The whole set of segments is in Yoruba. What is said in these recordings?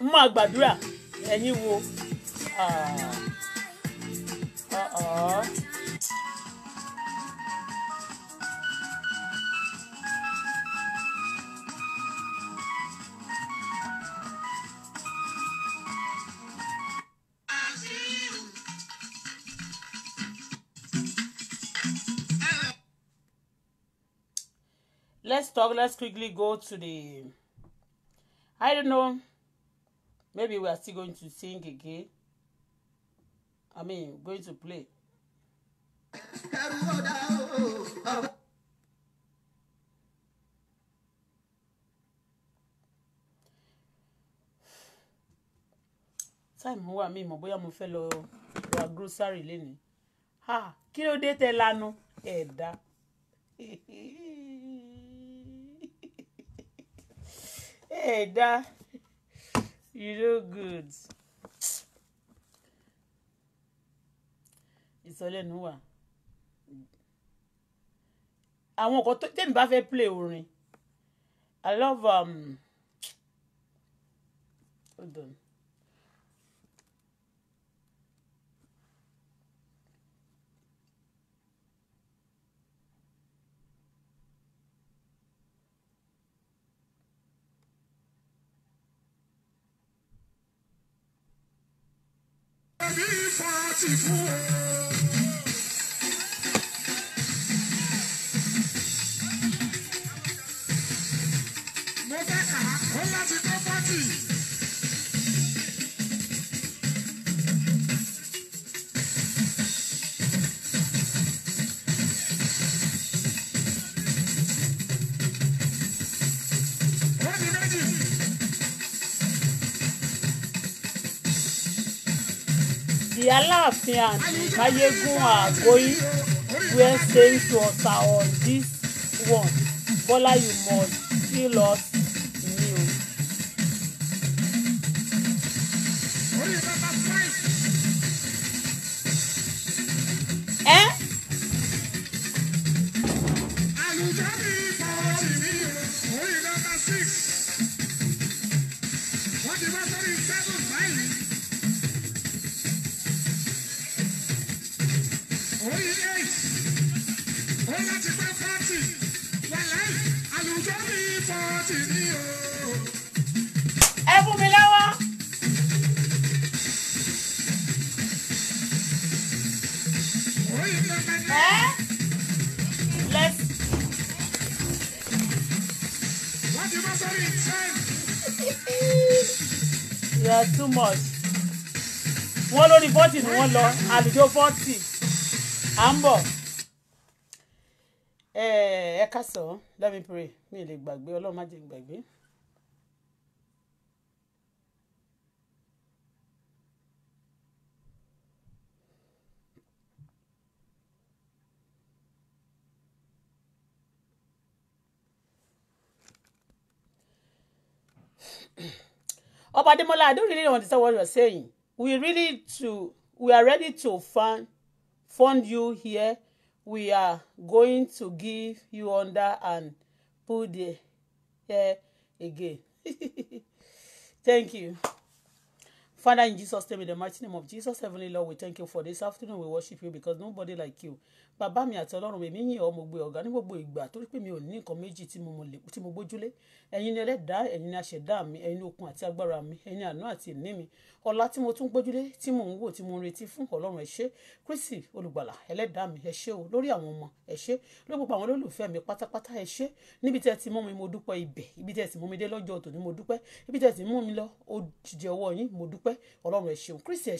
mo máa gbàdúrà ẹ̀yin wo let's talk let's quickly go to the i don't know maybe we are still going to sing again i mean going to play. táìmù wà mí mọ̀ bóyá mo fẹ́ lọ ra grocery lénìí Ha! ló dé tẹ́ lanu ẹ̀dá ẹ̀dá. You do good. Ìsọlẹ́nu wà. Àwọn nǹkan tó tèmi bá fẹ́ play orin. I love um, hold on. see you. Aláàfin Adaiyegun Ajayi were saying to us on this one Bola you must kill us wọ́n lọ àlùjọ fọ́ọ̀tì à ń bọ̀. ẹ kásán let me pray mi ò lè gbàgbé ọlọ́run má jẹ́ n gbàgbé. Obademola, I don't really understand what you are saying. We really to we are ready to fund fund you here we are going to give you under and put there here again thank you Father, in Jesus' name, in the mighty name of Jesus, Heavenly Lord, we thank you for this afternoon. We worship you because nobody like you bàbá mi àti ọlọ́run èmi yìn ọ́ mo gbé ọ̀gá ní gbogbo ìgbà torí pé mi ò ní nǹkan méjì tí mo gbójúlé ẹ̀yin ni ẹlẹ́dàá ẹ̀yin ni aṣẹ̀dá mi ẹ̀yin ni okun àti agbára mi ẹ̀yin ni àánú àti ìní mi ọlá tí mo tún gbójúlé tí mò ń wò tí mo ń retí fún ọlọ́run ẹ Kristi olùgbàlà ẹlẹ́dàá mi ẹ o lórí àwọn ọmọ ẹ ṣé lórí gbogbo àwọn olólùfẹ́ mi pátápátá ẹ ṣé níbi tẹ́ ti mú mi mo dúpẹ́ ibẹ̀ ibi tẹ́ ti mú mi dé lọ́jọ́ tòní mo dúpẹ́ ibi tẹ́ ti mú mi lọ ó jìjẹ́ ọwọ́ yín mo dúpẹ́ ọlọ́run ẹ ṣeun Kristi ẹ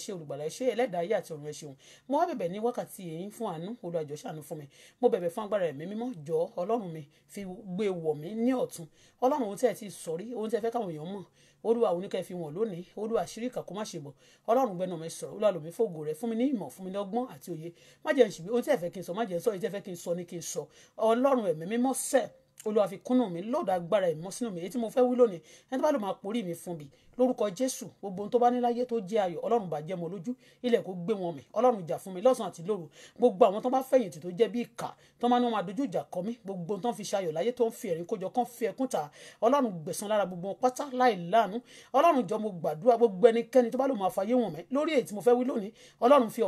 jọ ṣàánú fún mi mo bẹ̀bẹ̀ fún agbára ẹ̀mí mímọ́ jọ ọlọ́run mi fi gbé wọ̀ mí ní ọ̀tún ọlọ́run ohun tí ẹ ti sọ̀rí ohun tí ẹ fẹ́ káwọn èèyàn mọ̀ olúwa òun ní kẹ́ fi wọ̀n lónìí olúwa àṣírí kàkó má ṣe bọ̀ ọlọ́run gbẹ́nu mi sọ̀rọ̀ olúwa lòmí fògo rẹ̀ fún mi ní ìmọ̀ fún mi ní ọgbọ́n àti òye má jẹ́ ìṣìbí ohun tí ẹ fẹ́ kí n sọ má jẹ́ sọ èyí tí ẹ fẹ́ kí mo fẹ́ wí lónìí ẹni tó bá lórúkọ jésù gbogbo ohun tó bá ní láyé tó jẹ́ ayọ̀ ọlọ́run bá jẹ́ mọ́ lójú ilẹ̀ kó gbé wọn mì ọlọ́run jà fún mi lọ́sàn-án àti lóru gbogbo àwọn tó bá fẹ̀yìntì tó jẹ́ bí ìkà tó máa ní wọn àdójú ìjà kọ mí gbogbo tó ń fi ṣayọ̀ láyé tó ń fi ẹ̀rín kójọ kán fi ẹkún ta ọlọ́run gbẹ̀san lára gbogbo wọn pátá láì láàánú ọlọ́run jọ mo gbàdúrà gbogbo ẹnikẹ́ni tó bá lò máa fàyè wọn mẹ́ lórí èyí tí mo fẹ́ wí lónìí ọlọ́run fi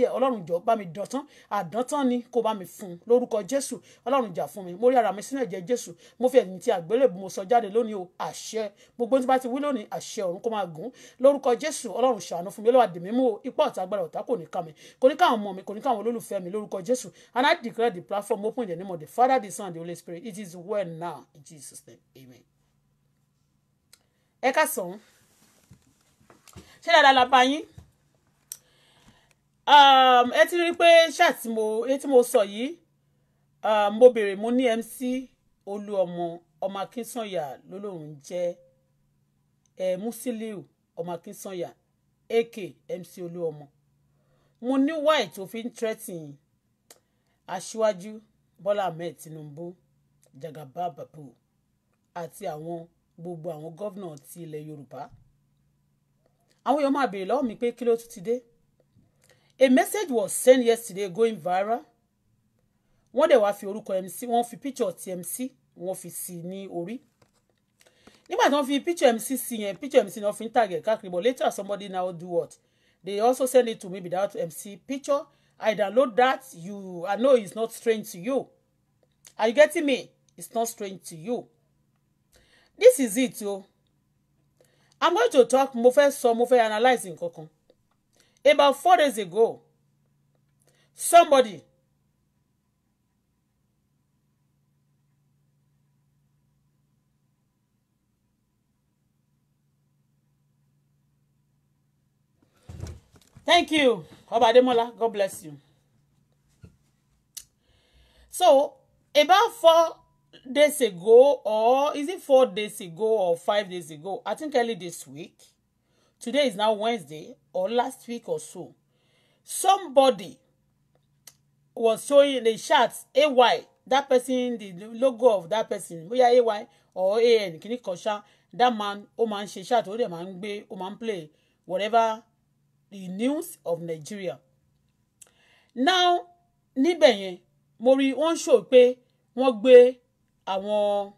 ọ̀nà ọ̀run ni kó bá mi fún lórúkọ jésù fún mi mo rí ara mi sínú ẹ̀jẹ̀ jésù mo fi ẹ̀yìn ti àgbélébù mo sọ jáde lónìí o àṣẹ gbogbo tí bá ti wí lónìí àṣẹ ọ̀run kó máa gùn lórúkọ jésù ọlọ́run ṣàánú fún mi olúwa dì mí mú o ipá ọ̀tá agbára ọ̀tá kò ní ká mi kò ní káwọn ọmọ mi kò ní káwọn olólùfẹ́ mi lórúkọ jésù and i declare the platform open the name of the father the son and the holy spirit it is well now in jesus name amen. ẹ káàsán ṣé dáadáa la bá yín um, ẹ ti rí pé ṣáà tí mo sọ yìí Ah, mo béèrè mo ní MC Olúọmọ ọmọ Akínsànyà lólóhùn jẹ́ eh, Musiliu ọmọ Akínsànyà AK MC Olúọmọ mo ní wáì tó fi ń threatening aṣíwájú Bọ́lá Ahmed Tinubu Jagaba Babu àti àwọn gbogbo àwọn gómìnà ti ilẹ̀ Yorùbá àwọn èèyàn máa béèrè lọ́wọ́ mi pé kí ló tún ti dé a message was sent yesterday going viral wọ́n dẹ̀ wáá fi orúkọ MC wọ́n fi picture ti MC wọ́n fi sí ní orí nígbà tí wọ́n fi picture MC sí yẹn picture MC náà fi ń tàgẹ̀ káàkiri but later somebody now do what they also send it to me without MC picture I download that you I know it's not strange to you are you getting me it's not strange to you this is it o oh. I'm going to talk mo fẹ́ sọ mo fẹ́ analyse nǹkan about four days ago somebody thank you ọba Adémọ́lá god bless you so about four days ago or is it four days ago or five days ago i think early this week today is now wednesday or last week or so somebody was showing the chart ay that person the logo of that person we are ay or an kìnnìkan ṣá that man ó máa ń ṣe chart ó dẹ̀ máa ń gbé play whatever the news of Nigeria now níbẹ̀ yẹn mo rí wọ́n ṣò pé wọ́n gbé àwọn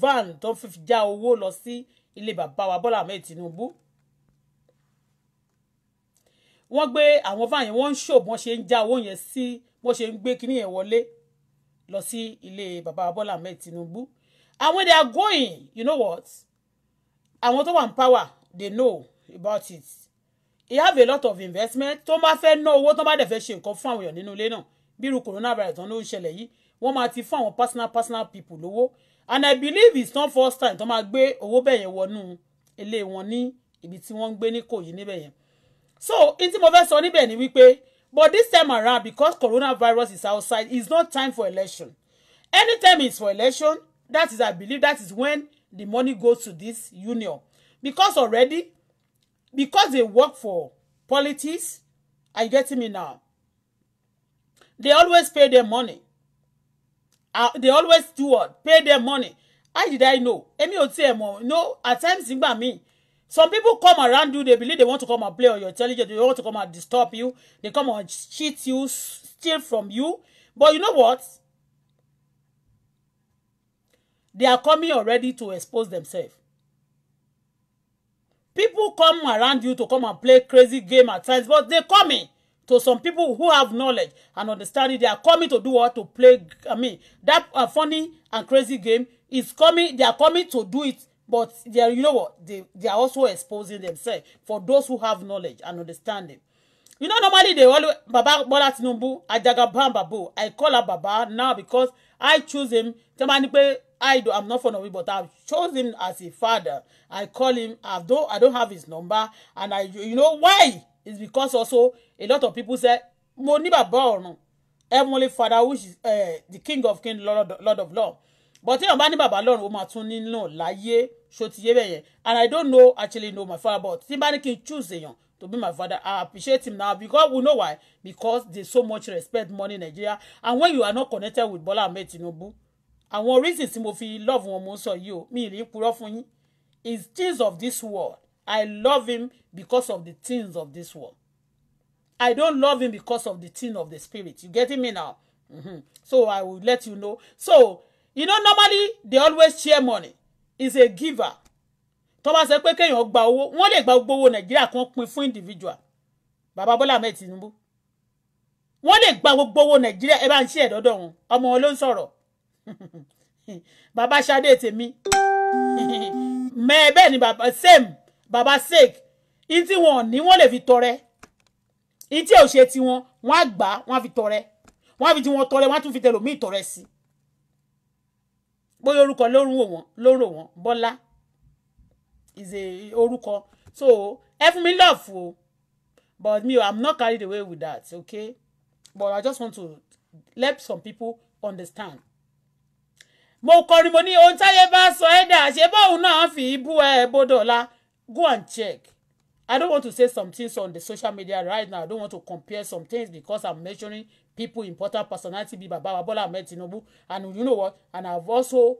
van tó fi já owó lọ sí ilé bàbá wa Bọ́lá Ahmed Tinubu wọ́n gbé àwọn van yẹn wọ́n ń ṣò bọ́n ṣe ń já owó yẹn sí bọ́n ṣe ń gbé kinní yẹn wọlé lọ sí ilé bàbá wa Bọ́lá Ahmed Tinubu and when they are going you know what àwọn tó wà ní power they know about it he have a lot of investment tó bá fẹ́ ná owó tó bá dẹ̀ fẹ́ ṣe nǹkan fún àwọn èèyàn nínú ilé náà bírú coronavirus tán ló ń ṣẹlẹ̀ yìí wọ́n máa ti fún àwọn personal personal people lówó and I believe it's not first time tó máa gbé owó bẹ́ẹ̀ yẹn wọnú ilé wọn ní ibi tí wọ́n ń gbé ní kòyí níbẹ̀ yẹn so n tí mo fẹ́ sọ níbẹ̀ ni wípé but this time around because coronavirus is outside it's not time for election anytime it's for election that is I believe that is when the money goes to this union because already because they work for politics are you getting me now they always pay their money uh, they always do what pay their money how did I know èmi ò tiẹ̀ no at times nígbà me. some people come around you they believe they want to come and play on your intelligence they want to come and disturb you they come and cheat you steal from you but you know what they are coming already to expose themselves people come around you to come and play crazy game at times but they coming to some people who have knowledge and understanding they are coming to do what to play i mean that uh, funny and crazy game is coming they are coming to do it but they are you know what they they are also exposing themselves for those who have knowledge and understanding you know normally they always Baba Bola Tinubu ajagabambabu i call her Baba now because i choose him I do, I'm not fond of him, but I've chosen him as a father. I call him, although I don't have his number, and I, you know why? It's because also a lot of people say, mo ní bàbá ọ̀run heavenly father which is uh, the king of kings lord lord of lord but you know, ní bàbá lọ́run ó máa tún nínú láyé ṣó ti and I don't know actually know my father but tí can bá ní kí choose èèyàn to be my father I appreciate him now because we know why because there's so much respect money in Nigeria and when you are not connected with Bola metinobu. Tinubu. No àwọn reason tí mo fi love wọn mo ń sọ yìí o mi ì ní fún yín is things of this world I love him because of the things of this world I don't love him because of the thing of the spirit you getting me now mm-hmm. so I will let you know so you know normally they always share money is a giver tó sọ pé kéèyàn gba owó wọ́n lè gba gbogbo owó nàìjíríà kan pín fún individual bàbá bọ́lá ahmed tinubu wọ́n lè gba gbogbo owó nàìjíríà ẹ bá ń ṣe ẹ̀dọ́dọ̀ wọn ọmọ wọn ló ń sọ̀rọ̀ baba Ṣadé tèmi mẹ́ẹ̀ bẹ́ẹ̀ ni baba same baba sake in tí wọn ò ní wọn lè fi tọrẹ in tí ò ṣe tiwọn wọn á gbà wọn á fi tọrẹ wọn á fi ti wọn tọrẹ wọn á tún fi tẹlòmíì tọrẹ sí bóyá orúkọ lóró wọn lóró wọn Bọ́lá ìzè orúkọ so ẹ fún mi love o but me i'm not carried away with that okay but i just want to let some people understand mo kọrin mo ní ohun táyé bá sọ ẹ́ dà ṣé bóun náà fi bú ẹ bódòlá go and check I don't want to say some things on the social media right now I don't want to compare some things because I'm mentioning people important personality be Baba wa Bola Ahmed Tinubu and you know what and I've also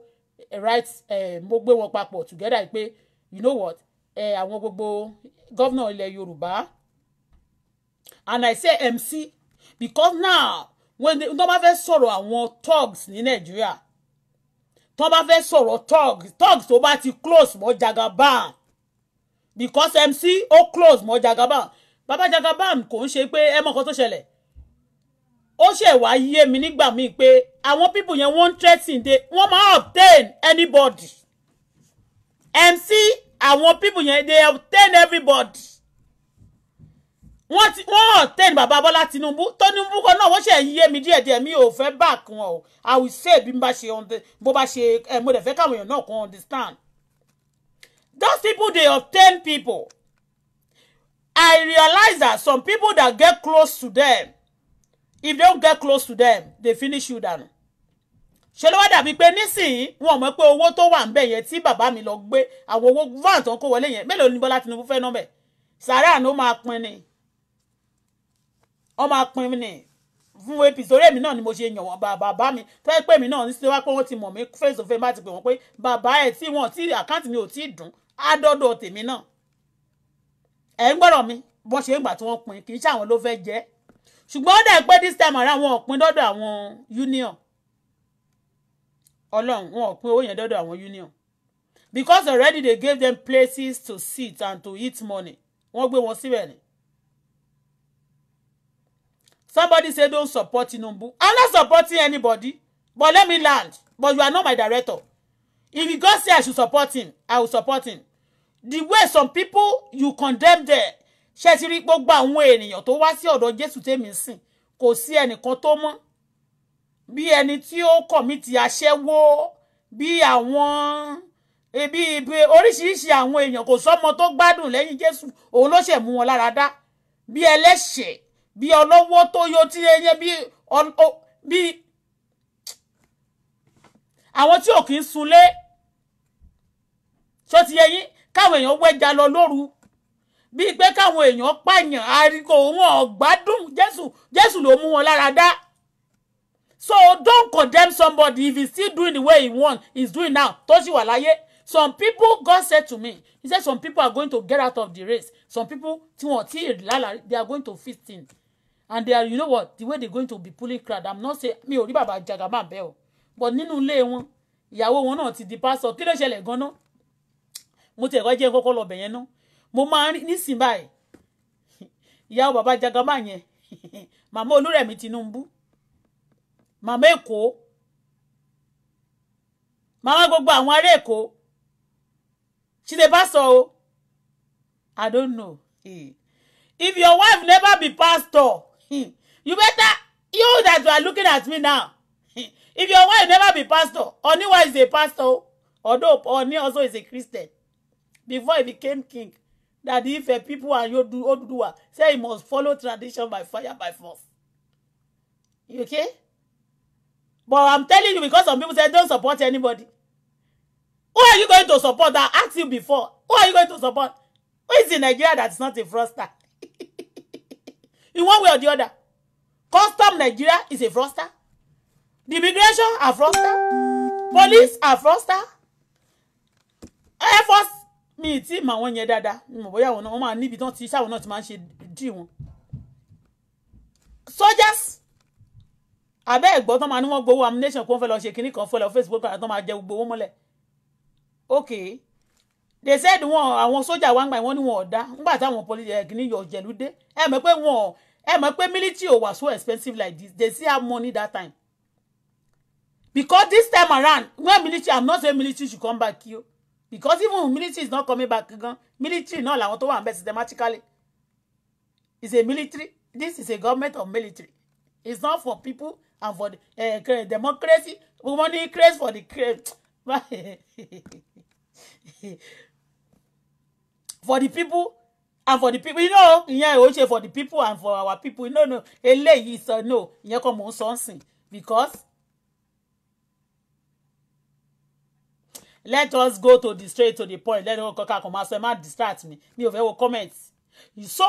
write eh, mo gbé wọn papọ̀ together pé you know what eh, àwọn gbogbo governor ilẹ̀ Yorùbá and I say MC because now when they wọ́n bá fẹ́ sọ̀rọ̀ àwọn thugs ní Nigeria tó bá fẹ́ sọ̀rọ̀ thugs thugs tó bá ti close mọ́ Jagaban because MC ó close mọ́ Jagaban bàbá Jagaban kò ń ṣe pé ẹ mọ̀ kan tó ṣẹlẹ̀ ó ṣe wá yé mi nígbà míì pé àwọn people yẹn wọ́n ń threatening de wọ́n máa obtain anybody MC àwọn people yẹn dey obtain everybody wọ́n ti wọ́n tẹ̀lé bàbá bọ́lá tinubu tinubu kan náà wọ́n ṣe yé mi díẹ̀díẹ̀ mi ò fẹ́ bá kan o i will say bí mo bá ṣe bó bá ṣe ẹ mo dẹ̀ fẹ́ káwọn èèyàn náà kan understand those people dey obtain people i realize that some people that get close to them if they don't get close to them they finish you down ṣe ló wá dàbí pé nísìnyí wọn mọ̀ pé owó tó wà ń bẹ̀ yẹn tí bàbá mi lọ gbé àwọn owó van tó ń kó wọlé yẹn mélòó ni bọ́lá tinubu fẹ́ nọ́mbẹ̀ sàrà ló máa pin ni wọ́n máa pin ní fún apc torí èmi náà ni mo ṣe yàn wọ́n bàbá mi tó yẹ pé èmi náà ní sinimá pé wọ́n ti mọ̀ mí face to face bá ti pè wọ́n pé bàbá ẹ̀ tí wọ́n tí àkáǹtì mi ò tí ì dùn á dọ́dọ̀ tèmi náà ẹ̀ ń gbọ́dọ̀ mi bọ́n ṣe ń gbà tí wọ́n pin kì í ṣàwọn ló fẹ́ jẹ́ ṣùgbọ́n ó dẹ̀ pé this time around wọn ò pin dọ́dọ̀ àwọn union ọlọ́run wọn ò pin owó yẹn dọ́dọ̀ àwọn union because already they gave them places to sit and to eat money wọ́n gbé wọn síbẹ̀ ni Somebody say don't support Tinubu. I'm not supporting anybody, but let me land. But you are not my director. If you go say I should support him, I will support him. The way some people you condemn there, ṣe ti rí gbogbo àwọn ènìyàn tó wá sí ọ̀dọ̀ Jésù tèmi sìn kò sí ẹnìkan tó mọ́ bi ẹni tí ó kọ̀mìtì aṣẹ́wó bí àwọn ibi eh, ibi oríṣiríṣi àwọn èèyàn kò sọ́mọ tó gbádùn lẹ́yìn Jésù òun ló ṣe mú wọn lára dá bí ẹlẹ́ṣẹ̀ẹ́ bí ọlọ́wọ́ tó yọ tí ẹyẹ bí bí àwọn tí ò kì í sunlé ṣó ti yẹyìn káwọn èèyàn wẹja lọ lóru bíi pé káwọn èèyàn pààyàn àríkò wọn ọgbádùn Jésù Jésù ló mú wọn lára dá so don't condemn somebody if he's still doing the way he want he's doing now tó sì wà láyé some people God said to me he said some people are going to get out of the race some people tí wọn ti rí lálàá they are going to fit in and they are you know what the way they going to be pulling crowd i'm not say mi ò rí bàbá jagaban bẹ́ẹ̀ o but nínú ilé wọn ìyàwó wọn náà ti di pastor kí ló ṣẹlẹ̀ gan-an mo ti ẹ̀kọ́ jẹ́ kọ́kọ́ lọ bẹ̀yẹn ná mo máa ń rí nísìn báyìí ìyàwó bàbá jagaban yẹn màmá olúrẹ̀mí tinubu màmá èkó màmá gbogbo àwọn ará èkó ṣíṣe pastor o i don't know if your wife never be pastor you better you that you are looking at me now if your wife never be pastor Oniwa is a pastor although Oni also is a Christian before he became king that if a people and Yodu Oduduwa say he must follow tradition by fire by force you okay but I'm telling you because some people say don't support anybody who are you going to support that asked you before who are you going to support who is in Nigeria that is not a fraudster in one way or the other custom Nigeria is a fraudster the immigration are fraudster police are fraudster air force mi ti mọ àwọn yẹn dáadáa mo bóyá àwọn náà wọn máa níbi tán ti sáwọn náà ti máa ń ṣe dì wọn soldiers abẹ́ ẹ̀gbọ́n tán máa ní wọ́n gbowó ammunition kó wọ́n fẹ́ lọ ṣe kinní kan fẹ́ lọ Facebook kan tán máa jẹ gbowó mọ́lẹ̀ okay they said wọn àwọn sójà wa ń gbà wọn ni wọn ò dá ńgbà táwọn police kinní yọ jẹ̀lú dé ẹ mọ̀ pé wọn ẹ mọ̀ pé military was so expensive like this they still have money that time because this time around when military i'm not saying military should come back here because even military is not coming back again. military náà làwọn tó wà nbẹ systematically Is a military this is a government of military it's not for people and for the, uh, democracy we want increase for the craze for the people and for the people you know ìyẹn ò ṣe for the people and for our people you know no eléyìí sọ no ìyẹn kọ́ mò ń sọ ń sìn because let us go to the straight to the point let me kọ́ka kò máa sọ ẹ má distract me mi ò fẹ́ wo comment so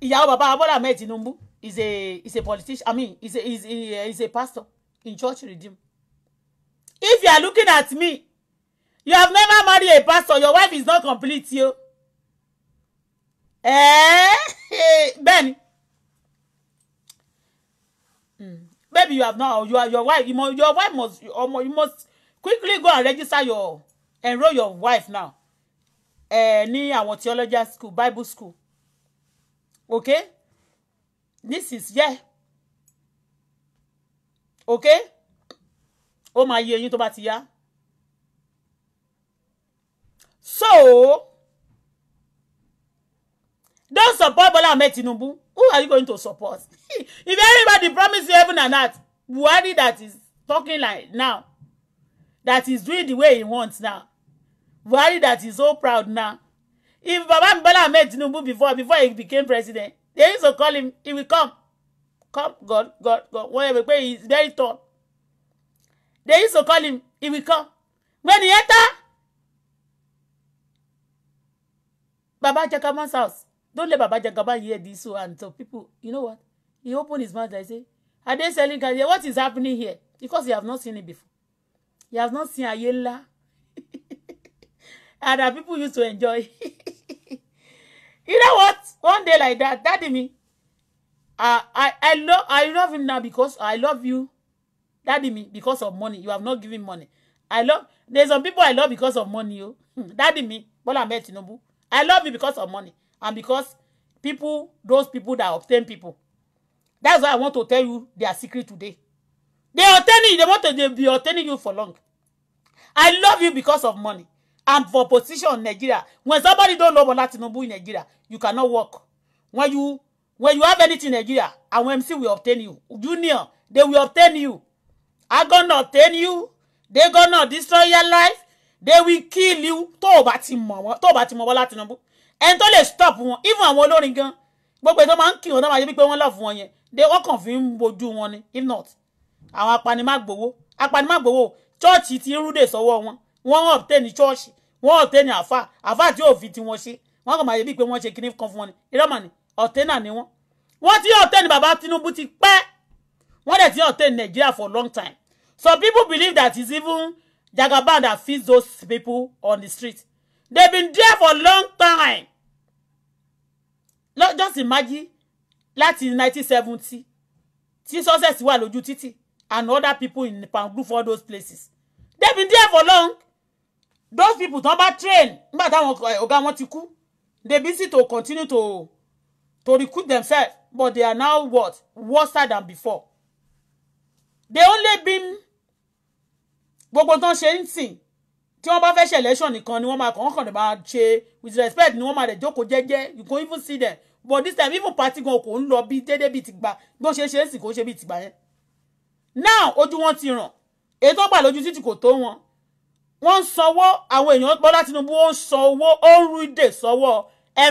ìyàwó bàbá Bọ́lá Ahmed Tinubu is a is a politician i mean is a is a, is a pastor in church redeem if you are looking at me you have never married a pastor your wife is not complete yo eh bẹ́ẹ̀ni hmm. baby you have now. you are your wife you must your wife must you must quickly go and register your enroll your wife now eh ní àwọn theology school bible school okay this is yeah okay ó máa yé eyín to bá ti yá. So, don't support Bola Ahmed Tinubu. Who are you going to support? If everybody promise you heaven and earth, Buhari that is talking like now, that is doing the way he wants now, Buhari that is so proud now. If Baba Bola Ahmed Tinubu before before he became president, they used to call him, he will come. Come, God, God, God, whatever, he's very tall. They used to call him, he will come. When he enter, Baba Jagaban's house. Don't let Baba Jagaban hear this so and so people. You know what? He opened his mouth and say, Are they selling cars here? What is happening here? Because he have not seen it before. He has not seen Ayela. and that people used to enjoy. you know what? One day like that, daddy me. I, I, I love I love him now because I love you, daddy me, because of money. You have not given money. I love there's some people I love because of money, yo. Oh. daddy me, Bola Ahmed Tinubu. I love you because of money and because people, those people that obtain people. That's why I want to tell you their secret today. They obtain you, they want to they be obtaining you for long. I love you because of money and for position in Nigeria. When somebody don't love Bola Tinubu in Nigeria, you cannot work. When you when you have anything in Nigeria, and when MC will obtain you. Junior, they will obtain you. I gonna obtain you. They gonna destroy your life they will kill you tó o bá ti mọ̀ wọ́n tó o bá ti mọ̀ Bọ́lá Tinubu ẹni tó lè stop wọn even àwọn olórin gan gbogbo ètò máa ń kí wọn tó máa yẹ wípé wọ́n lọ́ọ̀fù wọn yẹn they wọ́n kàn fi ń bojú wọn ni if not àwọn apanimágbowó apanimágbowó chọ́ọ̀chì ti rúdè sọ́wọ́ wọn wọ́n obtain chọ́ọ̀chì wọ́n obtain àfà àfà tí òfin ti wọn ṣe wọ́n kàn máa yẹ wípé wọ́n ṣe kíní kan fún wọn ni irọ́mà ni ọ̀tẹ́nà ni wọ́n wọ́n ti obtain bàbá Tinubu ti pẹ́ wọ́n dẹ̀ ti obtain Nigeria for long time some people believe that is even Jagaban that feeds those people on the street. They've been there for a long time. Look, just imagine, That láti 1970, tí success wà lójú títì and other people in Group for those places. They've been there for long. Those people tán bá train nígbà táwọn eh, ọ̀gá wọn ti kú. They busy to continue to to recruit themselves but they are now what worse than before. They only been gbogbo tán ṣe ń sìn tí wọ́n bá fẹ́ ṣe election nìkan ni wọ́n máa kàn kàn bá ṣe with respect ni wọ́n máa dẹ̀ jókòó jẹ́jẹ́ you go even see them but this time even party gan kò ń lọ bí dédé bíi ti gbà bó ṣe ṣe é sì kò ṣe bíi ti gbà yẹn now ojú wọn ti ràn èyí tó gbà lójú títì kò tó wọn wọ́n ń sanwó àwọn èèyàn Bọ́lá Tinubu ó ń san owó ó ń rídè sanwó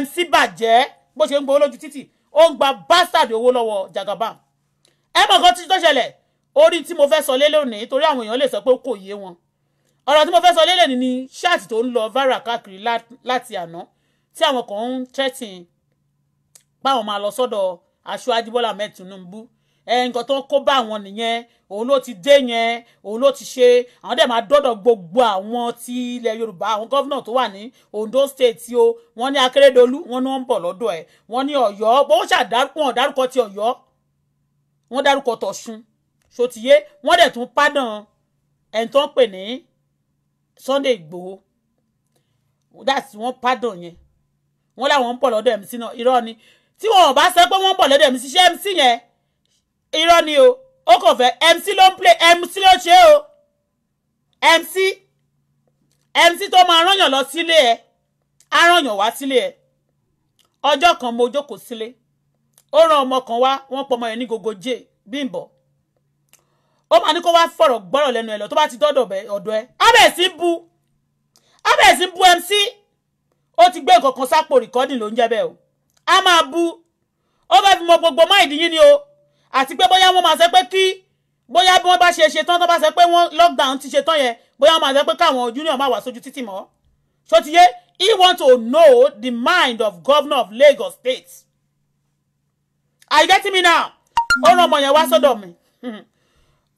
MC bàjẹ́ bó ṣe ń gbowó lójú títì ó ń gba bastard owó lọ́wọ́ Jagaban ẹ mọ̀ kan títí tó ṣẹlẹ̀ orí tí mo fẹ́ sọ lé lónìí torí àwọn èèyàn lè sọ pé kò yé wọn ọ̀rọ̀ tí mo fẹ́ sọ lé lónìí ni ṣáàtì tó ń lọ viral káàkiri láti àná tí àwọn kan ń threatening báwọn máa lọ sọ́dọ̀ aṣáájú Bọ́lá Ahmed Tinubu nǹkan tó ń kó bá àwọn nìyẹn òun ló ti dé yẹn òun ló ti ṣe àwọn dẹ̀ máa dọ́dọ̀ gbogbo àwọn ti ilẹ̀ Yorùbá àwọn gọ́vnà tó wà ní Ondo state o wọ́n ní Akérédolú wọ́n ní wọ́n ń bọ̀ lọ́dọ̀ ẹ̀ wọ́n ní Ọ̀yọ́ bó ṣàdárúkọ ti Ọ̀yọ́ wọ́n dárúkọ t'Ọ̀ṣun ṣòtìyé wọ́n dẹ̀ tún pádàn ẹni tó ń pè ní Sunday Ìgbòho dàtí wọ́n pádàn yẹn wọ́n láwọn ń bọ̀ lọ́dọ̀ MC náà irọ́ ni tí wọ́n bá sọ pé wọ́n ń bọ̀ lọ́dọ̀ MC ṣé MC yẹn irọ́ ni o ó kàn fẹ́ MC ló ń play MC ló ṣe o MC MC tó máa rányàn lọ sílé ẹ á rányàn wá sílé ẹ ọjọ́ kan mo jókòó sílé ó ran ọmọ kan wá wọ́n pọ̀ ọmọ yẹn ní gogo jay Bímbọ́ ó máa ní kó wá fọ̀rọ̀ gbọ́rọ̀ lẹ́nu ẹ lọ tó bá ti dọ́dọ̀ ọ̀dọ̀ ẹ abẹ́ sí bu abẹ́ sí bu mc ó ti gbé nǹkan kan sápò rìkọ́dì ló ń jẹ́ bẹ́ẹ̀ o a máa bu ó fẹ́ fi mọ gbogbo má ìdíyín ni o àti pé bóyá wọ́n máa sọ pé kí bóyá bí wọ́n bá ṣe ṣetán tó bá sọ pé wọ́n lockdown ti ṣetán yẹn bóyá wọ́n máa sọ pé káwọn junior máa wà sójú títì mọ́ ṣó ti yé he want to know the mind of governor of Lagos State are you getting me now ó ràn ọmọ yẹn wá sọ́dọ̀ mi.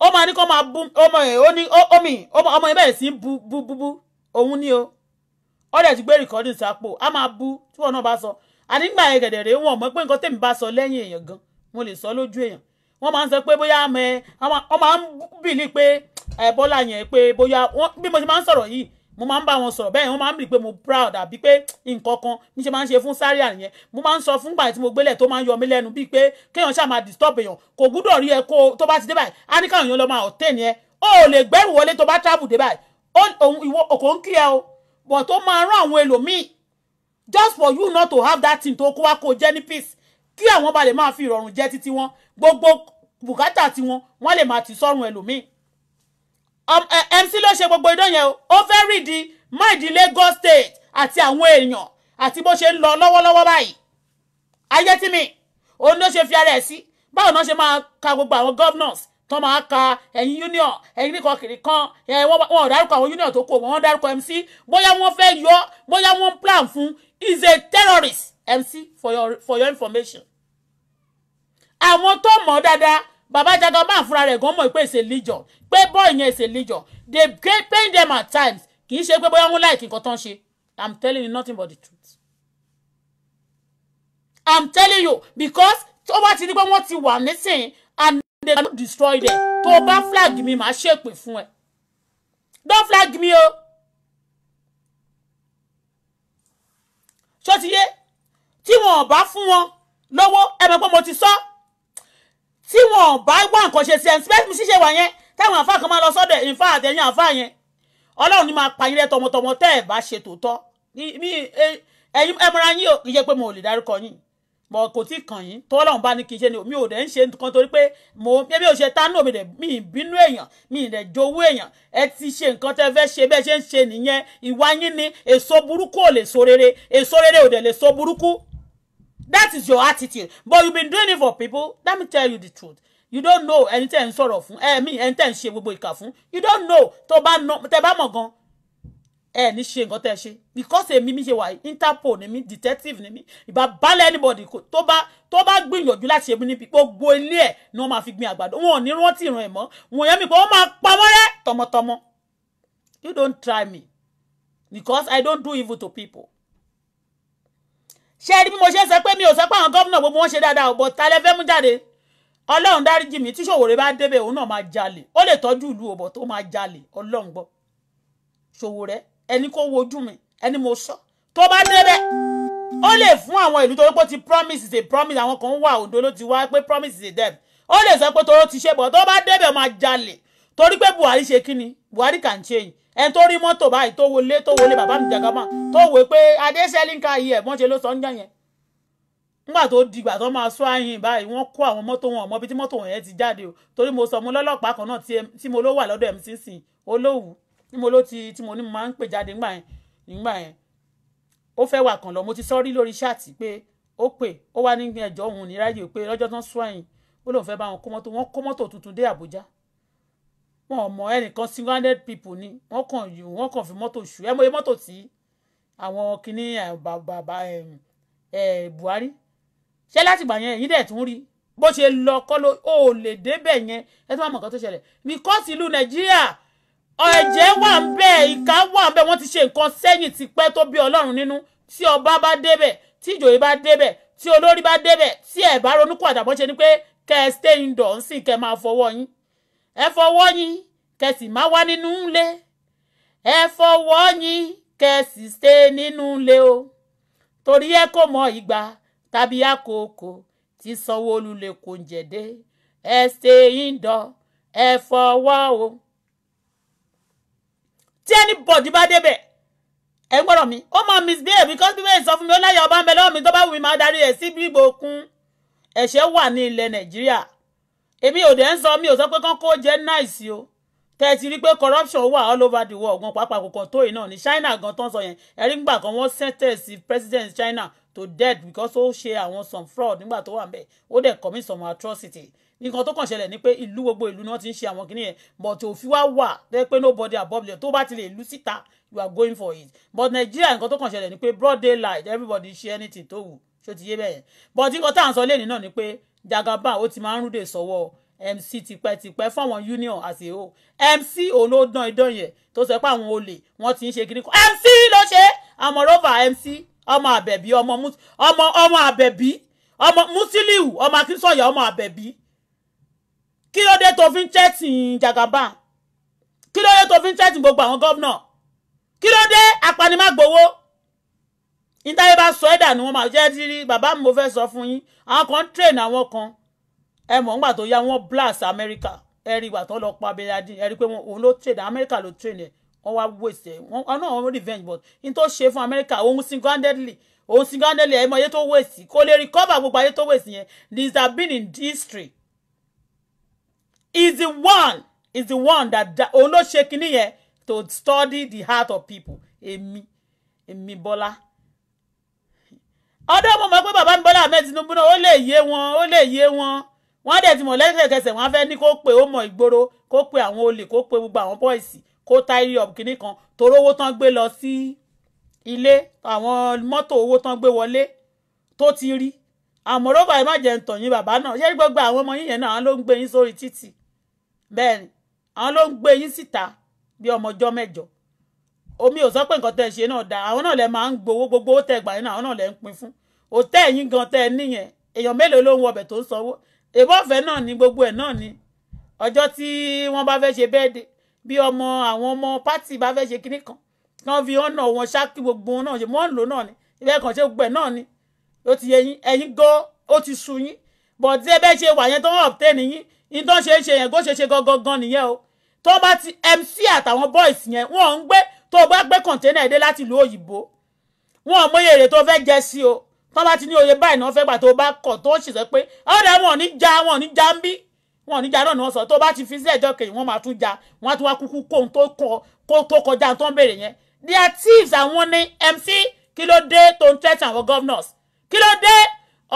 ó máa ní kó máa bú ọmọ yẹn ó ní omi ọmọ yẹn bẹ̀rẹ̀ sí bú bu bu bu òun ní o ó dẹ̀ ti gbé recording sápò á máa bú tí wọn náà bá sọ ànígbà yẹn gẹ̀dẹ̀ rèé wọn mọ̀ pé nǹkan tèmi bá sọ lẹ́yìn èèyàn gan mo lè sọ lójú èèyàn wọn máa ń sọ pé bóyá ọmọ ẹ wọn máa ń bìlí pé ẹ bọ́lá yẹn pé bóyá mo ṣe máa ń sọ̀rọ̀ yìí mo máa ń bá wọn sọ̀rọ̀ bẹ́ẹ̀ wọ́n máa ń bì pé mo proud àbí pé nǹkan kan mi ṣe máa ń ṣe fún Zaria nìyẹn mo máa ń sọ fún gbàyè tí mo gbélẹ̀ tó máa ń yọ mí lẹ́nu bíi pé kéèyàn ṣáà máa disturb èèyàn kò gbúdọ̀ rí ẹ kó tó bá ti dé báyìí á ní káwọn èèyàn lọ máa obtain yẹn ó lè gbẹ́rù wọlé tó bá travel dé báyìí òun ìwọ òkò ń kí ẹ o bọ̀ tó máa rán àwọn ẹlòmíì just for you not to have that thing tó kó wá kó jẹ́ ní peace kí àwọn bá lè máa fi ìrọ̀rùn jẹ títí wọn gbogbo bùkátà tiwọn wọ́n lè máa ti MC eh, ló ṣe gbogbo idán yẹn o ó fẹ́ rídi máìdí Lagos state àti àwọn èèyàn àti bó ṣe ń lọ lọ́wọ́lọ́wọ́ báyìí ayé tí mi òun ló ṣe fi ara ẹ̀ sí báwo náà ṣe máa ka gbogbo àwọn governors tán máa ka ẹ̀yin union ẹ̀yin nìkan kiri kan wọn ò dárúkọ àwọn union tó kù wọn dárúkọ MC bóyá wọ́n fẹ́ yọ bóyá wọ́n plan fún is a terrorist MC for your, for your information àwọn tó mọ̀ dáadáa baba jada máa fúnra rẹ̀ gan mọ̀ pé èsè legion pé bọ́ọ̀ yẹn èsè legion they pain them at times kì í ṣe pé bóyá wọn láìkí nǹkan tán ṣe i'm telling you nothing but the truth i'm telling you because tó bá ti ní pé wọ́n ti wà nísìn and they no destroy them tó bá flag mi màá ṣèpè fún ẹ don flag mi o ṣó ti yé tí wọn ò bá fún wọn lọ́wọ́ ẹ mọ̀ mo ti sọ. So, tí wọn bá wá nǹkan ṣe sí ẹni síbẹ̀ mi ṣiṣẹ́ wà yẹn táwọn àfa kan máa lọ sọ́dọ̀ ìfá àtẹ̀yìn àfa yẹn ọlọ́run ni máa pa yín rẹ tọmọtọmọ tẹ́ ẹ̀ bá ṣe tòótọ́ mi e, ẹ̀yin ẹmọra yín ò yẹ pé mo lè dárúkọ yín mọ kò tí kàn yín tó ọlọ́run bá ní kí n ṣe ni mi ò dẹ̀ ń ṣe nǹkan torí pé mo bí o ṣe tánú mi dẹ̀ mi bínú èèyàn mi dẹ̀ jowó èèyàn ẹ ti ṣe nǹkan tẹ́ fẹ́ ṣe bẹ́ẹ̀ ṣe ń ṣe nìyẹn ìwà yín ni èso burúkú ò lè so rere èso rere ò dẹ̀ lè so burúkú that is your attitude but you've been doing it for people let me tell you the truth you don't know anything tẹ́ ń sọ̀rọ̀ fún ẹ̀mí eh, ẹni tẹ́ ń ṣe gbogbo you don't know tó bá nọ tẹ́ bá mọ̀ gan ẹ ní ṣe nǹkan tẹ́ ṣe because èmi mi ṣe wà interpol ni mi detective ni mi ìbá bale anybody tó bá tó bá gbìyànjú láti ṣe mí níbi gbogbo ilé ẹ̀ ni wọ́n máa fi gbin àgbàdo wọn ò ní rántí ìran ẹ̀ mọ́ wọn yẹn mi pé wọ́n máa pamọ́ rẹ́ tọmọtọmọ you don't try me because I don't do evil to people ṣe rí bí mo ṣe ń sọ pé mi ò sọ pé àwọn gómìnà gbogbo wọn ṣe dáadáa ò bọ̀ ta lẹ fẹ́ mú jáde ọlọ́run dáríjì mi tí ṣòwòrè bá débẹ̀ òun náà máa jalè ó lè tọ́jú ìlú ò bọ̀ tó máa jalè ọlọ́run gbọ́ ṣòwòrẹ́ ẹni kó wojú mi ẹni mo sọ tó bá débẹ̀ ó lè fún àwọn ìlú tó pé ti promise is a promise àwọn kan wà Ondo ló ti wá pé promise is a debt ó lè sọ pé tó ti ṣe bọ̀ tó bá débẹ̀ máa jalè torí pé Buhari ṣe kí ni Buhari can change ẹni tó rí mọ́tò báyìí tó wọlé tó wọlé bàbá mi jàgámà tó wọ pé adé sẹ́líńkà yìí ẹ̀ mọ́ṣe ló sọ ń jàyẹn nígbà tó di ìgbà tó máa sọ àyìn báyìí wọ́n kó àwọn mọ́tò wọn ọmọ bíi tí mọ́tò wọn yẹn ti jáde o torí mo sọ mo lọ́lọ́pàá kan náà tí mo ló wà lọ́dọ̀ MCC olówù tí mo ló ti tí mo ní mo máa ń pè jáde nígbà yẹn ó fẹ́ wà kàn lọ mo ti sọ rí lórí ṣáàtì pé ó pè ó wá ní ẹjọ́ òun ní ráyè pé lọ́jọ́ tán sọ àyìn ó lóun fẹ́ bá wọn kó mọ́tò wọn kó mọ́tò tuntun dé Àbújá wọn ò mọ ẹnìkan single handed people ni wọ́n kàn yù wọ́n kàn fi mọ́tò ṣù ẹ mọ iye mọ́tò tí àwọn kinní bàbá Buhari ṣé láti gbà yẹn èyí dẹ̀ tún rí bó ṣe lọ kọ́ ló ò lè débẹ̀ yẹn ẹ tó máa mọ̀ nǹkan tó ṣẹlẹ̀ because ìlú Nàìjíríà ẹ̀jẹ̀ wà ń bẹ̀ ìka wà ń bẹ̀ wọ́n ti ṣe nǹkan sẹ́yìn ti pẹ́ tó bí Ọlọ́run nínú tí ọba bá débẹ̀ tí ìjòyè bá débẹ̀ tí olórí bá débẹ̀ tí ẹ̀ bá ronú kó àdàbọ̀ ṣe ni pé kẹ́ ẹ stay indoor ń sìn kẹ́ ẹ máa fọwọ́ yín ẹ fọwọ́ yín kẹsì má wá nínú ilé ẹ fọwọ́ yín kẹsì ṣe nínú ilé o torí ẹ kò mọ ìgbà tàbí àkókò tí sanwó-olu lè kó oúnjẹ dé ẹ ṣe ìdọ̀ ẹ fọwọ́ o tí anybody bá débẹ̀ ẹ ń gbọ́dọ̀ mi ó máa misbehave because bíbélì sọ fún mi ó láyà ọba ń bẹ lọ́wọ́ mi tó bá wù mí máa darí ẹ̀ sí gbígbókun ẹ̀ṣẹ̀ wà ní ilẹ̀ nàìjíríà èmi ò dẹ̀ ń sọ mi ò sọ pé kán kó jẹ́ náìsì o tẹ́ ẹ ti rí pé corruption wà all over the world gan pàápàá kò kàn tó yìí náà ní China gan tán sọ yẹn ẹ̀rí ńgbà kan wọ́n sentence president China to death because ó ṣe àwọn some fraud nígbà tó wà ń bẹ̀ ó dẹ̀ commit some atrocity nǹkan tó kàn ṣẹlẹ̀ ni pé ìlú gbogbo ìlú náà ti ń ṣe àwọn kìnìyẹn yẹn but òfin wa wà lẹ́yìn pé nobody above them tó bá ti lè lu síta you are going for it but Nigeria nǹkan tó kàn ṣẹlẹ̀ ni pé broad daylight everybody share anything tó wù ṣó ti yé bẹ́ẹ̀ but nǹkan tá à ń sọ lẹ́yìn náà ni jagaba ó ti máa ń rúdè sọ́wọ́ mc tipẹ́tipẹ́ fáwọn union àti o mc òun ló dán idán yẹn tó sọ pé àwọn olè wọ́n ti ń ṣe kíníkan mc ló ṣe amọ̀rọ́bà mc ọmọ àbẹ̀bí ọmọ ọmọ ọmọ àbẹ̀bí ọmọ musiliu ọmọ akínsọ̀yà ọmọ àbẹ̀bí kí ló dé tó fi ń tẹ́tìn jagaba kí ló dé tó fi ń tẹ́tìn gbogbo àwọn gọ́vnà kí ló dé apanimágbowó nítorí bá sọ ẹ̀dà ni wọ́n máa jẹ́ dírí bàbá mi mo fẹ́ sọ fún yín àwọn kan ń train àwọn kan ẹ mọ̀ ńgbà tó yá wọ́n blast America ẹ rí ìgbà tó lọ pa abẹ́yàdín ẹ rí pé òun ló train America ló train ẹ̀ wọ́n wá waste ẹ̀ wọ́n náà wọ́n revenge but n tó ṣe fún America òun single-handedly òun single-handedly ẹ̀ mọ̀ ayé tó waste kò lè recover gbogbo ayé tó waste yẹn this has been in history is the one is the one that òun ló ṣe kinní yẹn to study the heart of people èmi èmi Bọ́lá ọ̀dọ̀ mo mọ̀ pé bàbá mi Bọ́lá Ahmed Tinubu náà ó lè yé wọn ó lè yé wọn wọ́n á dẹ̀ ti mọ̀ lẹ́sẹ̀kẹsẹ̀ wọ́n á fẹ́ ní kó pe ó mọ̀ ìgboro kó pe àwọn olè kó pe gbogbo àwọn bọ́ìsì kó táyé ọ̀bù kínní kan torí owó tán gbé lọ sí ilé àwọn mọ́tò owó tán gbé wọlé tó ti rí àmọ́rọ́bà ẹ má jẹ́ ń tàn yín bàbá náà ṣé gbogbo àwọn ọmọ yín yẹn náà àwọn ló ń gbé yín sórí títì bẹ́ẹ̀ ni àwọn ló ń gbé yín síta bí ọmọ ọjọ́ mẹ́jọ omi ò sọ pé nǹkan tẹ́ ẹ ṣe náà da àwọn náà lẹ máa ń gbowó gbogbo ó tẹ gbà nínú àwọn náà lẹ ń pín fún òtẹ́ ẹ̀yìn gan tẹ́ ẹ níyẹn èèyàn mélòó ló ń wọbẹ̀ tó ń sanwó èbó ọ̀fẹ́ náà ni gbogbo ẹ̀ náà ni ọjọ́ tí wọ́n bá fẹ́ ṣe bẹ́ẹ̀dì bí ọmọ àwọn ọmọ pátì bá fẹ́ ṣe kinní kan kan fi ọ̀nà wọn ṣáàkì gbogbo wọn náà ṣe mọ́ ńlò náà ni ibẹ̀ kàn ṣe gbogbo ẹ̀ náà ni ó ti yẹ yín ẹ̀yin gan ó ti sú yín bọ̀ tí ẹ bẹ́ ṣe wà yẹn tó ń obtain yín yín tó ń ṣe é ṣe tó o bá gbé kọ̀ǹténà èdè láti ìlú òyìnbó wọn ò mọyé èrè tó fẹ́ jẹ sí o tó bá ti ní oye báyìí náà fẹ́ gbà tó o bá kọ̀ tó sì sọ pé ọ̀dà wọn ò ní ja wọn ò ní ja ń bí wọn ò ní ja náà ni wọn sọ tó bá ti fi sí ẹjọ́ kejì wọn máa tún ja wọn á tún wá kúkú kóhun tó kọjá tó ń béèrè yẹn they are thieves àwọn ní MC kí ló dé tó ń threaten àwọn governors kí ló dé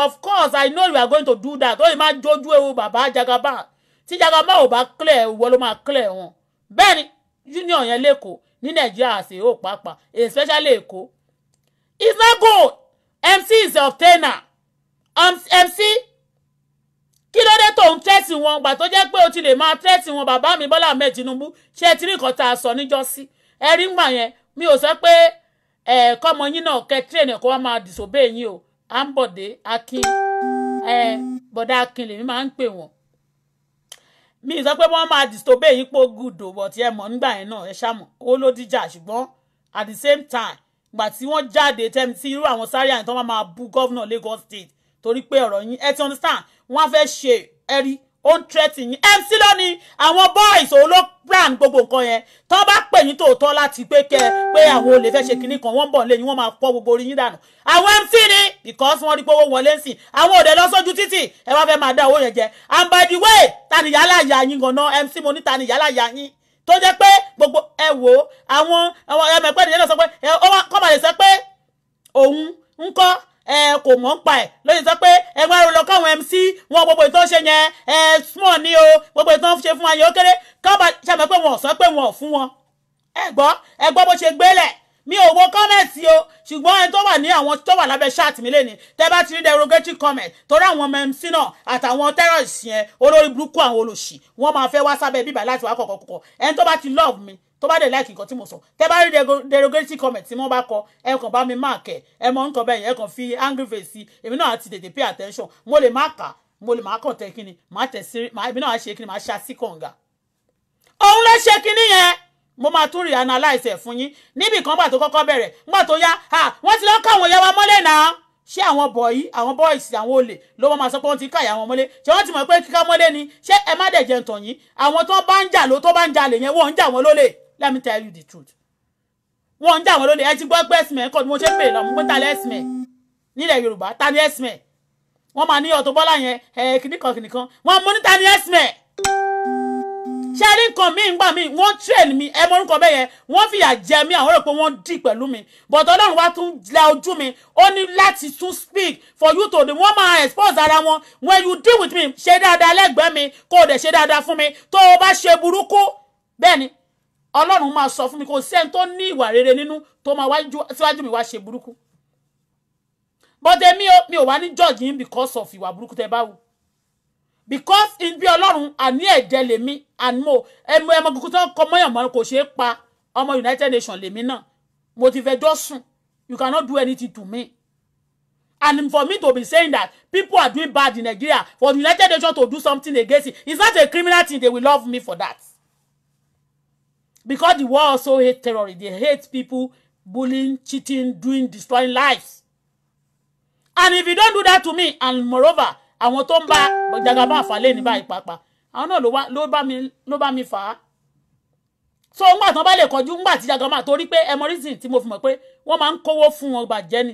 of course I know you are going to do that ó lè má jójú ewu bàbá jagaba tí jagaba ò bá clear ìwọ ló máa clear wọn bẹ́ẹ̀ ni union yẹn lẹ́kọ̀ọ́ ní Nigeria as a pàápàá especially Èkó it's not good MC is the obtainer um, MC kí ló dé tó ń tẹ́sí wọn gbà tó jẹ́ pé o ti lè máa tẹ́sí wọn bàbá mi Bọ́lá Ahmed Tinubu ṣe tí nìkan tá a sọ níjọ́sí ẹ̀rí ń gbà yẹn mi ò sọ pé kọ́mọ yín náà kẹ tírẹ̀nì kó wá máa disobey yín o à ń bọ̀dé akin bọ̀dá akin lèmi máa ń pè wọ́n mi sọ pé wọ́n máa disobey yín pé gùdò but ẹ mọ̀ nígbà yẹn náà ẹ ṣàmọ̀ ó ló dìjà ṣùgbọ́n at the same time gbà tí wọ́n jáde tẹ́mi tí irú àwọn sáré àyìntàn máa bú gọ́vnà Lagos State torí pé ọ̀rọ̀ yín ẹ ti understand wọ́n á fẹ́ ṣe ẹ̀rí ó ń tẹ́tì yín mc lónìí àwọn boys òun ló plan gbogbo nǹkan yẹn tó bá pè yín tòótọ́ láti pé kẹ pé àwọn olè fẹ́ ṣe kinní kan wọ́n ń bọ̀ nílé yín wọ́n máa fọ́ gbogbo orí yín dànù àwọn mc ni because wọ́n rí pé owó wọlé ń sìn àwọn òde lọ sójú títì ẹ wá fẹ́ máa dá owó yẹn jẹ and by the way tanìyálà yà yín gan-an mc mo ní tanìyálà yà yín tó jẹ́ pé gbogbo ẹ wò ó àwọn ẹmẹ̀pẹ́ nìyẹn náà sọ pé kọ́ ẹ kò mọ̀ ń pa ẹ̀ lóye sọ pé ẹ wá rò lọ káwọn mc wọn gbogbo ìtàn ṣe yẹn ẹ small ni o gbogbo ìtàn ṣe fún wa yẹn ó kéré kábà ṣàmì pé wọn ò sọ pé wọn ò fún wọn ẹ gbọ́ ẹ gbọ́ bó ṣe gbélẹ̀ mi ò wo kọ́mẹ̀tì o ṣùgbọ́n ẹni tó wà ní àwọn tó wà lábẹ́ ṣáàtì mi lẹ́ni tẹ́ bá ti rí derogatory comment torí àwọn ọmọ mc náà àtàwọn terrorist yẹn olórí burúkú àwọn olòṣì wọ́n máa fẹ́ wá sábẹ́ bíbá láti wá kọ̀kọ̀kọ̀ ẹni tó bá ti love me tó bá dẹ̀ láìkì nǹkan tí mo sọ tẹ́ bá rí derogatory comment tí wọ́n bá kọ ẹ kàn bá mi mark ẹ ẹ mọ nǹkan bẹ́ẹ̀ ẹ kàn fi angry face sí èmi náà àti tètè pay attention mo lè má kà mo lè má kàn tẹ kíni má tẹ sí èmi náà á ṣe ni má ṣe àsí kànga. òun ló ṣe kíní yẹn mo máa tún reanalyze ẹ̀ fún yín níbi kan gbà tó kọ́kọ́ bẹ̀rẹ̀ gbà tó yá wọ́n ti lọ́ọ́ káwọn ìyá wa mọ́lẹ̀ náà ṣé àwọn bọ̀yì àwọn bọ́ìsì àwọn olè ló máa sọ pé wọ́n ti káyà àwọn mọ́lé ṣé wọ́n ti mọ̀ pé kíká mọ́lé ni ṣé ẹ má dẹ̀ jẹun tàn yín àwọn tó bá ń jà ló tó bá ń jalè yẹn wọ́n ń jà wọ́n lólè let me tell you the truth wọ́n ń dá àwọn lóde ẹ ti gbọ́ pé ẹ̀sìn mẹ́kọ́ ni mo ṣe ń pè lọ́mú pé ta lẹ́ ẹ̀sìn mẹ́ nílẹ̀ Yorùbá ta ni ẹ̀sìn mẹ́ wọ́n máa ní Auto Bola yẹn ẹ̀ kìnnìkan kìnnìkan wọ́n mú ní ta ni ẹ̀sìn mẹ́ ṣe rí nǹkan mi ngbà mi wọ́n train mi ẹ mọ́rúkọ bẹ́ẹ̀ yẹn wọ́n fìyà jẹ mi àwọn rò pé wọ́n dì pẹ̀lú mi but ọlọ́run wá tún la ojú mi ó ní láti tún speak for you to the wọ́n máa expose ara wọn when you deal with me ṣe dáadáa lẹ́gbẹ̀ẹ́ mi kó o dẹ̀ ṣe dáadáa fún mi tó o bá ṣe burúkú bẹ́ẹ̀ ni ọlọ́run máa sọ fún mi kò sí ẹni tó ní ìwà rere nínú tó máa wájú síwájú mi wá ṣe burúkú bọ́dẹ mi ò wá ní judge yín because of ìwà burúkú tẹ bá wù because in bí ọlọ́run àní ẹ̀jẹ̀ lèmi and mo ẹmu ẹmọ kúkú tó kọ mọ́yàn mọ́ kò ṣeé pa ọmọ United Nations lèmi náà mo ti fẹjọ́ sùn you cannot do anything to me and for me to be saying that people are doing bad in Nigeria for the United Nations to do something against it is not a criminal thing they will love me for that because the world also hate terrorists they hate people bullying cheating doing destroying lives and if you don't do that to me and moreover àwọn tó ń bá jagaba àfàlẹ́ ní báyìí pàápàá àwọn náà ló bá mi ló bá mi fà so ngbà tán bá lè kọjú ngbà tí jagaba torí pé emorism tí mo fi mọ̀ pé wọ́n máa ń kówó fún wọn bàjẹ́ ni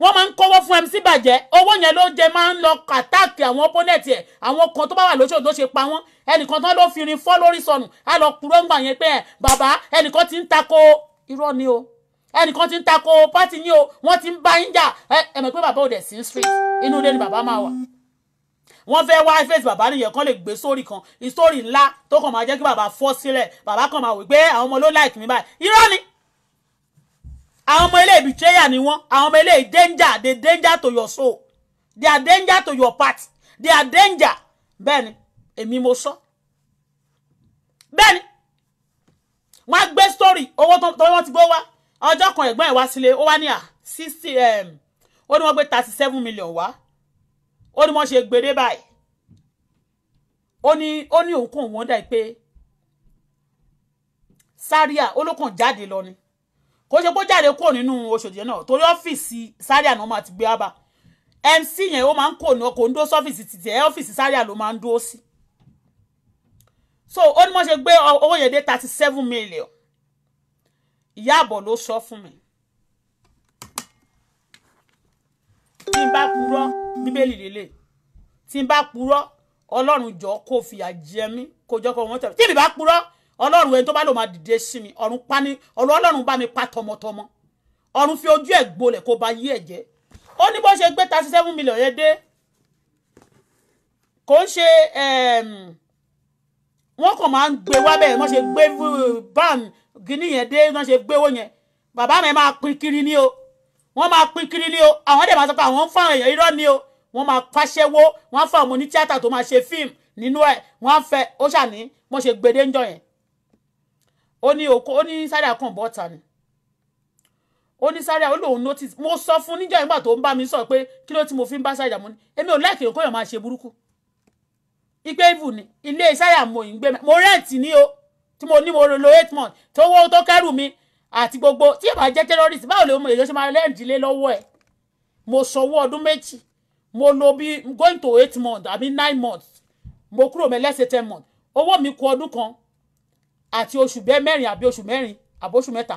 wọ́n máa ń kọ́wọ́ fún MC bàjẹ́ owó yẹn ló jẹ máa ń lọ kàtàkì àwọn opponent ẹ̀ àwọn kan tó bá wà lóṣù tó ṣe pa wọ́n ẹnìkan tán ló fi irin fọ́ lórí sọnù á lọ kúrò ńgbà yẹn pé ẹ̀ eh, bàbá ẹnìkan ti ń tako irọ́ ni o ẹnìkan ti ń tako pátì yín o wọ́n ti ń bá yín jà ẹ ẹ mọ̀ pé bàbá ò dẹ̀ sí street inú ilé ni bàbá máa wà wọ́n fẹ́ wá fèsì bàbá nìyẹn kan lè gbé sórí kan ìsórí ńlá tó kàn máa jẹ́ kí bàbá fọ́ sílẹ̀ bàbá kàn máa wí pé àwọn ọmọ ló láìkì mí báyìí irọ́ ni àwọn ọmọ eléyìí betrayer ni wọ́n àwọn ọmọ eléyìí danger they danger to your soul they are danger to your path they are danger bẹ́ẹ̀ ni èmi mo sọ bẹ́ẹ̀ ni wọ́n á gbé story owó tó wọ́n ti gbó wá ọjọ́ kan ẹ̀gbọ́n ẹ̀ wá sílé ó wá ní à ah, sixty um, ó ní wọ́n gbé thirty seven million wá ó ní wọ́n ṣe gbèrè báyìí ó ní ó ní òun kò wọ́n dà pé sáríà olókàn jáde lọ ni kó ṣe kó jáde kúrò nínú Oṣòdì náà torí ọ́fíìsì Zaria náà máa ti gbé ábà MC yẹn ó máa ń kò náà kò ń dó sọ́fíìsì títí ẹ̀ ọ́fíìsì Zaria ló máa ń dúró sí so ó ní mo ṣe gbé owó yẹn dé thirty seven million ìyá àbọ̀ ló sọ fún mi tí n bá purọ́ bíbélì lélẹ̀ tí n bá purọ́ ọlọ́run jọ kó fìyà jẹ mí kó jọ kó wọ́n tẹ̀ tí mi bá purọ́ ọlọ́run ẹni tó bá lò máa dìde sí mi ọ̀run pa ní ọ̀run ọlọ́run bá mi pa tọmọtọmọ ọ̀run fi ojú ẹ̀ gbolẹ̀ kó ba yí ẹ̀ jẹ́ ó ní bó ṣe gbé thirty seven million yẹn dé kò ń ṣe wọ́n kàn máa ń gbé wá bẹ́ẹ̀ wọ́n ṣe gbé ban gíní yẹn dé wọ́n ṣe gbé owó yẹn bàbá mi máa pín kiri ní o wọ́n máa pín kiri ní o àwọn dẹ̀ máa sọ pé àwọn ń fáwọn èèyàn irọ́ ní o wọ́n máa fàṣẹwó wọ́n á fáwọn oní tíátà tó máa ṣe fíìmù nínú ẹ̀ wọ́n á fẹ́ ó ṣàní wọ́n ṣe gbèdéńjọ yẹn ó ní oko ó ní Zaria kan bọ́ta ni ó ní Zaria ó lòun notice mo sọ fún níjọ́ ìgbà tó ń bá mi sọ pé kí ló tí mo fi ń bá Zaria mo ní èmi ò láìkè kóyàn máa ṣe burúkú ipe ivu ni ilé Zaria mo ń gbé mo rẹ́ǹtì ní o tí mo ní mo lo eight months tó wọ́n tó kẹ́rù mi àti gbogbo tí ìbá jẹ́ terrorist báwo lè mo èyí ló ṣe máa rẹ́ǹtì lé lọ́wọ́ ẹ̀ mo sanwó ọdún méjì mo lò bí going to eight months àbí nine months mo kúrò mẹ́lẹ́sẹ̀ ten months owó mi kù ọdún kan àti oṣù bẹ́ẹ̀ mẹ́rin àbí oṣù mẹ́rin àbí oṣù mẹ́ta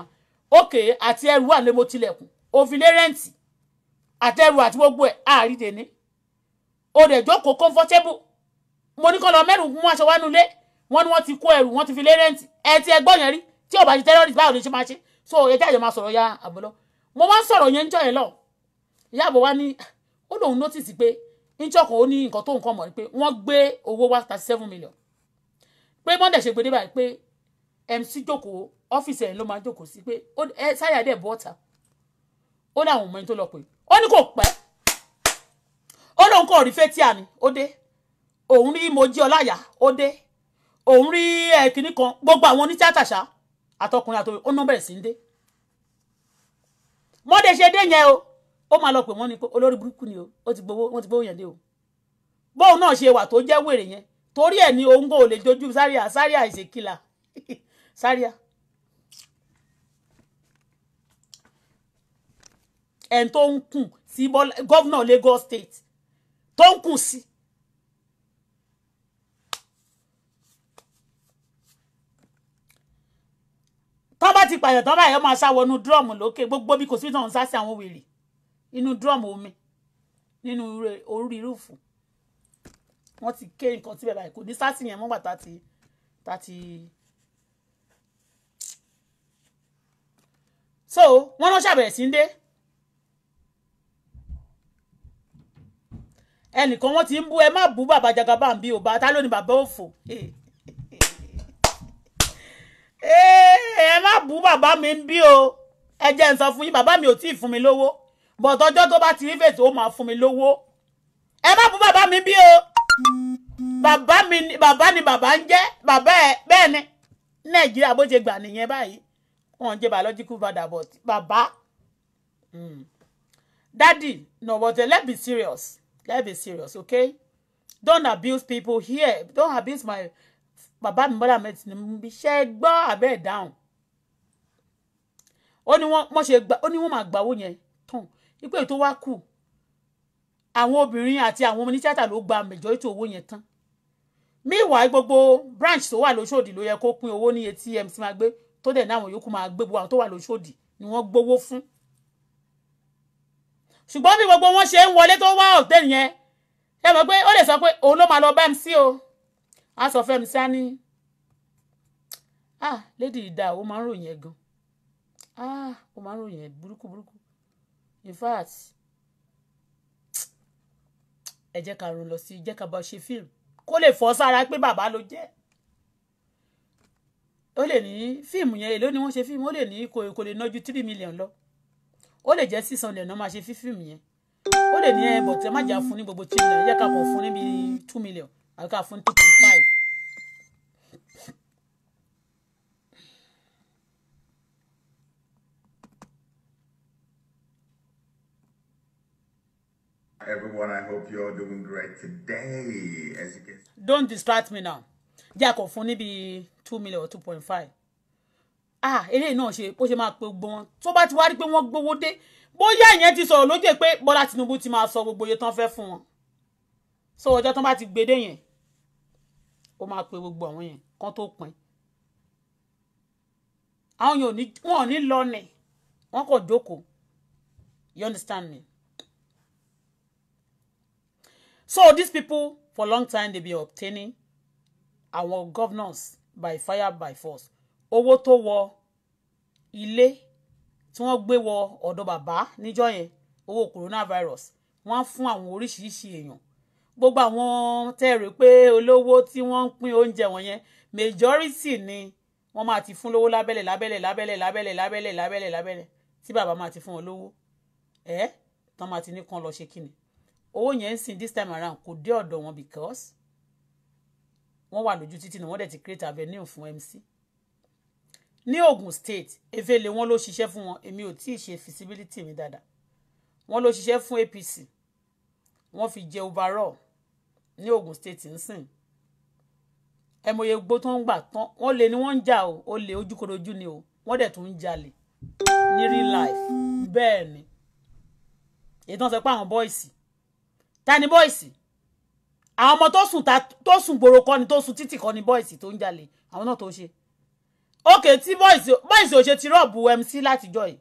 òkè àti ẹrù wà lé mo tilẹ̀kùn òfin lé rẹ́ǹtì àtẹrù àti gbogbo ẹ̀ àrídè ní o dẹ̀ jókòó comfortable mo ní kọ́ lọ mẹ́rù mú aṣọ wá nulẹ̀ wọ́n ní wọ́n ti kó ẹrù wọ́n ti fi lé rẹ́ǹtì ẹ ti ẹgbọ́n yẹn rí tí ò bá ṣe terrorist báwo ni ṣe máa ṣe so mo máa ń sọ̀rọ̀ yẹn níjọ́ yẹn lọ ìyá àbọ̀ wa ní ó lóun notice pé níjọ́kọ̀ ó ní nǹkan tó nǹkan mọ̀ ni pé wọ́n gbé owó wá thirty seven million pé monday ṣe gbèdé pé mc jókòó ọ́fíìsì ẹ̀ ló máa jókòó sí pé sáyà dẹ̀ bọ́ ọ̀tá ó láwọn ọmọ ẹni tó lọ pé ó ní kò pẹ́ ó lóun kò rí fétíà ni ó dé òun rí mojí ọláyà ó dé òun rí ẹ̀kíní kan gbogbo àwọn onítíátà ṣá àtọkùnrin àtọkùnrin ó ná bẹ̀rẹ̀ sí dé mọ́dé ṣe dé yẹn o ó máa lọ pè wọ́n ní pé olórí burúkú ni o ó ti gbowó wọ́n ti gbowó yẹn dé o bóun náà ṣe wà tó jẹ́ wèrè yẹn torí ẹ̀ ni òun kò lè dojú sáríà sáríà ìṣèkìlà Zaria ẹn tó ń kùn sí gọ́vnà Lagos State tó ń kùn sí. tọ́ bá ti pààyàn tọ́ báyọ̀ máa ṣàwọnú dúrọ́ọ̀mù lókè gbogbo bí kò sí ìtàn sá sí àwọn wèrè inú dúrọ́ọ̀mù omi nínú orí rúùfù wọ́n ti ké nǹkan tí bẹ̀rẹ̀ kò ní sá sí yẹn mọ́gbà tá ti tá ti. so wọ́n ránṣẹ́ àbẹ̀rẹ̀ sí ń dé ẹnìkan wọ́n ti ń bú ẹ má bú bàbá Jagaban bí o bá ta ló ní bàbá òfò eh, ẹ má bú bàbá mi bí o ẹ jẹ́ n sọ fún yín bàbá mi ò tí ì fún mi lówó bọ̀tọ́jọ́ tó bá ti rí fèsì ó máa fún mi lówó ẹ má bú bàbá mi bí o bàbá mi bàbá ni bàbá ń jẹ́ bàbá ẹ bẹ́ẹ̀ ni Nàìjíríà bó ṣe gbà nìyẹn báyìí wọn jẹ́ biological father but bàbá mm. daddy no but uh, eh, let's be serious Let be serious okay don't abuse people here don't abuse my bàbá mi bọ́dà mẹ́tì ni mo ṣe gbọ́ abẹ́ ẹ̀ dáhùn ó ní wọ́n mọ̀ ṣe gbà ó ní wọ́n máa gbàwó yẹn tán ipò ètò wa kù àwọn obìnrin àti àwọn ọmọ oníṣẹ́ta ló gba majority owó yẹn tán meanwhile gbogbo branch tó wà lóṣòdì ló yẹ kó pín owó ní etí mc máa gbé tó dẹ̀ náà àwọn yòókù máa gbé gbogbo àwọn tó wà lóṣòdì ni wọ́n gbowó fún ṣùgbọ́n bí gbogbo wọn ṣe ń wọlé tó wá òtẹ́ẹ̀lì yẹn ẹ mọ̀ pé ó lè sọ pé òun ló máa lọ bá mi sí o a sọ fẹ́ mi sá ní ah lady ida ó máa ń ròyìn ẹ̀ gan ah ó máa ń ròyìn ẹ̀ burúkú burúkú in fact ẹ jẹ́ ká rò lọ sí jẹ́ ká bá ṣe fíìmù kó lè fọ́ sára pé bàbá ló jẹ́ ó lè ní fíìmù yẹn èló ni wọ́n ṣe fíìmù ó lè ní kò lè ná three million lọ ó lè jẹ́ six hundred náà máa ṣe fíìmù yẹn ó lè ní ẹbọ tí a má jà fún ní gbogbo three million yẹ ká kàn fún níbi two million àbí ká fún two point five. Everyone, I hope you are doing great today. As you can. Don't distract me now. Jẹ́ àkọ́ fún níbi two million or two point five ah eré náà ṣe bó ṣe máa pe gbogbo wọn tó bá ti wá rí pé wọ́n gbowó dé bóyá ìyẹn ti sọ̀rọ̀ lójú pé Bọ́lá Tinubu ti máa sọ gbogbo iye tán fẹ́ fún wọn so ọjọ́ tán bá ti gbé dé yẹn ó máa pe gbogbo àwọn yẹn kán tó pin àwọn yẹn ò ní wọn ò ní lọ nì wọn kò jókòó you understand me so these people for long time they be obtaining our governors by fire by force owó tó wọ ilé tí wọ́n gbé wọ ọ̀dọ̀ bàbá níjọ́ yẹn owó coronavirus wọ́n á fún àwọn oríṣiríṣi èèyàn gbogbo àwọn tẹ́rì pé olówó tí wọ́n ń pín oúnjẹ wọn majority ni wọ́n máa ti fún lówó lábẹ́lẹ̀ lábẹ́lẹ̀ lábẹ́lẹ̀ lábẹ́lẹ̀ lábẹ́lẹ̀ lábẹ́lẹ̀ lábẹ́lẹ̀ tí bàbá máa ti fún wọn lówó ẹ̀ tán máa ti ní kán lọ ṣe kíni owó yẹn ń sìn this time around kò dé ọ̀dọ̀ wọn because wọ́n wà lójú títì ni wọ́n dẹ̀ ti create avenue fún MC ní Ogun State efele wọ́n ló ṣiṣẹ́ fún wọn èmi ò tíì ṣe feasibility mi dáadáa wọ́n ló ṣiṣẹ́ fún APC wọ́n fi jẹ overall ní Ogun State nsìn ẹmọye gbó tó ń gbà tán wọ́n lè ní wọ́n ń jà o ó lè ojúkorojú ni o wọ́n dẹ̀ tún ń jalè ní real life bẹ́ẹ̀ ni ètò wọn sọ pé àwọn bọ́ìsì ta ni bọ́ìsì àwọn ọmọ tó sùn tó sùn gbòòrò kọ́ ni tó sùn títì kọ́ ni bọ́ìsì tó ń jalè àwọn náà tó ń ṣe ok tí bọ́ìsì ò ṣe ti rọ́ọ̀bù MC látijọ́ yìí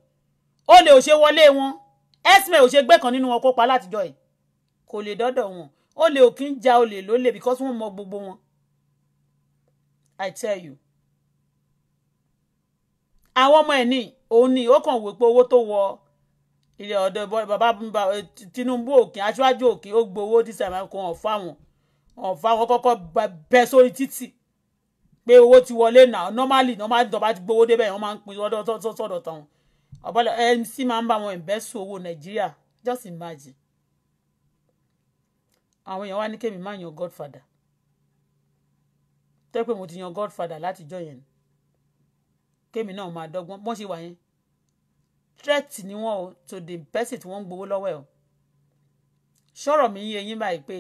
ó lè ò ṣe wọlé wọn esme ò ṣe gbé kan nínú wọn kópa látijọ́ yìí kò lè dọ́dọ̀ wọn ó lè ò ń ja olè lólè because wọ́n mọ gbogbo wọn i tell you àwọn ọmọ ẹ̀ ní òun ni ó kàn wò pé owó tó wọ ilé ọ̀dọ̀ bàbá Tinubu òkè aṣáájú òkè ó gbowó dísàmà kan ọ̀fọ̀ àwọn ọ̀fà wọn kọ́kọ́ bẹ́ sórí títì pé owó ti wọlé náà normally normally tó bá ti gbowó débẹ̀ wọ́n máa ń pín sọ́dọ̀ tán ọ̀bọ̀lọ̀ MC máa ń bá wọn ìbẹ́sù owó Nàìjíríà just imagine àwọn èèyàn wá ní kémi máa yan godfather tẹ́ pé mo ti yan godfather látijọ́ yẹn kémi náà máa dọ́gbọ́n bọ́n ṣe wà yẹn threat ni wọ́n o to the person tí wọ́n ń gbowó lọ́wọ́ ẹ̀ o sọ̀rọ̀ mi yé yín báyìí pé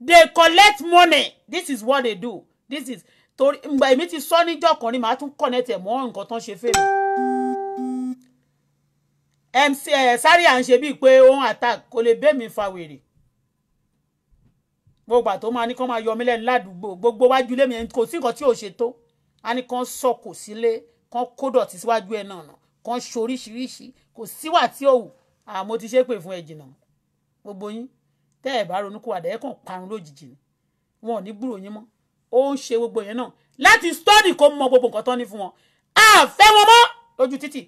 they collect money this is what they do this is torí ìgbà èmi ti sọ níjọ́ kan ni màá tún connect ẹ̀ mọ́ nǹkan tán ṣe fèmí. mc ẹ sáré à ń ṣe bíi pé òun attack kò lè bẹ́ẹ̀ mi fa wèrè gbogbo àtó máa ní kán máa yọ mí lẹ́nu ládùúgbò gbogbo wájú lé mi kò sí nǹkan tí ò ṣe tó a ní kán sọkò sílé kán kó dọ̀tí síwájú ẹ̀ náà nà kán ṣoríṣiríṣi kò síwà tí ò wù àmọ́ ti ṣépè fún ẹ̀ gbogbo yín tẹ́ ẹ̀ bá ronú kó wà dẹ́yẹ́ kàn parun lójijì ni wọn ò ní gbúrò yín mọ́ ó ń ṣe gbogbo yẹn náà láti stọ́ọ̀nì kó mọ gbogbo nǹkan tán ní fún wọn a fẹ́ wọn mọ́ lójú títì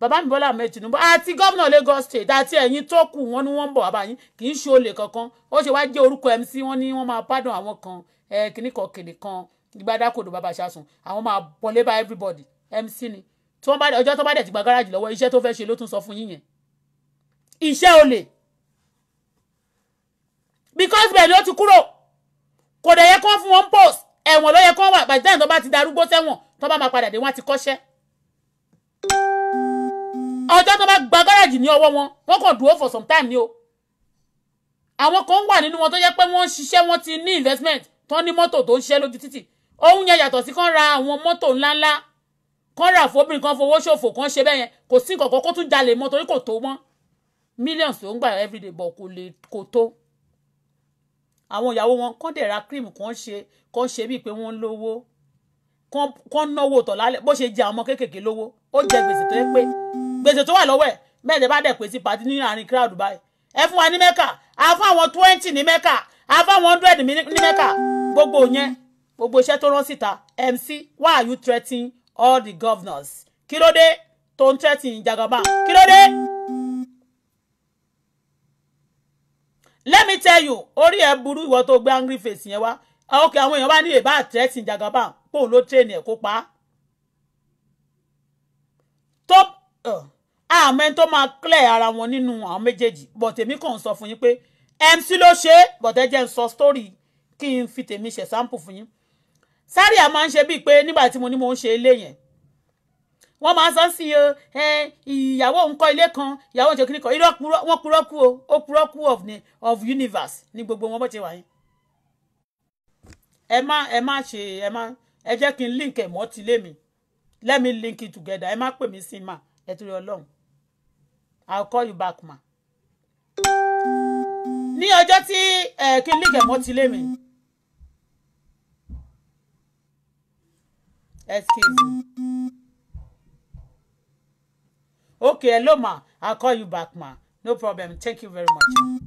bàbá mi Bọ́lá Ahmed Tinubu àti gómìnà Lagos State àti ẹ̀yin tó kù wọn ni wọ́n ń bọ̀ wá báyìí kì í ṣe olè kankan ó ṣe wá jẹ́ orúkọ MC wọn ni wọ́n máa pardon àwọn kan kìnnì kan kìnnì kan gbadakodo bàbá ṣàṣùn àwọn máa bọlé bá everybody MC ni ọjọ́ tó bá dẹ̀ ti gba gáràjì lọ́wọ́ iṣẹ́ tó fẹ́ ṣe ló tún sọ fún yín yẹn iṣẹ́ olè because bẹ́ẹ̀ ló ti kúrò kò dẹ̀ yẹ kán fún wọn post ẹ̀wọ̀n ló yẹ kán wà by the time tó bá ti darúgbó sẹ́wọ̀n tó bá máa padà dé wọ́n ti kọ́ṣẹ́ ọjọ́ tó bá gba gáràjì ní ọwọ́ wọn wọ́n kàn dúró for some time ni o àwọn kan wà nínú wọn tó yẹ pé wọ́n ń ṣiṣẹ́ wọ́n ti ní investment tó ní mọ́tò tó ń ṣiṣẹ́ lójú títì ohun yẹn yàtọ̀ sí kán ra àwọn mọ́tò ńláńlá kán rà fóbìnrin kan fowó ṣòfò kán ṣe bẹ́yẹn kò sí nǹkan kan kó tún jalè mọ́ torí kò tó mọ́ millions ló ń gbà everyday bọ̀ kò lè kò tó àwọn ìyàwó wọn kọ́ dẹ̀ ra cream kan ṣe kan ṣe bíi pé wọ́n lówó kan náwó tọ̀ lálẹ́ bó ṣe jẹ àwọn ọmọ kéékèèké lówó ó jẹ gbèsè tó yẹ pé gbèsè tó wà lọ́wọ́ ẹ̀ bẹ́ẹ̀ bá dẹ̀ pé sí pàtí ní àárín crowd báyìí ẹ fún wa ní mẹ́kà a fún àwọn twenty ní mẹ́kà a fún àwọn hundred ní mẹ́kà gbogbo yẹn gbogbo iṣẹ́ tó rán síta MC why are you threatening all the governors kí ló dé tó ń threatening Jagaba kí ló dé. let me tell you orí ẹ burú ìwọ tó gbé angry face yẹn wá ah, ok àwọn èèyàn bá ní èbá àtẹ́sìn jagaba póun ló tẹ̀lé ẹ̀ kó pa á tó àmọ́ uh, ẹni tó máa clear ara wọn nínú àwọn méjèèjì but èmi kàn ń sọ fún yín pé MC ló ṣe é but ẹ jẹ́ ń sọ story kí n fi tèmi ṣe sample fún yín Zaria máa ń ṣe bíi pé nígbà tí mo ní mo ń ṣe ilé yẹn wọ́n máa sọ sí o ìyàwó òun kọ́ ilé kan ìyàwó òjò kìnìkan irọ́ wọ́n purọ́ kú o ó purọ́ kú of ni of universe Ni gbogbo wọn bó ti wà yín. ẹ má ẹ má ṣe ẹ má ẹ jẹ́ kí n link ẹ̀ mọ́ tilé mi let me link it together ẹ má pè mí sí ma ẹ torí ọlọ́run i'll call you back ma. ní ọjọ́ tí kí n link ẹ̀ mọ́ tilé mi. excuse me. okay hello ma i'll call you back ma no problem thank you very much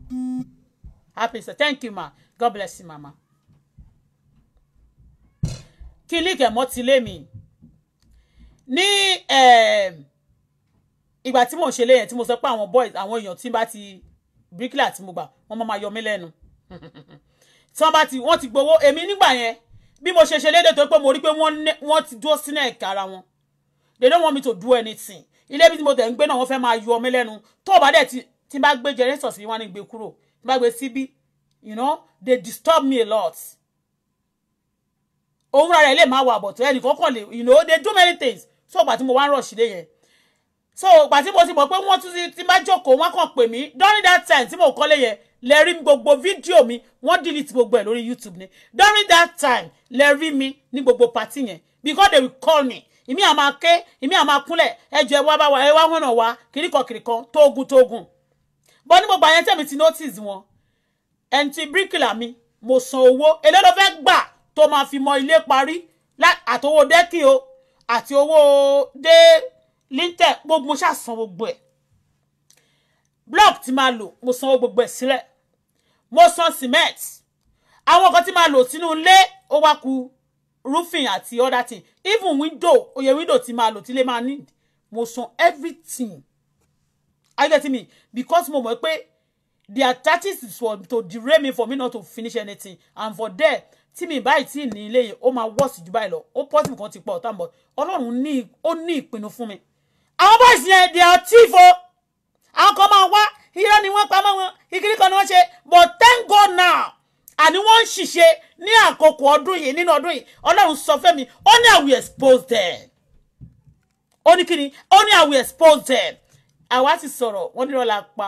happy sir. thank you ma god bless you mama. kílíkì ẹ̀mọ́ ti lé mi ní ehm, ìgbà tí mò ń ṣe léyìn tí mo sọ pé àwọn boys àwọn èèyàn tí bá ti bíríkìlà tí mo gbà wọ́n máa yọ mí lẹ́nu tí wọ́n bá ti wọ́n ti gbowó èmi nígbà yẹn bí mo ṣe ṣe léde tó pé mo rí pé wọ́n ti dúró sínú ẹ̀ka ara wọn they don't want me to do anything ilé bí mo tẹ̀ ń gbé náà wọ́n fẹ́ máa yọ ọmọ lẹ́nu tó o bá dẹ̀ tí n bá gbé jẹrẹ́sọ̀ sí wọn ni gbé kúrò tí n bá gbé síbí you know they disturb me a lot òun rárá ilé máa wà àbọ̀tọ̀ ẹnìkan kàn lè you know they do many things so ìgbà tí mo wá ń rọ̀ṣì lé yẹn so ìgbà tí mo ti mọ̀ pé wọ́n tún ti máa jókòó wọ́n kàn pè mí during that time tí mo kọ́lé yẹn lè rí gbogbo fídíò mi wọ́n delete gbogbo ẹ̀ lórí YouTube ni during that time lè rí mi ní gbogbo party yẹn because they will call me ìmí àmà ké ìmí àmà kúnlẹ̀ ẹjọ́ ẹwà bá wa ẹwà hànà wa kìríkọ̀kìríkan tóògùn tóògùn bọ́ ní gbogbo àyẹ̀tẹ̀ mi ti notice wọn ẹni tí bíríkìlà mi mo san owó èlé ló fẹ́ gbà tó máa fi mọ ilé parí àtowó dẹ́kì o àti owó dé líńtẹ̀ gbogbo mo ṣàṣàn gbogbo ẹ̀ block ti máa lò mo san owó gbogbo ẹ̀ sílẹ̀ mo san cement àwọn kan ti máa lò sínú ilé ó wá ku roofing àti other thing even window oye window ti máa lò tí lè máa need mo san everything are you getting me because mo mọ̀ pé their tactics is for to derail me for me not to finish anything and for there tí mi báyìí tí ní ilé yìí ó máa worse jù báyìí lọ ó possible kan ti pọ̀ ọ̀tá mọ̀ ọlọ́run ní ó ní ìpinnu fún mi. àwọn boys yẹn they are thief o àwọn kan máa wá irọ́ ni wọ́n pamọ́ wọn ìkíní kan ni wọ́n ṣe but thank God now àní wọ́n ń ṣìṣe ní àkókò ọdún yìí nínú ọdún yìí ọlọ́run sọ fẹ́mi ó ní I will expose them ó ní kíni ó ní I will expose them àwa ti sọ̀rọ̀ wọ́n ní ọ̀la pa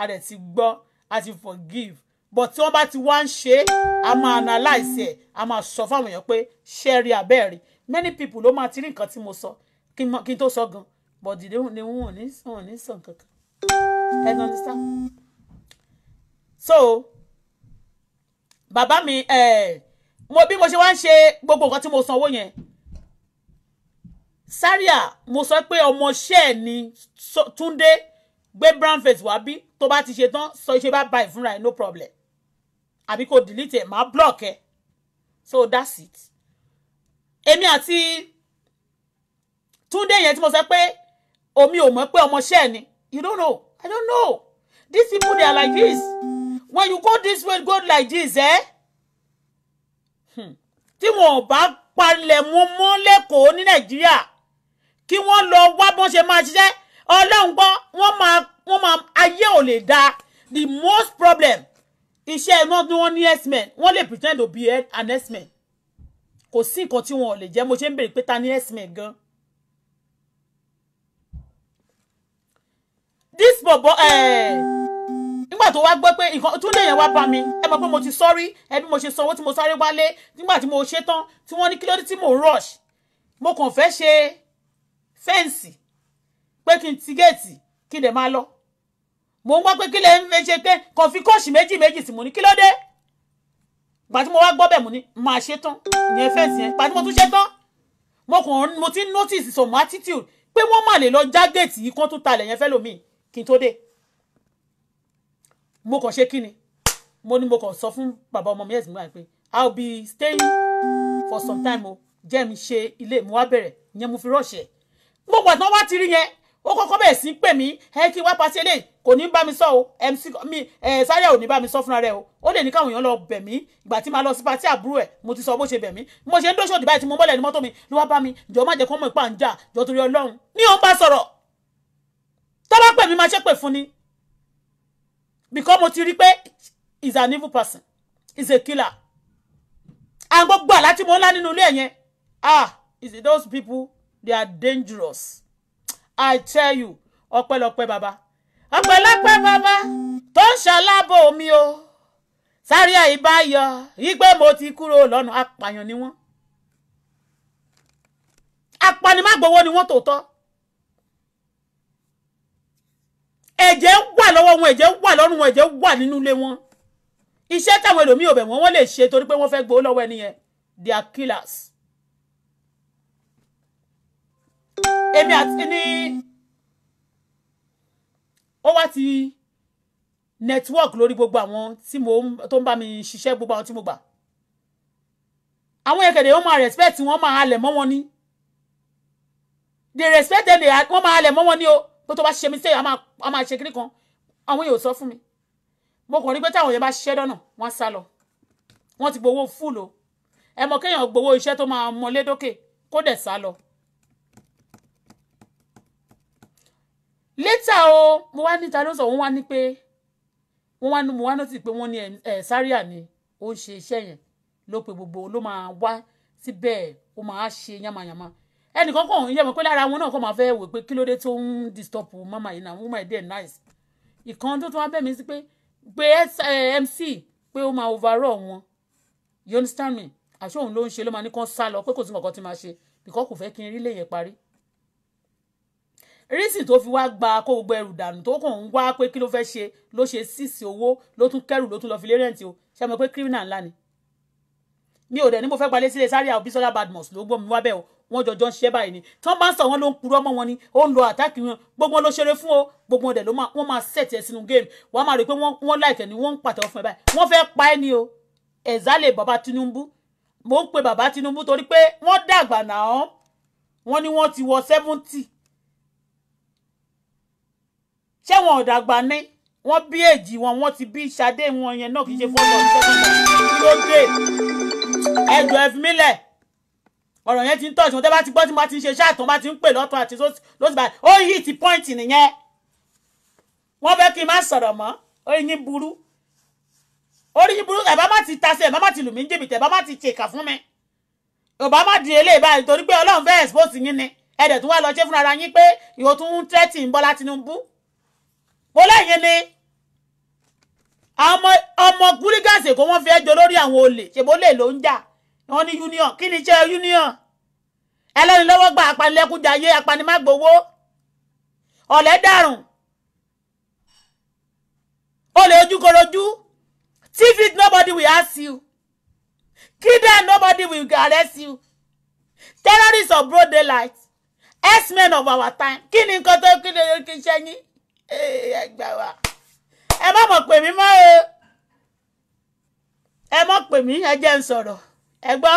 a dẹ̀ ti gbọ́ a ti forgive but tí wọ́n bá ti wá ń ṣe é a máa analyse ẹ̀ a máa sọ fáwọn èèyàn pé ṣe rí abẹ́ rí many people ló máa ti rí nǹkan tí mo sọ kí n tó sọ gan but dìde ni wọn ò ní sàn kankan ẹ ní understand so bàbá mi mo bí mo ṣe wá ń ṣe gbogbo nǹkan tí mo sanwó yẹn Zaria mo sọ pé ọmọọṣẹ́ ni Túndé gbé brown face wá bí tó bá ti ṣe tán sọ ṣe bá ba ìfúnra ẹ̀ no problem àbí kò delete ẹ̀ máa block ẹ̀ so that's it èmi àti Túndé yẹn tí mo sọ pé omi ò mọ̀ pé ọmọọṣẹ́ ni you don't know I don't know these people they are like this when you go this way go like this eh? Hmm. tí wọn ò bá palẹ̀ mú mọ́ lẹ́kọ̀ọ́ ní nàìjíríà kí wọ́n lọ wá bọ́n ṣe máa ṣiṣẹ́ ọlọ́run gbọ́ wọ́n máa wọ́n máa ayé ò lè da the most problem iṣẹ́ iná ni wọ́n ní men. wọ́n lè pretend to be an men? kò sí nǹkan tí wọn lè jẹ́ mo ṣe ń béèrè pé ta ni herdsmen gan. this bobo. Eh, nígbà tó wá gbọ́ pé nǹkan túnde yẹn wá bá mi ẹ mọ̀ pé mo ti sọ́rí ẹbí mo ṣe sanwó tí mo sáré wálé nígbà tí mo ṣe tán tí wọ́n ní kí ló dé tí mo rush mo kàn fẹ́ ṣe fẹ́ǹsì pé kí n ti géètì kí n lè máa lọ mo ń wá pé kí lè ń ṣe pé kàn fi kóòṣì méjì méjì sí mo ní kí ló dé gbà tí mo wá gbọ́ bẹ̀ mo ní máa ṣe tán ìyẹn fẹ́ǹsì yẹn gbà tí mo tún ṣe tán mo kàn mo ti notice some attitude pé wọ́n mà lè lọ já géètì yìí kán tún talẹ̀ yẹn fẹ́ lómi kí n tó dé mo kàn ṣe kíni mo ní mo kàn sọ fún bàbá ọmọ mi ẹ̀sìn mi pé i will be staying for some time o jẹ́ mi ṣe ilé mo wá bẹ̀rẹ̀ ìyẹn mo fi rọ̀ṣẹ̀ mo pọ̀ tán wá ti rí yẹn ó kọ́kọ́ bẹ̀rẹ̀ sí pè mí ẹ kí wá pàṣẹ lè kò ní bá mi sọ o mc mi ẹ sáré ò ní bá mi sọ fúnra rẹ o ó lè ní káwọn èèyàn lọ bẹ̀ mí ìgbà tí màá lọ sí pàṣẹ àbúrò ẹ̀ mo ti sọ bó ṣe bẹ̀ mí mo ṣe ń dóṣò dìbà tí mo mọ́lẹ̀ ní mọ́tò mi ló wá bá mi jọ má jẹ́ kó mọ̀ ìpà jọ torí ọlọ́run ní òun bá sọ̀rọ̀ tọ́lá pè mí máa ṣépè fún ni because mo ti rí pé is an evil person is a killer and gbogbo àlá tí mo ń lá nínú ilé ah is it those people they are dangerous i tell you ọpẹ́lọpẹ́ baba ọpẹ́lọpẹ́ baba tó ń ṣalábò mi o sáré àìbáyọ ìgbẹ́ mo ti kúrò lọ́nà apààyàn ni wọ́n apanimágbowó ni wọ́n tòótọ́ ẹ̀jẹ̀ wà lọ́wọ́ wọn ẹ̀jẹ̀ wà lọ́rùn wọn ẹ̀jẹ̀ wà nínú ilé wọn iṣẹ́ táwọn ẹlòmíì ò bẹ̀ wọ́n wọ́n lè ṣe torí pé wọ́n fẹ́ gbowó lọ́wọ́ ẹni yẹn they are killers. èmi àti ní ó wá ti network lórí gbogbo àwọn tí mo tó ń bá mi ṣiṣẹ́ gbogbo àwọn tí mo gbà àwọn ẹ̀kẹ̀dẹ̀ wọ́n máa respect wọ́n máa halẹ̀ mọ́ wọn ní they respect them wọ́n máa halẹ̀ mọ́ wọn ní o pé tó bá ṣe mistake a máa ṣe kiri kan àwọn èèyàn ò sọ fún mi mo kàn rí pé táwọn yẹn bá ṣiṣẹ́ dọ́nà wọ́n sá lọ wọ́n ti gbowó fúùlù o ẹ mọ̀ kéèyàn gbowó iṣẹ́ tó máa mọ lédókè kó dẹ̀ sá lọ. létà o mo wá níta ló sọ wọ́n wá ní pé wọ́n wá mo wá nọ́tì pé wọ́n ní ẹ̀ eh, sáríà ni ó ń ṣe iṣẹ́ yẹn ló pe gbogbo ló máa wá síbẹ̀ ó máa ṣe yánmayànma ẹnìkan kàn ń yẹ mọ̀ pé lára wọn náà kàn máa fẹ́ wò pé kí ló dé tó ń disturb mama yìí náà woman dey nice ìkan tó tún wá bẹ̀ mí sí pé pé mc pé ó máa overall wọn you understand me àṣọ òun ló ń ṣe ló máa ní kán sá lọ pé kò sí nǹkan tí máa ṣe bìkọ́ kò fẹ́ kí n rí lè yẹn parí rísì tó fi wá gba kó gbogbo ẹrù dànù tó kàn ń wá pé kí ló fẹ́ ṣe ló ṣe sísì owó ló tún kẹrù ló tún lọ fi lé rẹ́ǹtì o ṣe mọ̀ pé kírímìnà ńlá ni mi ò dẹ̀ ní mo fẹ́ gbalé sílé sáré àwọn Bísọ́lá Badmus ló gbọ́ mi wá bẹ́ẹ̀ o wọ́n jọjọ́ ń ṣiṣẹ́ báyìí ni tí wọ́n bá ń sọ wọn ló ń purọ́ mọ́ wọn ni ó ń lo àtàkì wọn gbogbo wọn ló ṣeré fún o gbogbo wọn dẹ̀ ló máa wọ́n máa sẹ̀tì ẹ̀ sínú géèmù wọ́n máa rí i pé wọ́n láìkẹ́ ni wọ́n ń pàtẹ́wọ́ fún ẹ báyìí wọ́n fẹ́ pa ẹ́ ni o ẹ̀zálẹ̀ bàbá Tinubu mò ń pe bàbá Tinubu torí pé wọ́n dàgbà náà wọ́n ní wọ́n ti wọ seventy ṣé wọn ò dàgbà ní bí èjì wọn wọ́n ti bí Ṣadé wọn yẹn náà kì í ṣe fọ́ọ̀lù ọ̀dọ́ ọ̀rọ̀ yẹn ti ń tọ́jú tẹ́ bá ti gbọ́ tí mo ti ń ṣe ṣáàtàn bá ti ń pè lọ́tọ̀ àti lóṣù báyìí ó yí ti pọ́ìntì nìyẹn wọ́n fẹ́ kí n má sọ̀rọ̀ mọ́ ó yín burú orí yín burú ẹ̀ bá má ti tasẹ̀ ẹ̀ bá má ti lù mí jìbìtì ẹ̀ bá má ti ṣèkà fún mi ẹ̀ bá má di eléyìí báyìí torí pé ọlọ́run fẹ́ expose yín ni ẹ̀ dẹ̀ tún wá lọ ṣe fúnra yín pé ìwọ tún ń wọ́n ní union kí ni iṣẹ́ union ẹlẹ́ni lọ́wọ́ gba apanilẹ́kúnjayé apanimágbowó ọ̀lẹ́ dàrùn olè ojúkorojú thief it nobody will ask you kidnap nobody will arrest you terrorists of broad daylight men of our time kí ni nǹkan tó kí ni kí n ṣe yín ẹ gbà wá ẹ má mọ̀ pè mí mọ́ o ẹ má pè mí ẹ jẹ́ n sọ̀rọ̀ ẹ gbọ́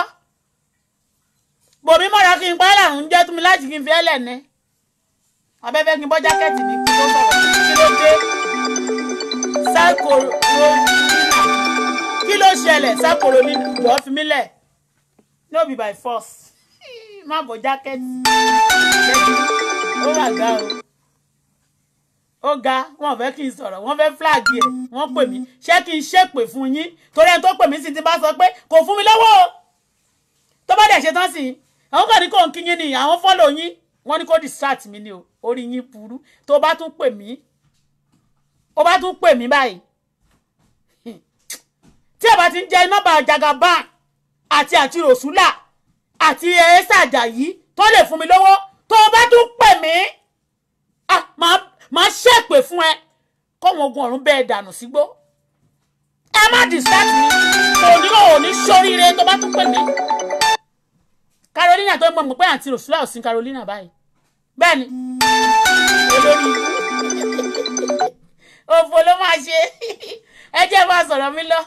bòmí mọ̀ra kí n pa ẹlẹ́rùn ń jẹ́ tún mi láti kí n fi ẹlẹ̀ ní abẹ́fẹ́ kí n bọ́ jákẹ́ẹ̀tì mi kí n tó sọ̀rọ̀ kí ló dé sákòrò kí ló ṣẹlẹ̀ sákòrò ní ìjọ fi mí lẹ̀ no be by force má bọ́ jákẹ́ẹ̀tì ó rà gá o ó ga wọn fẹ́ kí n sọ̀rọ̀ wọ́n fẹ́ flag ẹ̀ wọ́n pè mí ṣé kí n ṣépè fún yín torí ẹni tó pè mí sì ti bá sọ pé kò fún mi lọ́wọ́ o tó bá dẹ̀ ṣe tán sí i àwọn kan ní kò ń kí yín ni àwọn fọ́lọ̀ yín wọ́n ní kó distract mi ni o orí yín burú tó bá tún pè mí ó bá tún pè mí báyìí tí ẹ bá ti ń jẹ nọ́mbà jagaban àti àti sula. àti ẹsẹ àjàyí tó lè fún mi lọ́wọ́ tó bá tún káwọn ogun ọ̀run bẹ́ẹ̀ dànù sígbó ẹ má distract mi òní òní sóríire tó bá tún pè mí Carolina tó ń gbọ́ mọ̀ pé àǹtí Rosula ò sin Carolina báyìí bẹ́ẹ̀ ni olórí òfò ló máa ṣe ẹ jẹ́ bá sọ̀rọ̀ mi lọ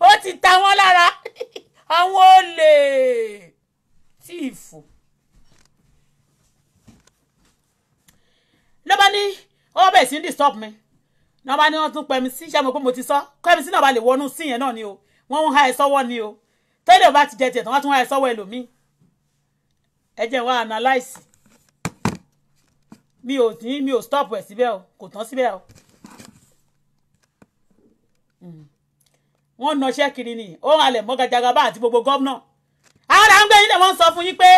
ó ti ta wọ́n lára àwọn olè tí ìfò. ló bá ní ó bẹ̀ sí ní disturb mi náà bá ní wọ́n tún pẹ̀mí sí ṣé mo pé mo ti sọ pẹ̀mí sí náà bá lè wọnú sí yẹn náà ni o wọ́n ń há ẹ sọ́wọ́ ni o tẹ́lẹ̀ bá ti jẹ tiẹ̀ tán wọ́n tún há ẹ sọ́wọ́ ẹlòmíì ẹ jẹ́ wá mi ò ní mi o stop ẹ̀ síbẹ̀ o kò tán síbẹ̀ o hmm. wọ́n nọṣẹ́ kiri ni ó halẹ̀ mọ́ gàjàgàbá àti gbogbo gómìnà ara ń gbé yín lè wọ́n sọ fún yín pé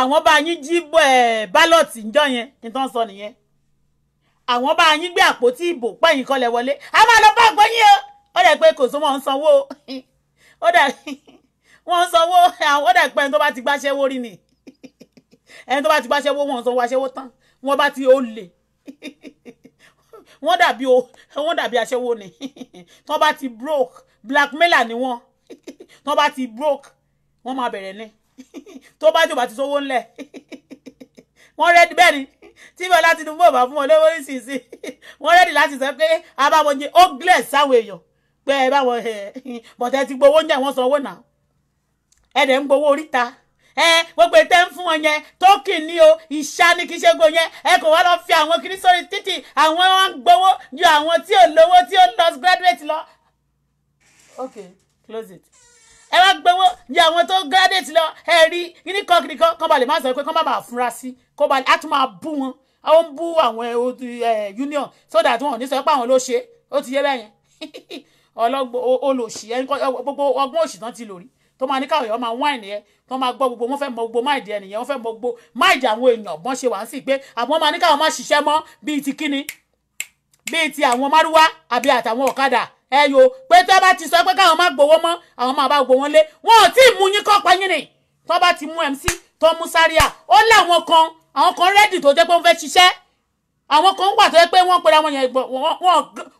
àwọn bá yín jí bálọ̀tì ńjọ́ yẹn kí n tán sọ nìyẹn àwọn bá yín gbé àpótí ìbò pẹ̀yìn kan wọlé a máa lọ bá àgbọ̀ yín o ó dẹ̀ pé kò sówó ń sanwó ó dẹ̀ wọ́n ń sanwó àwọn ó dẹ̀ pé ẹni tó bá ti gbàṣẹ́wó rí ni ẹni tó bá ti gbàṣẹ́wó wọ́n ń sanwó aṣẹ́wó tán wọ́n bá ti ó lè wọ́n dàbí o wọ́n dàbí aṣẹ́wó ni tán bá ti broke blackmailer ni wọ́n tán bá ti broke wọ́n máa bẹ̀rẹ̀ ni tó bá jọba ti sówó ńlẹ̀ wọ́n rẹ́dí bẹ́ẹ̀ ni tí Bọ́lá Tinubu ò bá fún wọn lówó nísinsìnyí wọ́n rẹ́dí láti sọ pé abáwọn jẹ ó gílẹ̀ sáwọn èèyàn pé ẹ báwọn ẹ bọ̀tẹ́ ti gbowó ní àwọn sanwó náà ẹ dẹ̀ ń gbowó oríta ẹ gbogbo ètè ń fún wọn yẹn tókì ní o ìṣá ni kì í ṣe gbòó yẹn ẹ kò wá lọ fi àwọn kiri sórí títì àwọn wọn ń gbowó ju àwọn tí ò lówó tí ó lọ graduate lọ. okay close it ẹ wá gbowó yẹ àwọn tó gírádẹ́tì lọ ẹ rí kíní kan kíní kan kọ́ balẹ̀ máa sọ pé kọ́ má bàa fura sí kó balẹ̀ á tún máa bú wọn ó ń bú àwọn union so that wọn ò ní sọ pé àwọn ló ṣe ó ti yé bẹ́yẹn ọlọ́gbọ́n olòṣì ẹni gbogbo ọgbọ́n òṣì tán ti lò rí tó máa ní káwọn èèyàn máa wáìnì ẹ tó máa gbọ́ gbogbo wọn fẹ́ mọ gbogbo máìdì ẹnìyẹn wọn fẹ́ mọ gbogbo máìdì àwọn èèyàn bọ́n ṣe wà ń sì pé àbọ̀ máa ní káwọn máa ṣiṣẹ́ mọ́ bíi ti kíni bíi ti àwọn márúwá àbí àtàwọn ọ̀kadà ẹ yo pé tẹ́ bá ti sọ pé káwọn má gbowó mọ́ àwọn máa bá gbowó lé wọn ò tí ì mú yín kọ́ pa yín nì tó bá ti mú MC tó mú sáríà ó láwọn kan àwọn kan rẹ́dì tó jẹ́ pé wọ́n fẹ́ ṣiṣẹ́ àwọn kan wà tó yẹ pé wọ́n pera wọn yẹn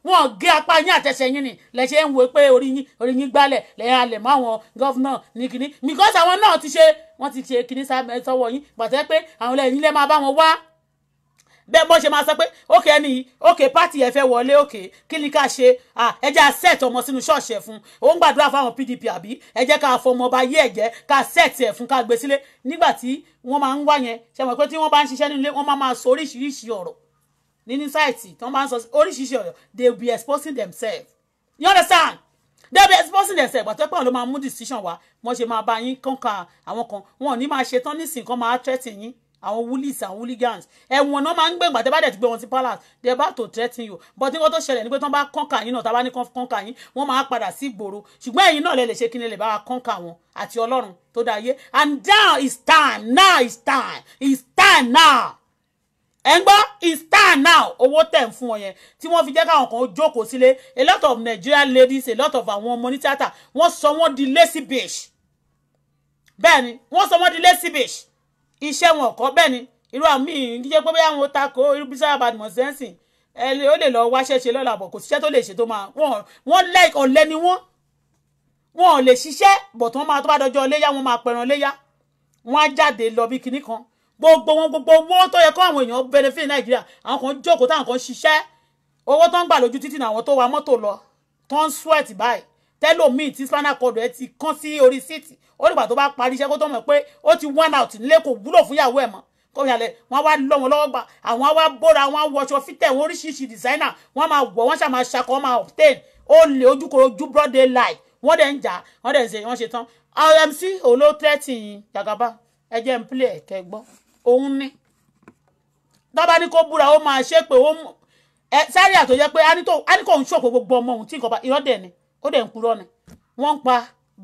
wọ́n gé apá yín àtẹ̀sẹ̀ yín ni lẹ́sẹ̀ ń wo pé orí yín orí yín gbálẹ̀ lẹ́yìn alẹ̀ mọ́ àwọn gọ́fúnà ní kínní because àwọn náà ti ṣe wọ́n ti ṣe kínní sọ́wọ́ yín pàtẹ́ pé àwọn ẹ̀yìn lẹ́ máa bá wọn wá bẹ́ẹ̀ bọ́n ṣe máa sọ pé ókè ẹni ókè pátì ẹ fẹ́ wọlé ókè kí ni ká ṣe ẹ jẹ́ set ọmọ sínú ṣọ́ọ̀ṣì ẹ̀ fún ó ń gbàdúrà fáwọn PDP àbí ẹ jẹ́ ká fọmọ ọba yé ẹ̀jẹ̀ ká set ẹ̀ fún ká gbé sílé nígbà tí wọ́n máa ń wá yẹn ṣe mọ̀ pé tí wọ́n bá ń ṣiṣẹ́ nílé wọ́n máa máa sọ oríṣiríṣi ọ̀rọ̀ nínú sáìtì tí wọ́n bá ń sọ oríṣiríṣi ọ̀rọ̀ they be exposing themselves you understand they be exposing themselves àti pé àwọn ló máa mú decision wá wọ́n ṣe máa bá yín kọ́ńkà àwọn kan wọn ò ní máa ṣetán nísìnyí kan máa threaten yín àwọn woolies àwọn hooligans ẹ̀wọ̀n náà máa ń gbẹ̀ngbà tẹ́ bá dẹ̀ ti gbé wọn sí palace they about to threaten you but nǹkan tó ṣẹlẹ̀ ni pé tí wọ́n bá kọ́ńkà yín náà tá a bá ní kọ́ńkà yín wọ́n máa padà sí ìgboro ṣùgbọ́n ẹ̀yin náà lè lè ṣe kí ni lè bá wa kọ́ńkà wọn àti ọlọ́run tó dá ayé and now is time now is time is time now ẹ̀ ń gbọ́ is time now owó tẹ̀ ń fún wọn yẹn tí wọ́n fi jẹ́ káwọn kan jókòó sílé a lot of Nigerian ladies a lot of àwọn ọmọ ní tíátà wọ́n sọ wọ́n di lazy bitch bẹ́ẹ̀ ni wọ́n sọ wọ́n di lazy bitch iṣẹ́ wọn kọ́ bẹ́ẹ̀ ni irú àmì ìdíje pé bóyá wọn takò irú bísí Badmus sẹ́ǹsìn ẹ ó lè lọ wáṣẹ́ ṣe lọ́la bọ̀ kò síṣẹ́ tó lè ṣe tó máa wọ́n like ọ̀lẹ ni wọ́n wọn ò lè ṣiṣẹ́ bọ̀tí wọ́n máa tó bá dọjọ́ léyà wọ́n máa pẹran léyà wọ́n á jáde lọ bí kinní kan gbogbo wọn gbogbo owó tó yẹ kó àwọn èèyàn benefit Nàìjíríà àwọn kan jókòó táwọn kan ṣiṣẹ́ owó tó ń gbà lójú títì náà àwọn tó wa mọ́tò lọ tó ń sweat báyìí tẹ́lòmíì tí spinal cord ẹ ti kán sí orí síìtì ó dìgbà tó bá parí iṣẹ́ kó tó mọ̀ pé ó ti one out nílé kò wúlò fún ìyàwó ẹ̀ mọ́ kó yàlẹ̀ wọ́n wá lọ wọn lọ́wọ́ gbà àwọn wá bóra wọ́n wọṣọ fítẹ̀ wọn oríṣiríṣi dìsáínà wọ́n máa wọ̀ wọ́n ṣàmà ṣakọ̀ wọ́n máa obtain ó lè ojúkòrò ojú broad day light wọ́n dẹ̀ ń jà wọ́n dẹ̀ ń ṣe wọ́n ṣe tán rmc olóòtẹ́tì jagaba ẹ jẹ́ n play ẹ̀ kẹ́ gbọ́ òun ní tọ́ba ní kó búra ó máa ṣe pé ó sáré àtòjẹ́ pé a ní kò ń ṣòkò gbogbo ọmọ òun tí nǹkan bá irọ́ dẹ̀ ni ó dẹ̀ ń purọ́ ni wọ́n ń pa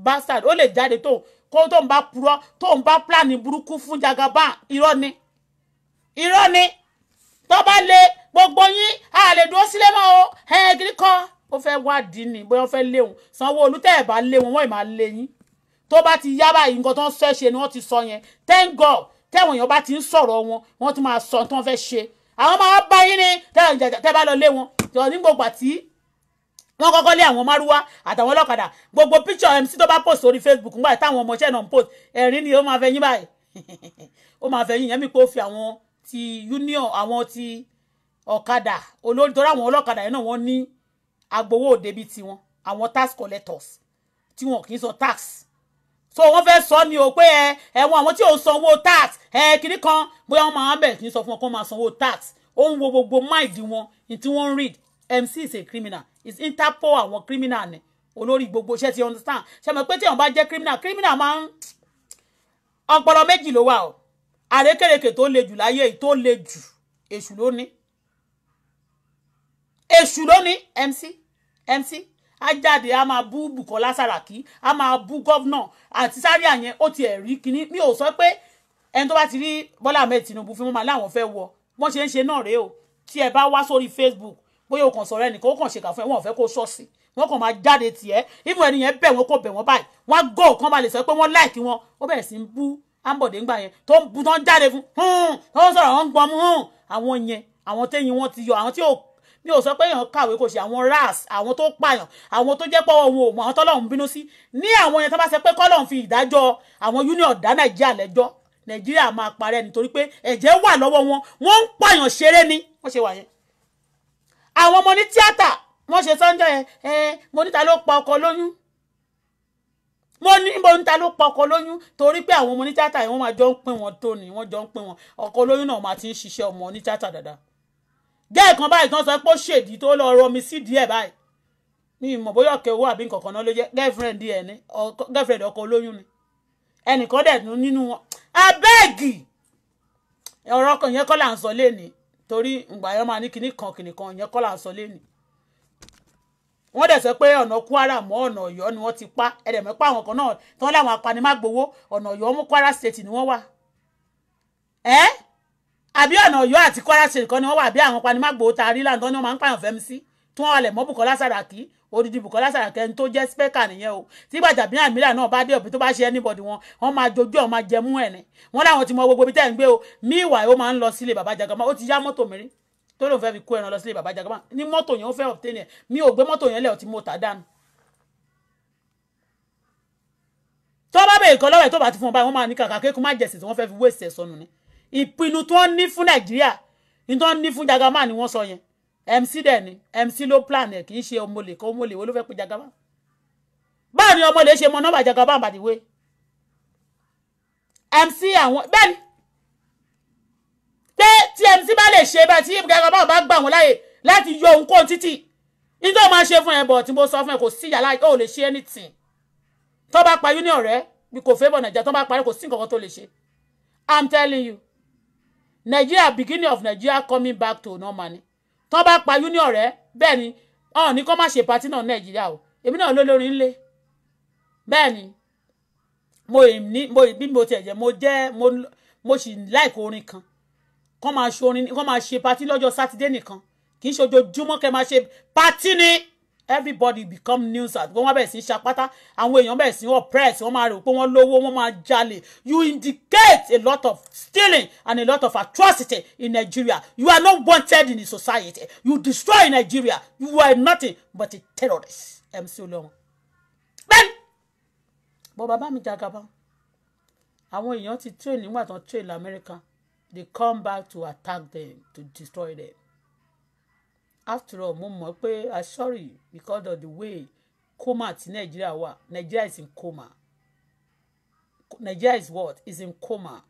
bastard ó lè jáde tó kó tó ń bá purọ́ tó ń bá plan burúkú fún jagaba irọ́ ni irọ́ ni tó bá lè gbogbo yín a lè dúró sílé mọ́ o ẹ̀ẹ́n kiri kan ó fẹ́ wádìí ni bóyá ó fẹ́ lé wọn Sanwó-Olú tẹ́ ẹ̀ bá lé wọn wọ́n ì máa lé yín tó bá ti yá báyìí nǹkan tó ń fẹ́ ṣe ni wọ́n ti sọ yẹn thank God tẹ́wọ̀n èèyàn bá ti ń sọ̀rọ̀ wọn wọ́n tún máa sọ tó ń fẹ́ ṣe àwọn máa bá yín ni tẹ́ bá lọ lé wọn nígbà tí wọ́n kọ́kọ́ lé àwọn márúwá àtàwọn ọlọ́kadà gbogbo picture MC tó bá post orí Facebook ńgbà táwọn ọmọọṣẹ́ náà ń post ẹ̀rín ni ó máa fẹ́ yín báyìí ó máa fẹ́ yín yẹn mi pé ó fi àwọn ti union àwọn ti ọ̀kadà olórí torí àwọn ọlọ́kadà yẹn náà wọ́n ní agbowó òdebi tiwọn àwọn tax collectors tí wọn kì í sọ tax so wọ́n fẹ́ sọ ni o pé ẹ ẹ̀wọ̀n àwọn tí ò sanwó tax ẹ kiri kan bóyá wọ́n máa bẹ̀ kì í sọ fún wọn kó máa sanwó tax ó ń wo gbogbo mind wọn ní tí wọ́n read MC is a criminal is interpol àwọn criminal ni olórí gbogbo ṣe ti understand ṣe mọ̀ pé tí èèyàn bá jẹ́ criminal criminal máa ń ọpọlọ méjì ló wà o àrékèrèkè tó le jù láyé èyí tó le jù èṣù ló èṣù ló mc mc á jáde á máa bú Bùkọ́lá Sàràkí á máa bú gọ́vnà àti sáré àyẹn ó tiẹ̀ rí kinní mi ò sọ pé ẹni tó bá ti rí Bọ́lá Ahmed Tinubu fún wọn máa láwọn fẹ́ wọ wọ́n ṣe ń ṣe náà rèé o tí ẹ bá wá sórí Facebook bóyá o kàn sọ̀rọ̀ ẹnìkan ó kàn ṣèkà fún ẹ wọn ò fẹ́ kó ṣọ́ọ̀ṣì wọn kàn máa jáde tiẹ̀ even ẹni yẹn bẹ̀ wọn kó bẹ̀ wọn báyìí wọn gò kan máa lè sọ pé wọ́n láìkí wọn ó bẹ̀rẹ̀ sí ń bú ambode ńgbà yẹn tó ń bu tó ń jáde fún tó ń sọ̀rọ̀ wọn ń gbọmú àwọn yẹn àwọn téyìn wọn ti yọ àwọn tí ò mi ò sọ pé èèyàn kàwé kò ṣe àwọn ras àwọn tó pààyàn àwọn tó jẹ́ pọ́wọ́ wọn ò mọ àwọn tọ́lọ́run bínú sí ní àwọn yẹn tó bá ṣe pé kọ́lọ́run fi ìdájọ́ àwọn union dá nàìjíríà lẹ́jọ́ nàìjíríà máa parẹ́ nítorí pé ẹ̀jẹ̀ wà lọ́wọ́ wọn wọ́n ń pààyàn ṣeré ni wọ́n ṣe wà yẹn àwọn ọmọ ní tíátà wọ́n ṣe sọ́njọ́ yẹn ẹ mo níta ló pa ọkọ lóyún mo ní mo níta ló pa ọkọ lóyún torí pé àwọn ọmọ ní tíátà yẹn wọ́n máa jọ ń pín wọn tó ni wọ́n jọ ń pín wọn ọkọ lóyún náà máa ti ń ṣiṣẹ́ ọmọ ní tíátà dáadáa jẹ́ ìkan báyìí tán sọ pé ó ṣèdí tó lọ rọmi sí díẹ̀ báyìí mi mọ̀ bóyá ọ̀kẹ́ owó àbí nǹkan náà ló jẹ́ girlfriend ẹ̀ ní girlfriend ọkọ olóyún ni ẹnìkan dẹ̀ nínú wọn abẹ́ẹ̀gì ọ̀rọ̀ ọkàn yẹn kọ́ là ń sọ lénìí torí ìgbà yẹn máa ní kinní kan kinní kan ìyẹn kọ́ là ń sọ lẹ́nu wọ́n dẹ̀ sọ pé ọ̀nà kwara mọ́ ọ̀nà ọ̀yọ́ ni wọ́n ti pa ẹ̀dẹ̀ mẹ́pà àwọn kan náà tí wọ́n láwọn apanimágbowó ọ̀nà ọ̀yọ́ mú kwara state ni wọ́n wà ẹ́ àbí ọ̀nà ọ̀yọ́ àti kwara state kan ni wọ́n wà bí àwọn apanimágbowó ta rí láǹtọ́ ni wọ́n máa ń pààyàn fẹ́mi sí tí wọ́n wà lẹ̀ mọ́ Sàràkí odidi Bùkọ́lá Sàràkẹ́ ẹni tó jẹ́ spẹ́kà nìyẹn o tí Gbajabiamila àmìlà náà bá dé òbí tó bá ṣe anybody wọn wọn máa dojú ọ̀ máa jẹ mú ẹ̀ ní wọn láwọn ti mọ gbogbo ibi tẹ́ ẹ̀ ń gbé o míwà ó máa ń lọ sílé bàbá Jagama ó ti yá mọ́tò mìíràn tó lóun fẹ́ fi kó ẹran lọ sílé bàbá Jagama ní mọ́tò yẹn ó fẹ́ obtain ẹ̀ mi ò gbé mọ́tò yẹn lẹ̀ ọtí mo tà dànù tó bá bèèrè kan lọ́wọ́ ẹ̀ tó bá ti fún ọ báyìí wọ́n máa ní kàkà kékun má jẹ̀sìn tí wọ́n fẹ́ fi wéṣẹ̀ sọnù ni ìpinnu tí wọ́n ní fún Nàìjíríà ní tí wọ́n ní fún Jagama ni wọ́n sọ yẹn mc dẹ̀ ni mc ló plan ẹ̀ kì í ṣe ọmọlè kan ọmọlè wo ló fẹ́ pe jagaba báwo ni ọmọlè ṣe mọ nọ́mbà jagaba àbàdìwé mc àwọn bẹ́ẹ̀ ni pé tí mc bá lè ṣe bá tí jagaba bá gbà wọ́n láàyè láti yọ ohunkóhun títì nígbà máa ṣe fún ẹ bọ̀ tí mo sọ fún ẹ kò sí yàrá ò lè ṣe anything tó bá pa union rẹ bí kò fẹ́ bọ̀ nàìjíríà tó bá parí kò sí nǹkan kan tó lè ṣe i'm telling you nigeria beginning of nigeria coming back to normal ni tán bá pa union rẹ bẹ́ẹ̀ ni ọ̀n ní kó má ṣe patí náà nàìjíríà o èmi náà lólórin ńlẹ̀ bẹ́ẹ̀ ni mo ní mo bí mo tiẹ̀ jẹ́ mo jẹ́ mo sì láìkó orin kan kó máa ṣe patí lọ́jọ́ sátidé nìkan kì í ṣe ojoojúmọ́ kẹ́ máa ṣe patí ni everybody become news at wọ́n bẹ̀rẹ̀ sí ṣapátá àwọn èèyàn bẹ̀rẹ̀ sí oppress wọ́n máa rò pé wọ́n lówó wọ́n máa jalè you indicate a lot of stealing and a lot of atrocity in Nigeria you are not wanted in the society you destroy Nigeria you are nothing but a terrorist MC Olúwọn. bẹ́ẹ̀ni bọ́ bàbá mi jagaba àwọn èèyàn ti train nígbà tán train lamẹ́ríkà they come back to attack them to destroy them after all mo mọ̀ pé i ah, sorry because of the way coma ti Nigeria wà Nigeria is in coma Nigeria is what is in coma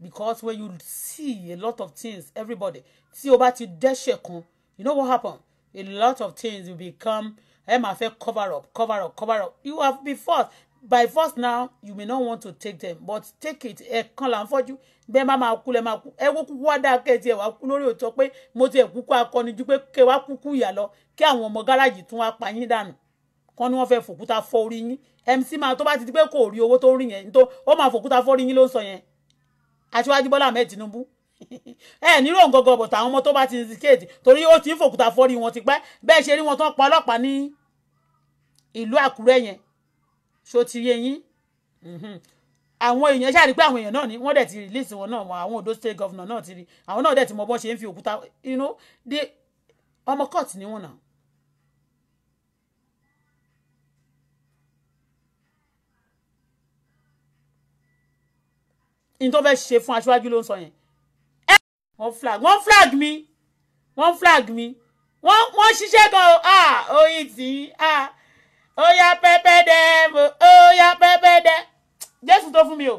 because when you see a lot of things everybody tí o bá ti dẹ́ṣẹ̀ kan you know what happen a lot of things will become ẹ máa fẹ́ cover up cover up cover up you have been forced by force now you may not want to take them but take it ẹ̀kan là ń fọ́jú bẹ́ẹ̀ má máa kú lẹ́ máa kú ẹ wó kúkú wá dáa kẹ́ẹ̀tì ẹ̀ wá kú lórí òótọ́ pé mo ti ẹ̀ kúkú akọni ju pé kẹ́ wá kúkú ìyà lọ kí àwọn ọmọ gáràjì tún wá pa yín dànù kan ni wọ́n fẹ́ fòkúta fọ́ orí yín MC máa tó bá ti di pé kò rí owó tó rí yẹn tó ó máa fòkúta fọ́ orí yín ló ń sọ yẹn aṣíwájú Bọ́lá Ahmed Tinubu ẹ nílò ngangan bọ̀ táwọn ọmọ tó bá ti indicate torí ó ti ń fòkúta fọ́ orí wọn ti pẹ́ bẹ́ẹ̀ ṣe rí wọn tán pa ọlọ́pàá ní ìlú Àkúrẹ́ yẹn So ti yé yín mm-hmm. àwọn èèyàn ṣáà rí pé àwọn èèyàn náà ni wọ́n dẹ̀ ti release wọn náà wọn àwọn Ondo state governor náà ti rí àwọn náà dẹ̀ ti mọ bọ́n ṣe ń fi òkúta you know the ọmọ court ni wọn náà. ní tó fẹ́ẹ́ ṣe fún aṣáájú ló ń sọ yẹn wọ́n flag wọ́n flag mi wọ́n flag mi wọ́n wọ́n ṣiṣẹ́ gan ah oyin tì ah ó yá pẹ́pẹ́ dẹ́ ó yá pẹ́pẹ́ dẹ́ jésù tó fún mi o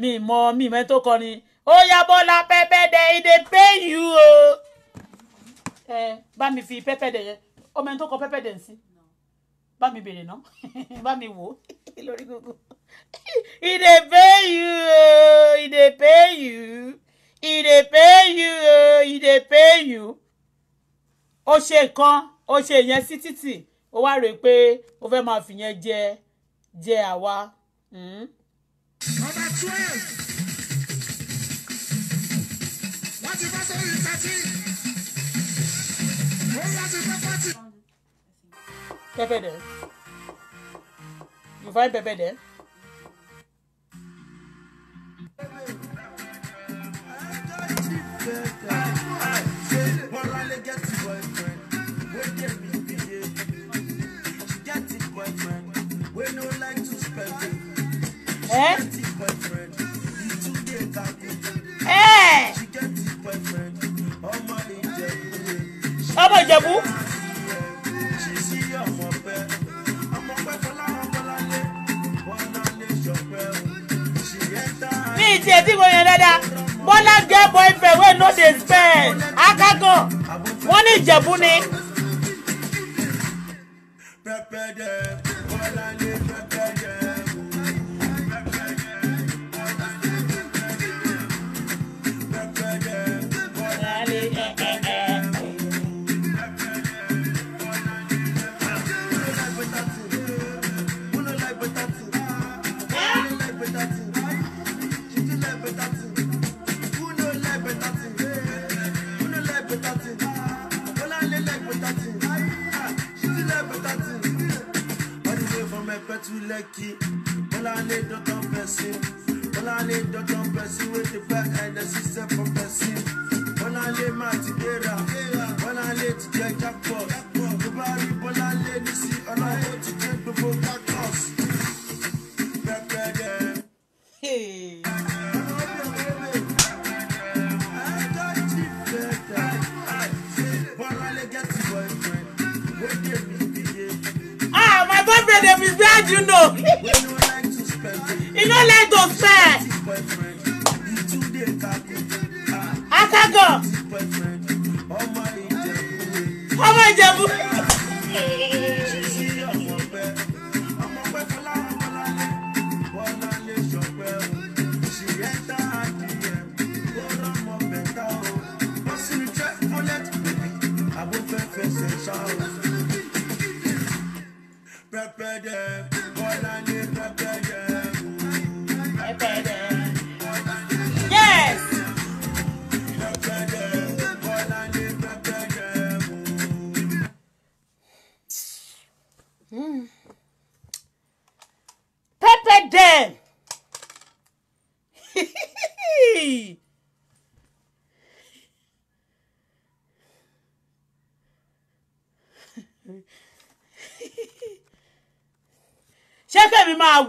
mi mọ mi mọ tó kọrin ó yá bọ́lá pẹ́pẹ́ dẹ́ e dey pay you o ẹ bá mi fi pẹ́pẹ́ dẹ́ yẹn ọmọ ẹni tó kọ pẹ́pẹ́ dẹ́ sí bá mi bèrè náà bá mi wò ó lórí gbogbo e dey pay you o e dey pay you e dey pay you o e dey pay you ó ṣe nǹkan ó ṣe ìyẹn sí títì ó wá rèé pé ó fẹ́ máa fìyẹn jẹ jẹ àwa. Hmm. number twelve wọ́n ti bá sórí thirteen òun láti fẹ́ pàtì. pepper there you find pepper there. Yeah. Eh? Eh? ọmọ ìjẹ̀bú. mi ìtì ètí mo yàn dáadáa bọ́lá gẹ́ boyfriend wey no dey spend akágan wọ́n ní ìjẹ̀bú ni. Yeah.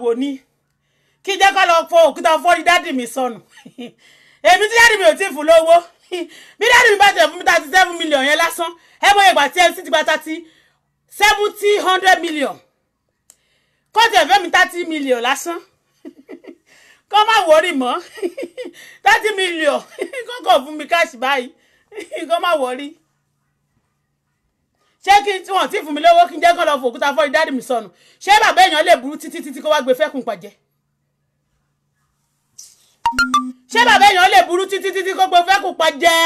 ògò ni kí jẹ́ kó lọ fọ òkúta fọ́rí daddy mi sọnù èmi tí dádì mi ò tí ì fún lówó bí dádì mi ba tẹ̀ fún mi thirty seven million yẹn lásán ẹ bọ́ ìgbà tí mc ti gba thirty seventy hundred million Ko te fẹ́ mi thirty million lásán Ko ma wọrí mo. thirty million ko ko fún mi káàsì báyìí kó má wọrí ṣé kí n tí wọ́n ti fún mi lówó kí n jẹ́ kán lọ fún òkúta fọ́ ìdádì mi sọnù ṣé bàbá èèyàn lè burú títí títí kó wá gbé fẹ́kùn pàjẹ́ ṣé bàbá èèyàn lè burú títí títí kó gbé fẹ́kùn pàjẹ́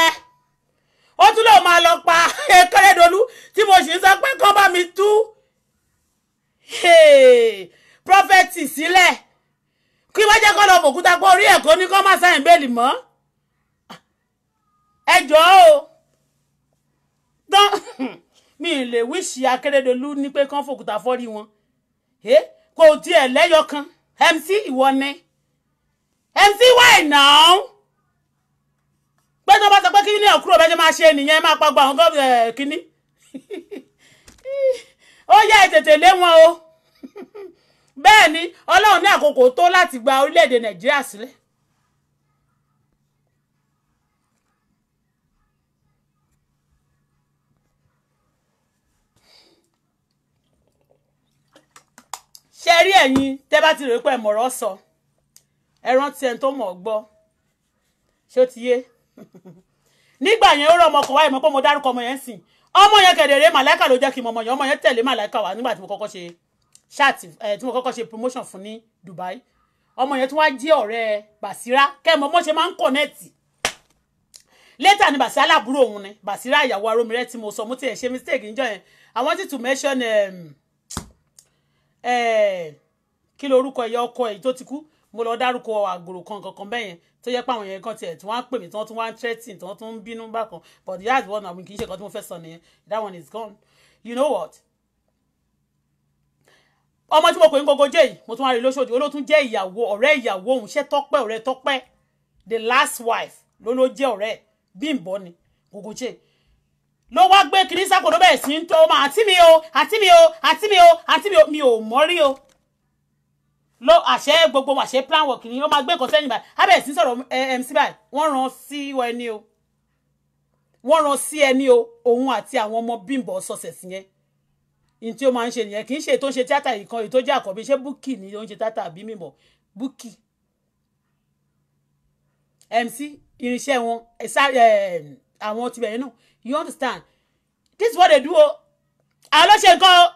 ó tún lóun máa lọ pa Ẹ̀kẹ́rẹ́dọ́lù tí mo sì ń sọ pé kán bá mi tú prọfẹtì sílẹ̀ kí wọ́n jẹ́ kán lọ fún òkúta pé orí ẹ̀kọ́ ní kán má sáyìn bẹ́ẹ̀lì mọ́ ah, ẹ jọ̀ọ́ o mi ì lè wíṣì Akérédolú ní pé kán fòkúta fọ́rí wọn kò tiẹ̀ lẹ́yọ kan MC ìwọ ni MC why now pé tí wọ́n bá sọ pé kíní náà kúrò bẹ́ẹ̀ ṣe máa ṣe nìyẹn máa pa gba àwọn gómìnà kíní ó yá ẹ tètè le. wọn o bẹ́ẹ̀ ni ọlọ́run ní àkókò tó láti gba orílẹ̀-èdè Nàìjíríà ṣe rí ẹ̀yin tẹ́ bá ti rò pé mọ̀rọ̀ sọ ẹ rántí ẹni tó mọ̀ gbọ́ ṣé ó ti yé nígbà yẹn ó rọ ọmọ kan wáyé mọ́ pé mo dárúkọ ọmọ yẹn sìn ọmọ yẹn kẹ̀dẹ̀rẹ́ màláìka ló jẹ́ kí n mọ ọmọ yẹn ọmọ yẹn tẹ̀lé màláìka wá nígbà tí mo kọ́kọ́ ṣe ṣáàtì ẹ̀ tí mo kọ́kọ́ ṣe promotion fún ní Dubai ọmọ yẹn tún wá jẹ́ ọ̀rẹ́ Basira kẹ́mọ mọ́ ṣe máa ń kọ̀nẹ́ẹ̀tì later ni Basira lábúrò òun ni Basira ìyàwó arómirẹ́ tí mo sọ mo ti ẹ̀ ṣe mistake níjọ́ yẹn I wanted to mention um, Eh, kí ló orúkọ ẹ̀yà ọkọ ẹ̀ tó ti kú mo lọ dárúkọ àgbòrò kan kankan bẹ́ẹ̀ yẹn tó yẹ pé àwọn yẹn kan tiẹ̀ tí wọ́n á pè mí tí wọ́n tún wá ń threatening tí wọ́n tún ń bínú bákan but that's one àbí kì í ṣe kan tí mo fẹ́ sọ nìyẹn that one is gone you know what ọmọ tí mo pè ní gbogbo jẹ́ yìí mo tún wá rí lóṣòdì olótún jẹ́ ìyàwó ọ̀rẹ́ ìyàwó òun ṣe tọ́pẹ́ ọ̀rẹ́ tọ́pẹ́ the last wife ló ló jẹ́ ọ̀rẹ́ Bímbọ́ ni gbogbo jẹ́ yìí ló wá gbé kiri sákòdó bẹ́ẹ̀ sí ń tọ́ ọmọ àti mi o àti mi o àti mi o àti mi o mi ò mọ́rí o ló àṣẹ gbogbo àṣẹ plan work ni ó máa gbé nǹkan sẹ́yìn báyìí abẹ́ sí sọ̀rọ̀ eh, mc báyìí wọ́n rán sí ẹni o wọ́n rán sí ẹni o òun àti àwọn ọmọ bímbọ̀ success yẹn ní tí ó máa ń ṣe nìyẹn kì í ṣe tó ń ṣe tíátà yìí kan èyí tó jẹ́ àkọ́bí ṣé búkì ni ó ń ṣe tíátà àbí mímọ̀ búkì mc irinṣẹ́ wọn eh, àwọn tibẹ̀ yẹn náà you understand this is what they do o oh. àlọ́ṣe nǹkan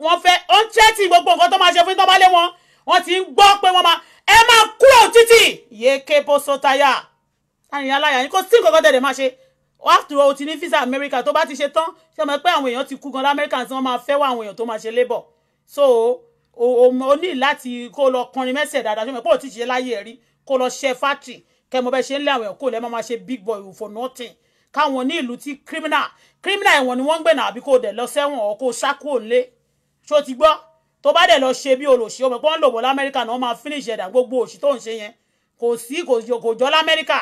wọn fẹ́ ó ń tẹ́tì gbogbo nǹkan tó máa ṣe fún tọ́balẹ̀ wọn wọn ti ń gbọ́ pé wọ́n máa ẹ máa kúrò títì yéèké bóso táyà àrìnrìn aláya yín kò sí nǹkan kan tẹ̀lé máa ṣe after all o ti ní visa America tó bá ti ṣe tán ṣe mọ̀ pé àwọn èèyàn ti kú gan lamẹ́ríkà tí wọ́n máa fẹ́ wá àwọn èèyàn tó máa ṣe labour so o o ní láti kó lọ kọrin mẹ́sẹ̀ dáadáa ṣe mọ̀ pé o ti ṣe láyé ẹ̀ rí kó lọ ṣe factory kẹ́ mo bẹ́ẹ̀ ṣe ń lé àwọn èèyàn kó lẹ́ máa ṣe big boy for nothing káwọn ní ìlú tí criminal criminal ẹ̀wọ̀n ni wọ́n ń gbé náà àbí kò dẹ̀ lọ sẹ́wọ̀n ọ̀ kò sá kúrò nílé ṣó ti gbọ́ tó bá dẹ̀ lọ ṣe bí olòṣì ọmọ pé wọ́n lamẹ́ríkà náà máa finish ẹ̀dà gbogbo òṣì tó ń ṣe yẹn kò sí kò jọ lamẹ́ríkà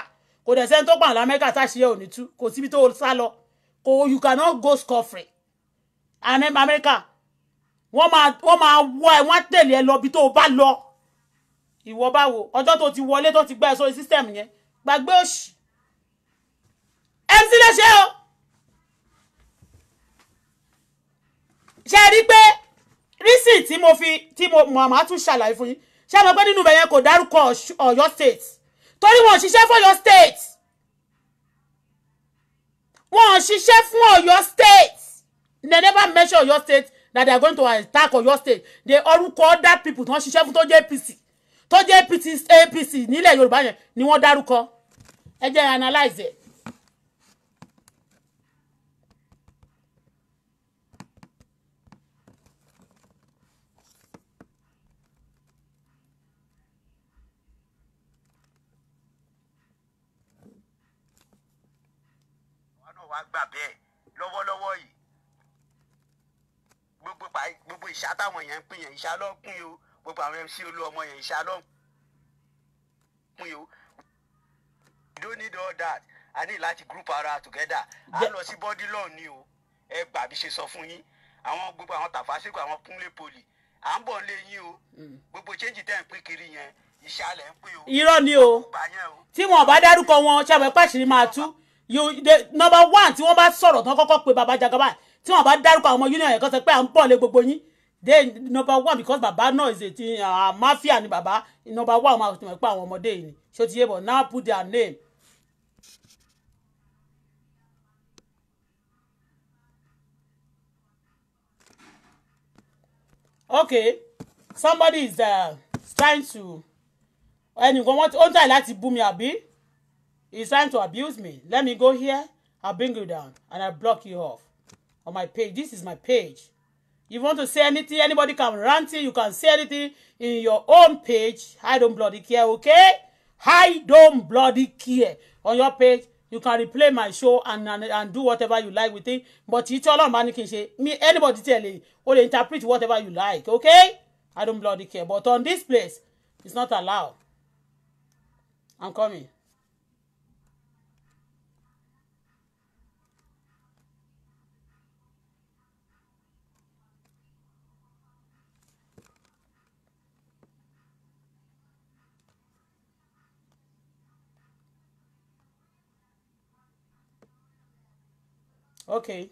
kò dẹ̀ sẹ́ni tó pààrọ̀ lamẹ́ríkà táṣìyẹ ò ní tú kò síbi tó sá lọ kò you cannot go scot free and then amẹ́ríkà wọ́n máa wọ́n máa wọ́ ẹ wọ́n tẹ̀lé ẹ lọ bí tó bá lọ ìwọ báwo ọjọ́ tó ti wọlé tó ti gbá ẹ sórí system yẹn gbàgbé òṣì MC Lese o ṣe rí pé rísì tí mo fi tí mo màmá tún ṣàlàyé fún yín ṣé mo pé nínú ibẹ̀ yẹn kò dárúkọ Ọ̀yọ́ state torí wọn ò ṣiṣẹ́ fún Ọ̀yọ́ state wọn ò ṣiṣẹ́ fún Ọ̀yọ́ state they never measure Ọ̀yọ́ state that they are going to attack Ọ̀yọ́ state they orúkọ other people tí wọ́n ṣiṣẹ́ fún tó jẹ́ APC tó jẹ́ APC nílẹ̀ Yorùbá yẹn ni wọ́n dárúkọ ẹ jẹ́ analyze it. wá gbà bẹ́ẹ̀ lọ́wọ́lọ́wọ́ yìí gbogbo pa gbogbo ìṣá táwọn èèyàn ń pín yẹn ìṣá lọ́kùn yìí o gbogbo àwọn MC olú ọmọ yẹn ìṣá lọ́kùn yìí o you don't need all that a ní láti group ara together a lọ sí body law ni o ẹ gbà bí ṣe sọ fún yín àwọn gbogbo àwọn tàfàṣẹ́kù àwọn kúnlé poli à ń bọ̀ lé yín o hmm. gbogbo change tẹ́ ń pín kiri yẹn ìṣàlẹ̀ ń pín o. irọ́ ni o tí wọn bá dárúkọ wọn ṣàbẹ̀pàṣírí máa tú you the number one tí wọ́n bá sọ̀rọ̀ tán kọ́kọ́ pé baba Jagaba tí wọ́n bá dárúkọ àwọn ọmọ union ẹ̀kọ́ sọ pé à ń bọ̀ lé gbogbo yín then number one because baba náà is a ti uh, mafia ni baba number one máa tún pé àwọn ọmọdé yìí ni ṣé o ti yé bọ̀ now put their name. okay somebody is uh, trying to ẹnìkan wọn ó ń tàyè láti bú mi àbí. It's time to abuse me. Let me go here. I'll bring you down and I'll block you off on my page. This is my page. you want to say anything, anybody can rant it. You can say anything in your own page. I don't bloody care, okay? I don't bloody care. On your page, you can replay my show and, and, and do whatever you like with it. But you tell them, man, can say, me, anybody tell you, or they interpret whatever you like, okay? I don't bloody care. But on this place, it's not allowed. I'm coming. okay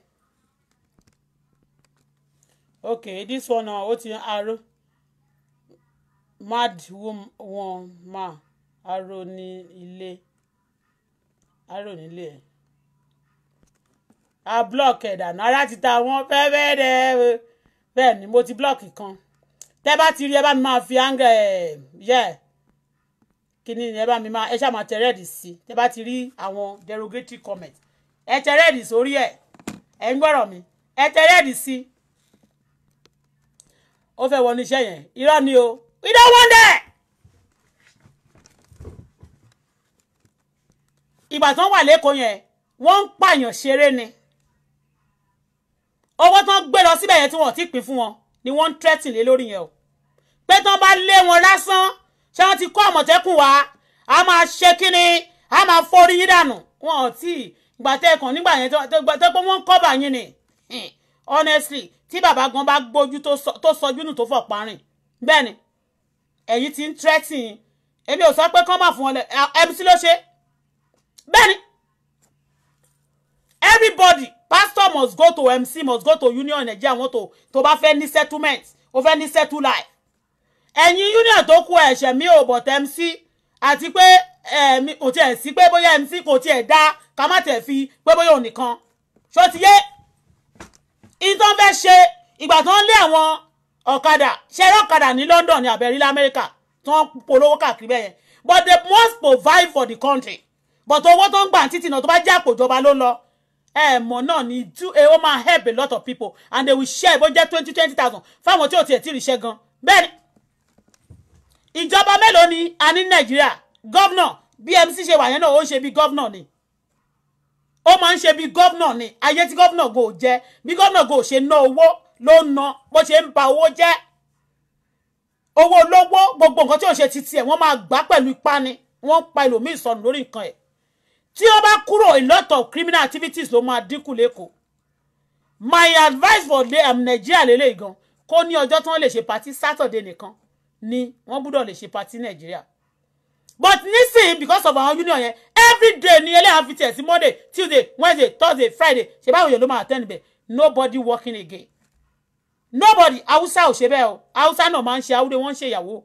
okay this one ó ti aró mad woman aró ní ile. aró nílé ẹ̀ a block ẹ̀ dànù ara ti ta wọn fẹ́ bẹ́ẹ̀ dẹ́ bẹ́ẹ̀ ni mo ti block kan tẹ́ bá ti rí ẹ bá mi máa fi áńgẹ̀ yẹ kíní ẹ bá mi máa ẹ ṣáà máa tẹ rẹ́ẹ̀dì sí tẹ́ bá ti rí àwọn derogatory comment ẹ tẹ rẹ́ẹ̀dì sórí ẹ̀ ẹ̀ ń gbọ́rọ̀ mi ẹ tẹ́rẹ́ẹ̀dì sí i ó fẹ́ wọ níṣẹ́ yẹn irọ́ ni o we don't want that. ìgbà tán wà lẹ́kọ̀ọ́ yẹn wọ́n ń pààyàn ṣeré ni owó tán gbé lọ síbẹ̀ yẹn tí wọ́n ti pín fún wọn ni wọ́n ń tẹ́tì lé lórí yẹn o pé tán bá lé wọn lásán ṣé wọ́n ti kó àmọ̀tẹ́kùn wá a máa ṣe kínní a máa forí yín dànù wọn ò tí gbàtẹ́ kan nígbà yẹn tó gbàtẹ́ pé wọ́n ń kọ́bà yín ni hmm. honestly tí bàbá gan bá gbójú tó sọjú nù tó fọ̀ parin bẹ́ẹ̀ ni ẹ̀yin ti ń threatening èmi ò sọ pé kán má fún wọn lẹ MC ló ṣe bẹ́ẹ̀ ni everybody pastor must go to MC must go to union Nigeria wọn tó tó bá fẹ́ ní settlement ó fẹ́ ní settle life ẹ̀yin union tó kù ẹ̀ṣẹ̀ mi ò bọ̀ tẹ́ MC àti pé ẹ̀mí kò tiẹ̀ sí pé bóyá mc kò tiẹ̀ dá ká má tẹ̀ fi pé bóyá òun nìkan ìtàn fẹ́ ṣe ìgbà tó ń lé àwọn ọ̀kadà ṣẹ́rẹ́ ọ̀kadà ní London ní abẹ́rí lamẹ́ríkà tó ń polówó káàkiri bẹ́ẹ̀ yẹn but they must provide for the country but owó tó ń gbà títì náà tó bá jẹ́ àpòjọba ló ń lọ ẹ̀mọ́ náà ni eh, ó máa help a lot of people and they will share bó jẹ́ twenty twenty thousand fáwọn tí ò tiẹ̀ tí ì ríṣẹ́ gan bẹ́ẹ̀ ni ìjọba mélòó ni a ní Nàìjíríà gọ́vnà bí mc ṣe wà yẹn náà ó ń ṣe bí gọ́vnà ni ó máa ń ṣe bí gọ́vnà ni ayé tí gọ́vnà gò jẹ bí gọ́vnà gò ṣe ná owó ló ń ná bó ṣe ń ba owó jẹ́ owó olówó gbogbo nǹkan tí ò ṣe ti tiẹ̀ wọ́n máa gbà pẹ̀lú ipá ni wọ́n pa ẹlòmíì sọnù lórí nǹkan ẹ̀ tí ó bá kúrò a lot of criminal activities ló máa dínkù lẹ́kọ̀ọ́ my advice for the um, Nigeria lélẹ́yìí gan kó ní ọjọ́ tí wọ́n lè ṣe pati Saturday nìkan ni wọ́n gbúdọ̀ lè ṣe pati Nigeria but nísìnyí because of our union yẹn every day ni ẹlẹ́yà fi tiẹ̀ sí monday tuesday wednesday thursday friday ṣe báwo yẹn ló máa tẹ́nu bẹ̀ nobody working again nobody hausa ò ṣe bẹ́ẹ̀ o hausa náà máa ń ṣe awúre wọ́n ń ṣe ìyàwó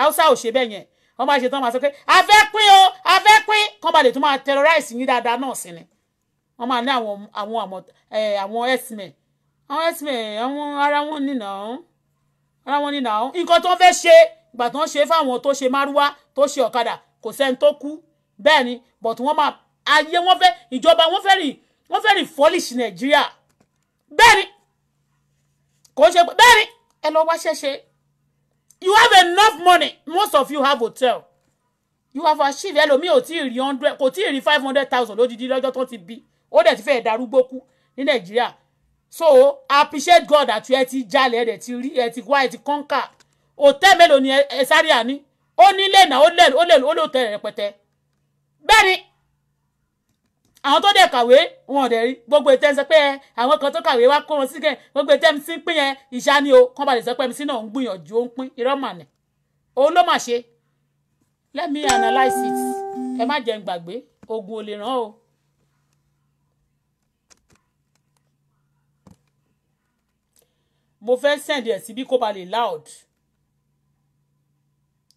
hausa o ṣe bẹ́ẹ̀ yẹn wọ́n máa ṣe tán máa sọ pé a fẹ́ pín o a fẹ́ pín kán balẹ̀ tó máa terrorize yín dáadáa náà sí ni wọ́n máa ní àwọn àwọn àwọn x-men àwọn esme. men àwọn ara wọn nìyàn ara wọn nìyàn na. tó ń fẹ́ ṣe ìgbà tí wọ́n ṣe fáwọn tó ṣe márúwá tó ṣe ọ̀kadà kò sẹ́ni tó kú bẹ́ẹ̀ ni but wọ́n máa ayé wọ́n fẹ́ ìjọba wọ́n fẹ́ rì wọ́n fẹ́ rì fọ́lìṣì nàìjíríà bẹ́ẹ̀ ni kò ṣe pé bẹ́ẹ̀ ni ẹ lọ wá ṣẹ́ṣe you have enough money most of you have hotel you have achieved ẹlòmíì ò tí ì rí hundred kò tí ì rí five hundred thousand lódìdí lọ́jọ́ tó ti bí ó dẹ̀ ti fẹ́ darúgbó kú ní nàìjíríà so appreciate God àti ẹ ti jalè ẹ ti rí ẹ ti wá ẹ ti conquer òtẹ́ mélòó ni ẹ sáré ó nílé náà ó lè rẹpẹtẹ bẹ́ẹ̀ ni àwọn tó dẹ̀ kàwé wọn dẹ̀ rí gbogbo ìtẹ́ ń sọ pé ẹ àwọn kan tó kàwé wá kó wọn sí kẹ gbogbo ìtẹ́ mi sí pín yẹn ìṣá ni o kán balẹ̀ sọ pé mi sí náà ń gbìyànjú ó ń pín irọ́ mà nẹ̀ òun ló mà ṣe let me analyse it ẹ má jẹun gbàgbé oògùn ò lè ràn o. mo fẹ́ send ẹ̀ síbí kó ba lè loud.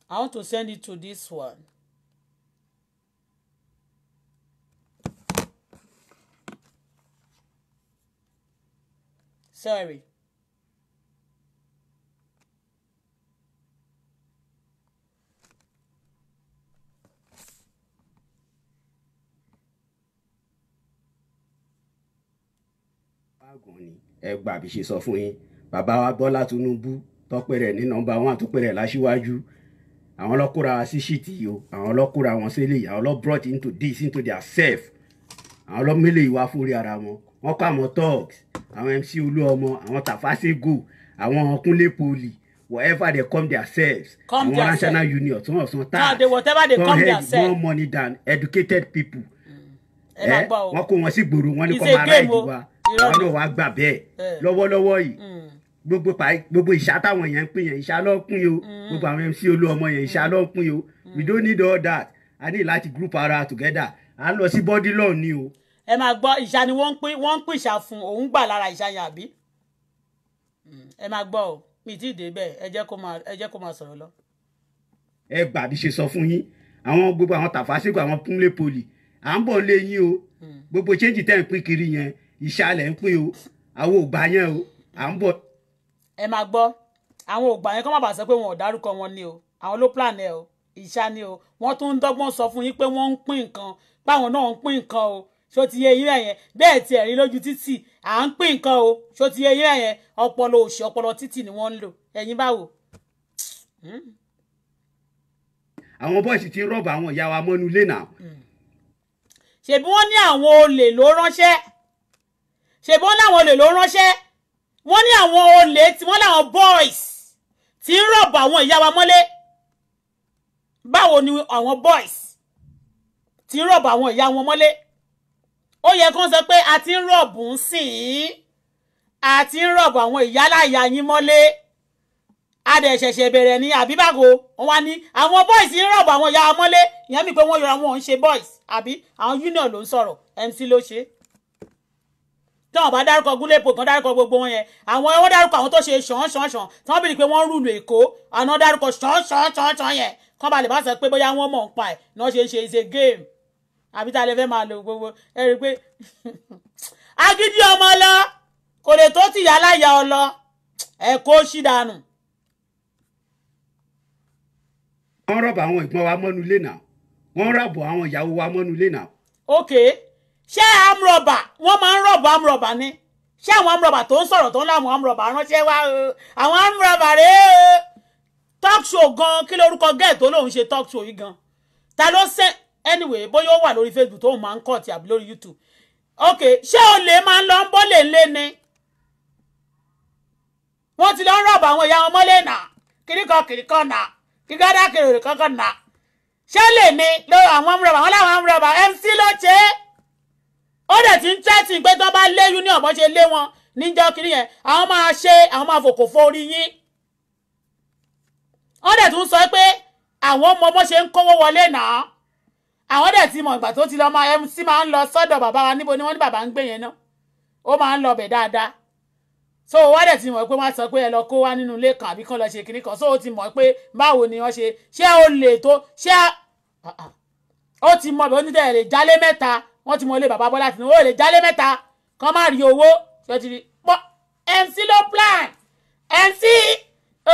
I want to send it to this one. Sorry. àgùn ni ẹ gbà bí ṣe sọ fún yín bàbá wa Bọ́lá Tinubu tọpẹ rẹ̀ ní nọ́mbà wọn àtọpẹ rẹ̀ láṣíwájú àwọn lọ kóra wa sí ṣíìtì yìí o àwọn lọ kóra wọn sí eléyìí àwọn lọ brought into this into their self àwọn lọ mélé ìwà fúnri ara wọn wọn kọ àwọn thugs àwọn MC Olúọmọ àwọn Tafasego àwọn Kúnlé Poli wherever they come themselves àwọn national union tí wọn san tax don help more money than educated people mm. ẹ eh, wọn kó wọn sí gbòòrò wọn ní kọ́ máa ra ìdìbò wa wọn náà gbà bẹ́ẹ̀ eh. lọ́wọ́lọ́wọ́ yìí. Mm gbogbo pa gbogbo ìṣá táwọn èèyàn ń pín yẹn ìṣá lọ́ọ́ pín o mm. gbogbo àwọn MC Olúọmọ yẹn ìṣá mm. lọ́ọ́ pín o we mm. don't need all that I need láti group ara together à ń lọ sí body law ni o. ẹ máa gbọ́ ìṣá ni wọ́n ń pín wọ́n ń pín ìṣá fún òun gbà lára ìṣá yẹn àbí ẹ máa gbọ́ o mi ti dé bẹ́ẹ̀ ẹ jẹ́ kó máa ẹ jẹ́ kó máa sọ̀rọ̀ lọ. ẹ gbà bí ṣe sọ fún yín àwọn gbogbo àwọn tàfàṣẹ́gbà àwọn kúnlé poli à ń bọ̀ lé yín o gbogbo ṣéǹjì tẹ́ ń pín kiri yẹn ìṣàlẹ̀ ń pín o àwọn ò gbà yẹn o à ń bọ̀ ẹ máa gbọ́ àwọn ògbà yẹn kọ́ má bàa sọ pé wọn ò dárúkọ wọn ni o àwọn ló plan ẹ o ìṣá ni o wọ́n tún ń dọ́gbọ́n sọ fún yín pé wọ́n ń pín nǹkan páwọn náà ń pín nǹkan o ṣó ti yé yín ẹ̀yẹn bẹ́ẹ̀ ti ẹ̀rí lójú títì à ń pín nǹkan o ṣó ti yé yín ẹ̀yẹn ọpọlọ òṣì ọpọlọ títì ni wọ́n ń lò ẹ̀yin báwo. àwọn bọ́ọ̀sì ti rọ́ọ̀bù àwọn ìyá wa mọ́nú ilé náà. ṣèbí wọ́n ní àwọn olè ló ránṣẹ́ ṣèbí wọ́n ní àwọn olè tí wọ́n láwọn boys tí ń rọ̀bù àwọn ìyá wa mọ́lé báwo ni àwọn boys tí ń rọ̀bù àwọn ìyá wọn mọ́lé ó yẹ kán sọ pé a ti ń rọ̀bù ń sìn ín a ti ń rọ̀bù àwọn ìyáláyà yín mọ́lé a dẹ̀ ṣẹ̀ṣẹ̀ bẹ̀rẹ̀ ní àbíbàgò wọn wá ní àwọn boys ń rọ̀bù àwọn ìyá wọn mọ́lé ìyẹn mi pé wọ́n yọra wọn ò ń ṣe boys àbí àwọn union ló ń sọ̀rọ̀ MC ló ṣe tí wọn bá dárúkọ gúlẹ̀pọ̀ kan dárúkọ gbogbo wọn yẹn àwọn wọn dárúkọ àwọn tó ṣe ṣàn ṣàn ṣàn tí wọn bìrì pé wọn ń rùnú èkó àná dárúkọ ṣàn ṣàn ṣàn ṣàn yẹn kán balẹ̀ bá sọ pé bóyá wọn mọ̀ ń pa ẹ̀ náà ṣe ń ṣe ṣe géèmù àbí tá a lè fẹ́ máa lo gbogbo ẹ rí i pé agídí ọmọ lọ kò lè tó tìyá láyà ọ lọ ẹ kó sí dànù. wọ́n rọ̀bù àwọn ìgbọ́n wa mọ́nú ilé wọ́n rọ̀bù àwọn ìyàwó wa mọ́nú ilé okay ṣé amrọ̀bà wọ́n máa ń rọ̀bù amrọ̀bà ni ṣé àwọn amrọ̀bà tó ń sọ̀rọ̀ tó ń láwọn amrọ̀bà ránṣẹ́ wá àwọn amrọ̀bà rèé talk show gan kí lórúkọ gẹ́ẹ̀ tó lóun ṣe talk show yìí gan ta ló ṣe anyway bóyá ó wà lórí facebook tó máa ń kọ̀ tí àbí lórí youtube ok ṣé olè máa ń lọ ń bọ́lẹ̀ ńlẹ̀ ni wọ́n ti lọ ń rọ̀bù àwọn ìyá wọn mọ́lẹ̀ nà kíríkọ kíríkọ nà kíkọ́dá kìrìkọ́kọ́ nà ṣé lè ní lórí àwọn amrọ̀bà wọn láwọn amrọ̀bà mc ló ṣe é ó dẹ̀ ti ń tẹ́tì pé tó bá lé union bó ṣe lé wọn níjọ́ kiri yẹn àwọn máa ṣe àwọn máa fòkò forí yín ó dẹ̀ tún sọ pé àwọn ọmọ bó ṣe ń kówó wọlé náà àwọn dẹ̀ ti mọ̀ ìgbà tó ti lọ máa MC máa ń lọ sọ́dọ̀ bàbá wa níbo ni wọ́n ní bàbá ń gbé yẹn náà ó máa ń lọ bẹ̀ dáadáa so wọ́n dẹ̀ ti mọ̀ pé wọ́n sọ pé ẹ lọ kó wá nínú ilé kan àbí kán lọ ṣe kinní kan so ó ti mọ̀ pé báwo ni wọ́n ṣe ṣé ó lè tó ṣé ó ti mọ̀ bí ó ní tẹ̀lé jálé mẹ́ta wọ́n ti mọ ilé bàbá Bọ́lá Tinubu ó lè jálé mẹ́ta kán má rí owó ṣé ti rí pọ́ MC ló plan MC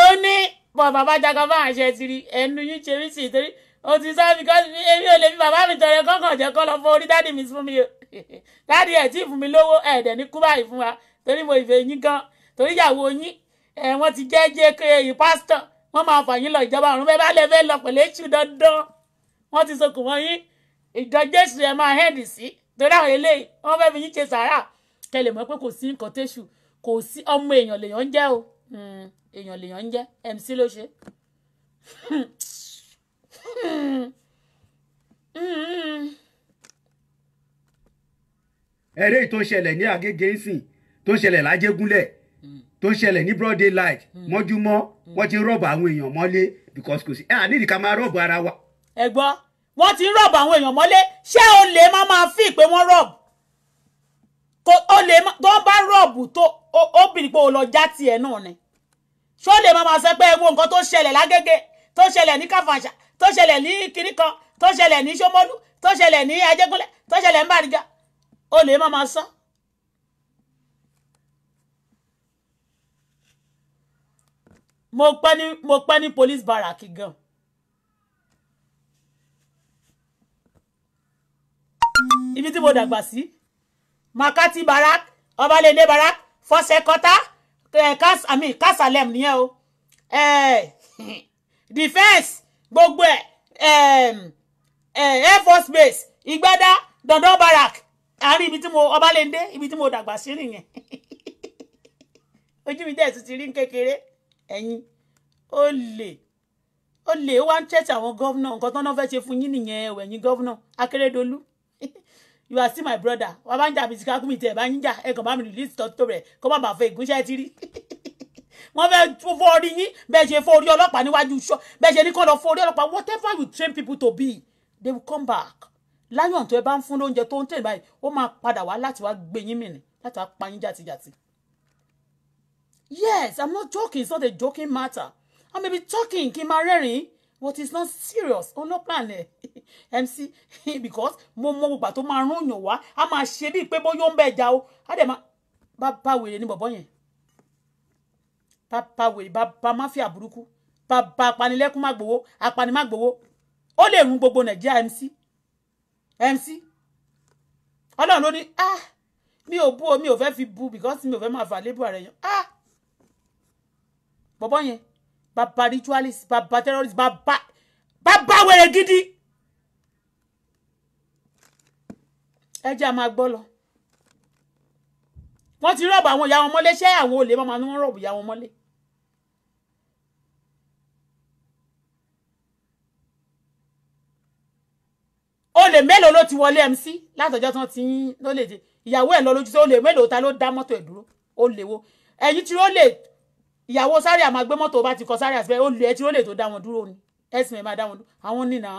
ó ní bọ̀ bàbá Jagaban ṣe ti rí ẹnu yín ṣe rí sí torí o ti sọ mi kọ́sí èmi ò lè fi bàbá mi tọrẹ kọ́kàn jẹ́ kọ́ lọ fún orí dáàdì mi fún mi o dáàdì ẹ̀ tí ì fún mi lówó ẹ̀ dẹ̀ ní kú báyìí fún wa torí mo ìfẹ́ yín gan torí ìyàwó yín ẹ̀ wọ́n ti jẹ́ jẹ́kẹ́ èyí pásítọ̀ wọ́n máa fà yín lọ ìjọba ọ̀run bẹ́ẹ̀ bá lè fẹ́ lọ pẹ̀lú èṣù dandan wọ́n ti sokùn wọ́n yín ìjọ jésù ẹ máa hẹ́ẹ̀dì sí torí àwọn eléyìí wọ́n fẹ́ fi yín ṣe sàárà kẹlẹ̀ mọ́ pé kò sí nǹkan tẹ́ṣù kò sí ọmọ èèyàn lèèyàn ń jẹ́ o hmm, èèyàn lèèyàn ń jẹ́ MC ló ṣe. eré tó ṣẹlẹ̀ ní Agége nsìn tó ṣẹlẹ̀ lájégúnlẹ̀ tó ṣẹlẹ̀ ní broad daylight hmm. mọ́júmọ́ wọ́n ti hmm. rọ́ọ̀bù àwọn èèyàn mọ́lé because kò sí ẹ̀ àníìdí ká máa rọ́ọ̀bù ara wa. ẹ gbọ́ wọ́n ti ń rọ̀bù àwọn èèyàn mọ́lé ṣé olè máa máa fi pé wọ́n rọ̀bù kò olè tó bá rọ̀bù tó ó bìrì pé o lọ já tiẹ̀ náà ni ṣé olè máa máa sọ pé ewu nǹkan tó ṣẹlẹ̀ lágége tó ṣẹlẹ̀ ní káfàṣà tó ṣẹlẹ̀ ní kinní kan tó ṣẹlẹ̀ ní ṣómólú tó ṣẹlẹ̀ ní ajégúnlẹ̀ tó ṣẹlẹ̀ ní bàdìgá olè máa máa sọ. mo pẹ́ ní mo pẹ́ ní police barrack gan ibi tí mo dàgbà sí makati barak ọbalẹ̀lẹ̀ barak fọ́sẹ̀kọ́tà kásálẹ̀m nìyẹn o defence gbogbo ẹ̀ air force base ìgbádá dandan barak àárín ibi tí mo ọbalẹ̀ndé ibi tí mo dàgbà sí nìyẹn ojú mi dẹ̀ tún ti rí kékeré ẹ̀yin ó lè ó lè ó wá ń tẹ̀sí àwọn gọ́vnà nǹkan tán náà fẹ́ ṣe fún yín nìyẹn ẹ̀wẹ̀ yín gọ́vnà akérèdọ́lù you are still my brother wà bá ń jà bìtì kákú mi tẹ̀ bá ń jà ẹ kàn bá mi release tọ́tò rẹ̀ kó má bàa fọ ìgúnṣẹ́ ti rí wọ́n fẹ́ fọ orí yín bẹ́ẹ̀ ṣe fọ orí ọlọ́pàá níwájú ṣọ́ bẹ́ẹ̀ ṣe ní kọ́ lọ fọ orí ọlọ́pàá whatever you train people to be they will come back láyọ̀n tó ẹ bá ń fún lóúnjẹ tó ń tẹ̀lé báyìí ó máa padà wá láti wá gbé yín mìíràn láti wá pa yín jàtijàti. yes i'm not joking it's not a joking matter i may be talking kí n máa rẹ́rìn-ín but it's not serious ó ló plan MC because mo mọ gbogbo àtó máa rún yàn wá a máa ṣe bíi pé bóyá ó ń bẹ ẹja o á dẹ̀ máa bàbá wèrè ni bọ̀bọ́ yẹn bàbá wèrè bàbá máfíà burúkú bàbá apanilẹ́kún má gbowó apani má gbowó ó lè rún gbogbo Nàìjíríà MC MC Ọlọ́run ló ní ah mi ò bú o mi ò fẹ́ fi bú because mi ò fẹ́ máa fà lébù ààrẹ yẹn ah bọ̀bọ́ yẹn bàbá ritualist bàbá terrorist bàbá bàbá wèrè gidi ẹ jẹ́ a máa gbọ́ lọ wọ́n ti rọ̀bù àwọn ìyá wọn mọ́lé ṣé àwọn olè máa ń rọ̀bù ìyá wọn mọ́lé. olè mélòó ló ti wọlé MC látọjọ́ tán ti ń lólè dé ìyàwó ẹ̀ lọ lójú tó olè mélòó ta ló dá mọ́tò ẹ̀ dúró olè wo ẹ̀yin tí ó lè ìyàwó sáré àmà gbé mọ́tò bá ti kọ sáré àti bẹ́ẹ̀ ó lè ẹtí ó lè tó dá wọn dúró ni ẹ̀sìn ẹ̀ máa dá wọn dúró àwọn nìyà.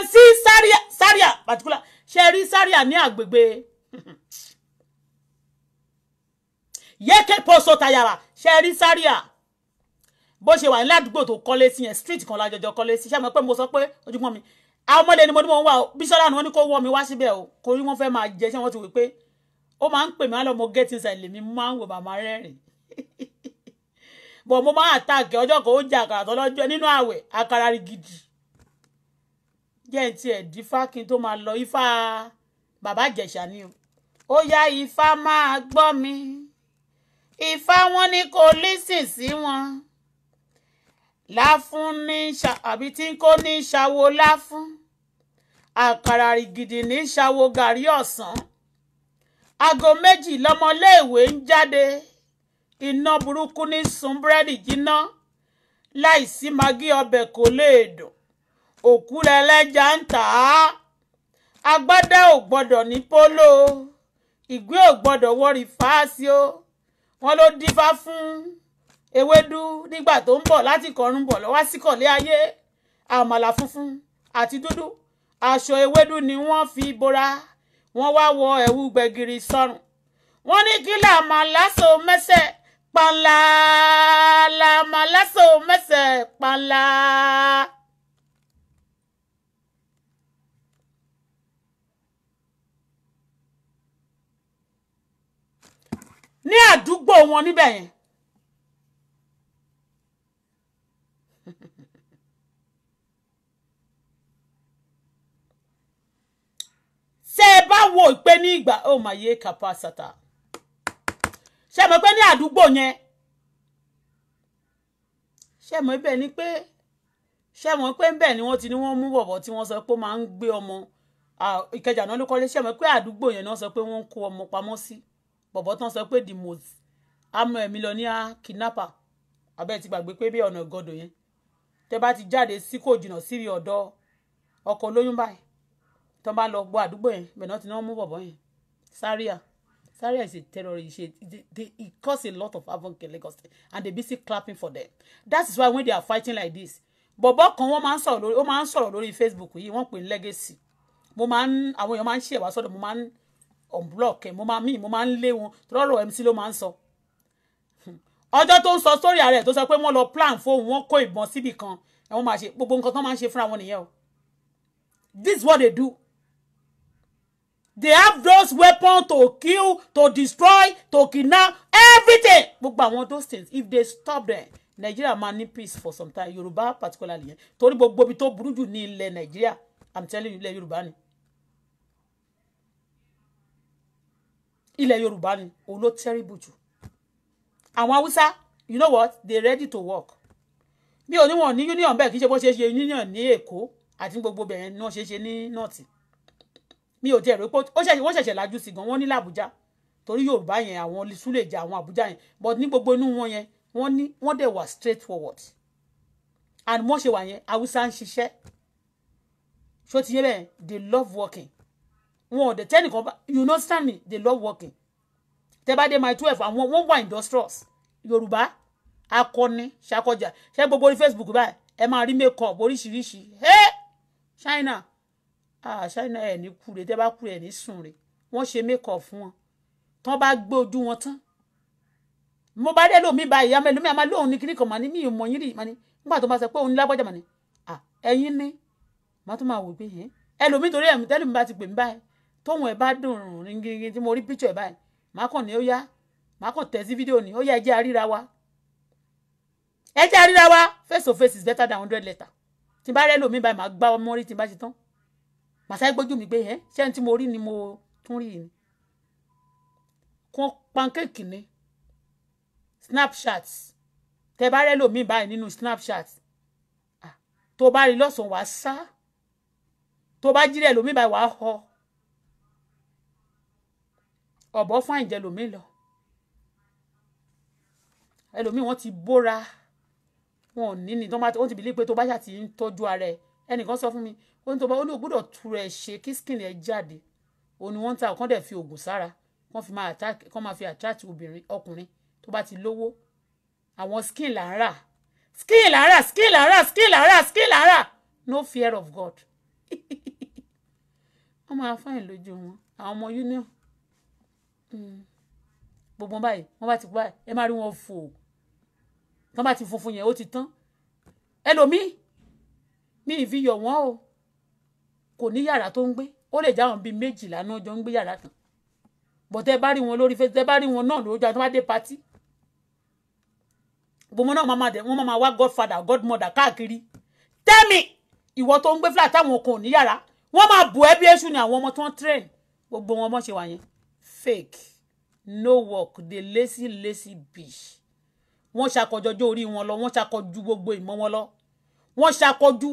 MC sáríà sáríà particular ṣe rí sáríà ní àgbègbè yékè pọ́sọ tayàrà ṣe rí sáríà bó ṣe wà ní ládùúgbò tó kọ́lé sí yẹn street kan lájọjọ kọ́lé sí ṣé àmọ́ pé mo sọ pé ojúmọ́ mi àwọn ọmọdé ni mo ní mo ń wà o Bísọ́lá ni wọ́n ní kó wọ́ mi wá síbẹ̀ o kò rí wọ́n fẹ́ máa jẹ ṣé wọ́n ti wí pé ó máa ń pè mí lọ́mọ get inside lèmi máa ń wò màmá rẹ́rìn bọ̀ mo máa àtàkì ọjọ́ kan ó jẹ àkàrà tó lọ́jọ́ nínú àwẹ̀ àkàrà rí gidi jẹ́ ẹ̀ tiẹ̀ di fákin tó máa lọ ifá bàbá ìjẹ̀ṣà ni o ó yá ifá máa gbọ́ mi ifá wọn ní kò lísìn sí wọn láfún ní àbí tí kò ní ṣàwo láfún àkàrà gidi ní ṣàwo gàrí ọ̀sán aago méjì lọmọléèwé ń jáde iná burúkú ní sun búrẹ́dì jiná láìsí magí ọbẹ̀ kò lè dùn òkú lẹ́lẹ́jà ń tà á agbádá ò gbọ́dọ̀ ní pólò ìgbé ò gbọ́dọ̀ wọrí fáásì o wọ́n ló dífá fún ewédú nígbà tó ń bọ̀ láti kọrun bọ̀ lọ́wọ́ síkọ̀lé ayé àmàlà funfun àti dúdú aṣọ ewédú ni wọ́n fi bora wọ́n wá wọ ẹ̀wù gbẹ̀gìrì sọ́rùn wọ́n ní kí là máa lásò mẹ́sẹ̀ pàlà là máa lásò mẹ́sẹ̀ pàlà. ní àdúgbò wọn níbẹ̀ yẹn tẹ́ ẹ bá wò pé ní ìgbà ó oh mà yé kapa sata ṣe mọ̀ pé ní àdúgbò yẹn ṣe mọ̀ ibẹ̀ ni pé ṣe mọ̀ pé ńbẹ̀ ni wọ́n ti ní wọ́n mú bọ̀bọ̀ tí wọ́n sọ pé ó máa ń gbé ọmọ ìkẹjà náà ló kọ́lé ṣe mọ̀ pé àdúgbò yẹn náà sọ pé wọ́n ń kó ọmọ pamọ́ sí bọ̀bọ̀ tán sọ pé the most amọ̀ ẹ̀mí lọ ní kidnapper abẹ́ ti gbàgbé pé bí ọ̀nà ìgọdọ̀ yẹn tẹ́ bá ti jáde sí kò jìnnà sí ọ̀dọ̀ ọkọ̀ olóyún báyìí tó bá lọ gbọ́ àdúgbò yẹn bẹ̀rẹ̀ náà ti náà mú bọ̀bọ̀ yẹn Zaria Zaria is a terrorist she they, they it cause a lot of havoc in Lagos and they busy clapping for them that is why when they are fighting like this bọ̀bọ̀ kan wọ́n máa ń sọ̀rọ̀ lórí ó máa ń sọ̀rọ̀ lórí Facebook yìí wọ́n pè ní legacy mo máa ń àwọn èèyàn máa ń ṣe ẹ̀wà sọ́dọ̀ mo máa ń unblock ẹ̀ mo máa mí mo máa ń lé wọn tọ́lọ́rọ̀ MC ló máa ń sọ ọjọ́ tó ń sọ sórí ààrẹ tó sọ pé wọ́n lọ plan fóun wọ́n kó ìbọn síbì kan ẹ̀ wọ́n máa ṣe gbogbo nǹkan tó máa ń ṣe fúnra wọn nìyẹn o this is what they do they have those weapons to kill to destroy to kidnap everything gbogbo àwọn those things if they stop them, Nigeria máa ní peace for some time Yoruba, particularly yẹn torí gbogbo ibi tó burú jù ní ilẹ̀ Nigeria i'm telling you ilẹ̀ Yorùbá ni ilẹ̀ Yorùbá ni òun ló terrible jù àwọn Haúsá you know what they ready to work mi ò ní wọn ní union bẹ́ẹ̀ kì í ṣe bó ṣe ṣe union ní Èkó àti gbogbo bẹ̀rẹ̀ ni wọ́n ṣe ṣe ní nọ́ọ̀tì mi ò tiẹ̀ rò pé ó ṣẹ̀ṣẹ̀ wọ́n ṣẹ̀ṣẹ̀ lajú sí gan wọ́n ní làbújá torí yorùbá yẹn àwọn súlèjà àwọn àbújá yẹn but ní gbogbo inú wọn yẹn wọ́n ní wọ́n dẹ̀ wà straight forward and wọ́n ṣe wà yẹn haúsá ń ṣiṣẹ́ ṣó ti yé bẹ́ẹ̀ they love working wọn ò dẹ̀ tẹ́nìkan bá you stand me they love working tẹ́ bá dé my twelve àwọn wọ́n wà industrious yorùbá akọni ṣàkọjà ṣe gbogbo orí facebook báyìí ẹ máa rí make up oríṣiríṣi hey china Ah, àṣàyàn ẹ̀ ní kúre tẹ́ bá kúre ẹ̀ ní sùn rè wọ́n ṣe mékọ̀ fún wọn tán bá gbé ojú wọn tán mo bá dé lómi báyìí àmọ́ ẹlòmíì àmọ́ lóun ní kíní màní mi ò mọ̀ yín rí màní nígbà tó bá sọ pé òun ní lágbájá màní à ẹ̀yin ní màá tún máa wò pé yẹn ẹlòmíì torí ẹ̀mí tẹ́lẹ̀ mi bá ti pè mí báyìí tóun ẹ̀ bá dùn ringiringi tí mo rí píṣọ̀ ẹ̀ báyìí màá kàn ní ó yá màá kàn tẹ̀ sí fídíò ní ó yá ẹ àríra wa ẹ jẹ́ àríra wa face to face is better than hundred letter tí bá rẹ́ lómi báyìí màá gbá ọmọ rí tí bá ṣe tán màsáyé gbójú mi gbé ẹ ṣé tí mo rí ni mo tún rí ni kún pancake ni snapchat tẹ bá rẹ lòmíì báyìí nínú snapchat tó bá rí lọ́sàn-án wàá sá tó bá jí rẹ lòmíì báyìí wàá họ ọ̀bọ fún àìjẹ lòmíì lọ ẹlòmíì wọ́n ti bóra wọn ò ní ní tó ń ti bìlí pé tó bá ṣàtì ń tọ́jú ara ẹ̀ ẹnìkan sọ fún mi ó ní tó bá ó ní o gbọ́dọ̀ tu rẹ̀ ṣe kí skin rẹ̀ jáde òun ni wọ́n ń ta ọ̀kan dẹ̀ fi oògùn sára kán fi máa attack kán máa fi attract obìnrin ọkùnrin tó bá ti lówó àwọn skin là ń rà skin là ń rà skin là ń rà skin là ń rà skin là ń rà no fear of God wọ́n máa fáyìn lójú wọn àwọn ọmọ union hmm. gbogbo báyìí wọ́n bá ti pa ẹ má rí wọn fò tán bá ti funfun yẹn ó ti tán ẹlòmíì mi ì fi yọ̀ wọ́n o kò ní yàrá tó ń gbé ó lè jáwọn bíi méjìlá náà jọ ń gbé yàrá kan bọ̀tẹ́ bá rí wọn lórí fẹ́ tẹ́ bá rí wọn náà lójú àti wọ́n á dé patí gbogbo náà máa dẹ̀ wọ́n máa wá godfather godmother káàkiri tẹ́mi ìwọ tó ń gbé flat táwọn kan ò ní yàrá wọ́n máa bù ẹ́ bí èṣù ni àwọn ọmọ tó ń train gbogbo wọn mọ̀ ṣe wà yẹn fake no work The lazy lazy bitch wọ́n ṣàkọjọjọ́ orí wọn lọ wọ́n ṣàkọjú gbogbo ìmọ̀ wọn lọ wọ́n ṣàkọjú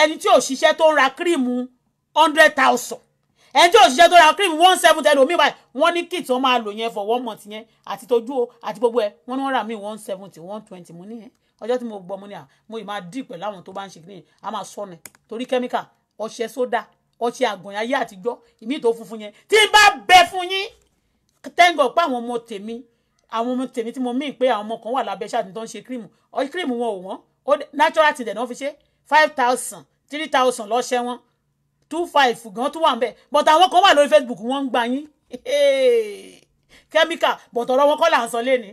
ẹni tí ò ṣiṣẹ́ tó ń ra kírìmù hundred thousand ẹni tí ò ṣiṣẹ́ tó ra kírìmù one seven ten omi báyìí wọ́n ní kit wọ́n máa lò yẹn for one month yẹn àti tójú o àti gbogbo ẹ̀ wọ́n ní wọ́n rà mí one seventy one twenty mo níyẹn ọjọ́ tí mo gbọ́ mo ní à mo ì máa dì pẹ̀lú àwọn tó bá ń ṣe kìnìyàn a máa sọ ni torí kẹ́míkà ọṣẹ sódà ọṣẹ àgbọ̀n ayé àtijọ́ ìmí tó funfun yẹn tí n bá bẹ fún yín tẹ́ǹgọ̀ pé àwọn ọmọ tèmi àwọn ọmọ tèmi tí mo mí pé àwọn ọmọ kan wà lábẹ́ ṣáà tó ń ṣe kírìmù kírìmù wọn ò wọ́n natural ti dẹ̀ náà fi ṣe five thousand three thousand lọ́sẹ̀ wọn two five gan tún wà ń bẹ̀ but àwọn kan wà lórí Facebook wọ́n ń gbà yín kẹ́míkà but ọ̀rọ̀ wọn kọ́ là ń sọ lẹ́ni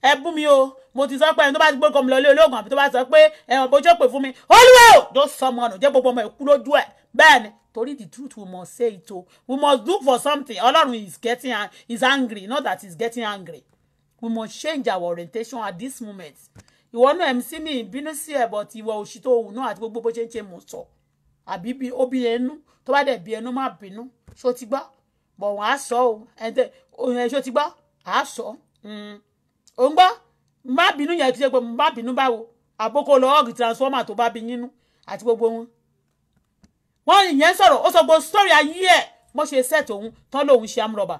ẹ bú mi o mo ti sọ pé ẹni tó bá ti gbókòó mi lọ ilé olóògùn àbí tó bá sọ pé ẹ̀wọ̀n bójú pè fún mi olúwe o ló sọ ọmọ ọ̀nà jẹ́ gbogbo ọmọ ẹ̀kú lójú ẹ̀ bẹ́ẹ̀ ni torí the truth we must say it o we must look for something ọlọ́run is getting is angry not that he is getting angry we must change our orientation at this moment ìwọ náà mc mi bínú sí ẹ bọ ti ìwọ òṣì tó hù náà àti gbogbo bó ṣe ń ṣe mò sọ àbí bí ó bí ẹnu tó bá dẹ̀ bí ẹnu má bínú ṣó ti gbọ́ bọ̀ wọ́n á sọ ọ́ ẹ̀ńtẹ́ òyìn ẹ̀ ṣó ti gbọ́ á sọ ọ́ hmm. ń gbọ́ má bínú yẹn ti ṣe pé má bínú báwo àbókò lọ́ọ̀gì transformer tó bá bí yínú àti gbogbo wọn. wọ́n ìyẹn sọ̀rọ̀ ó sọ gbogbo sọ́ọ̀rì ayé ẹ̀ bó ṣe set òun tán lòun ṣe amúrọ̀bà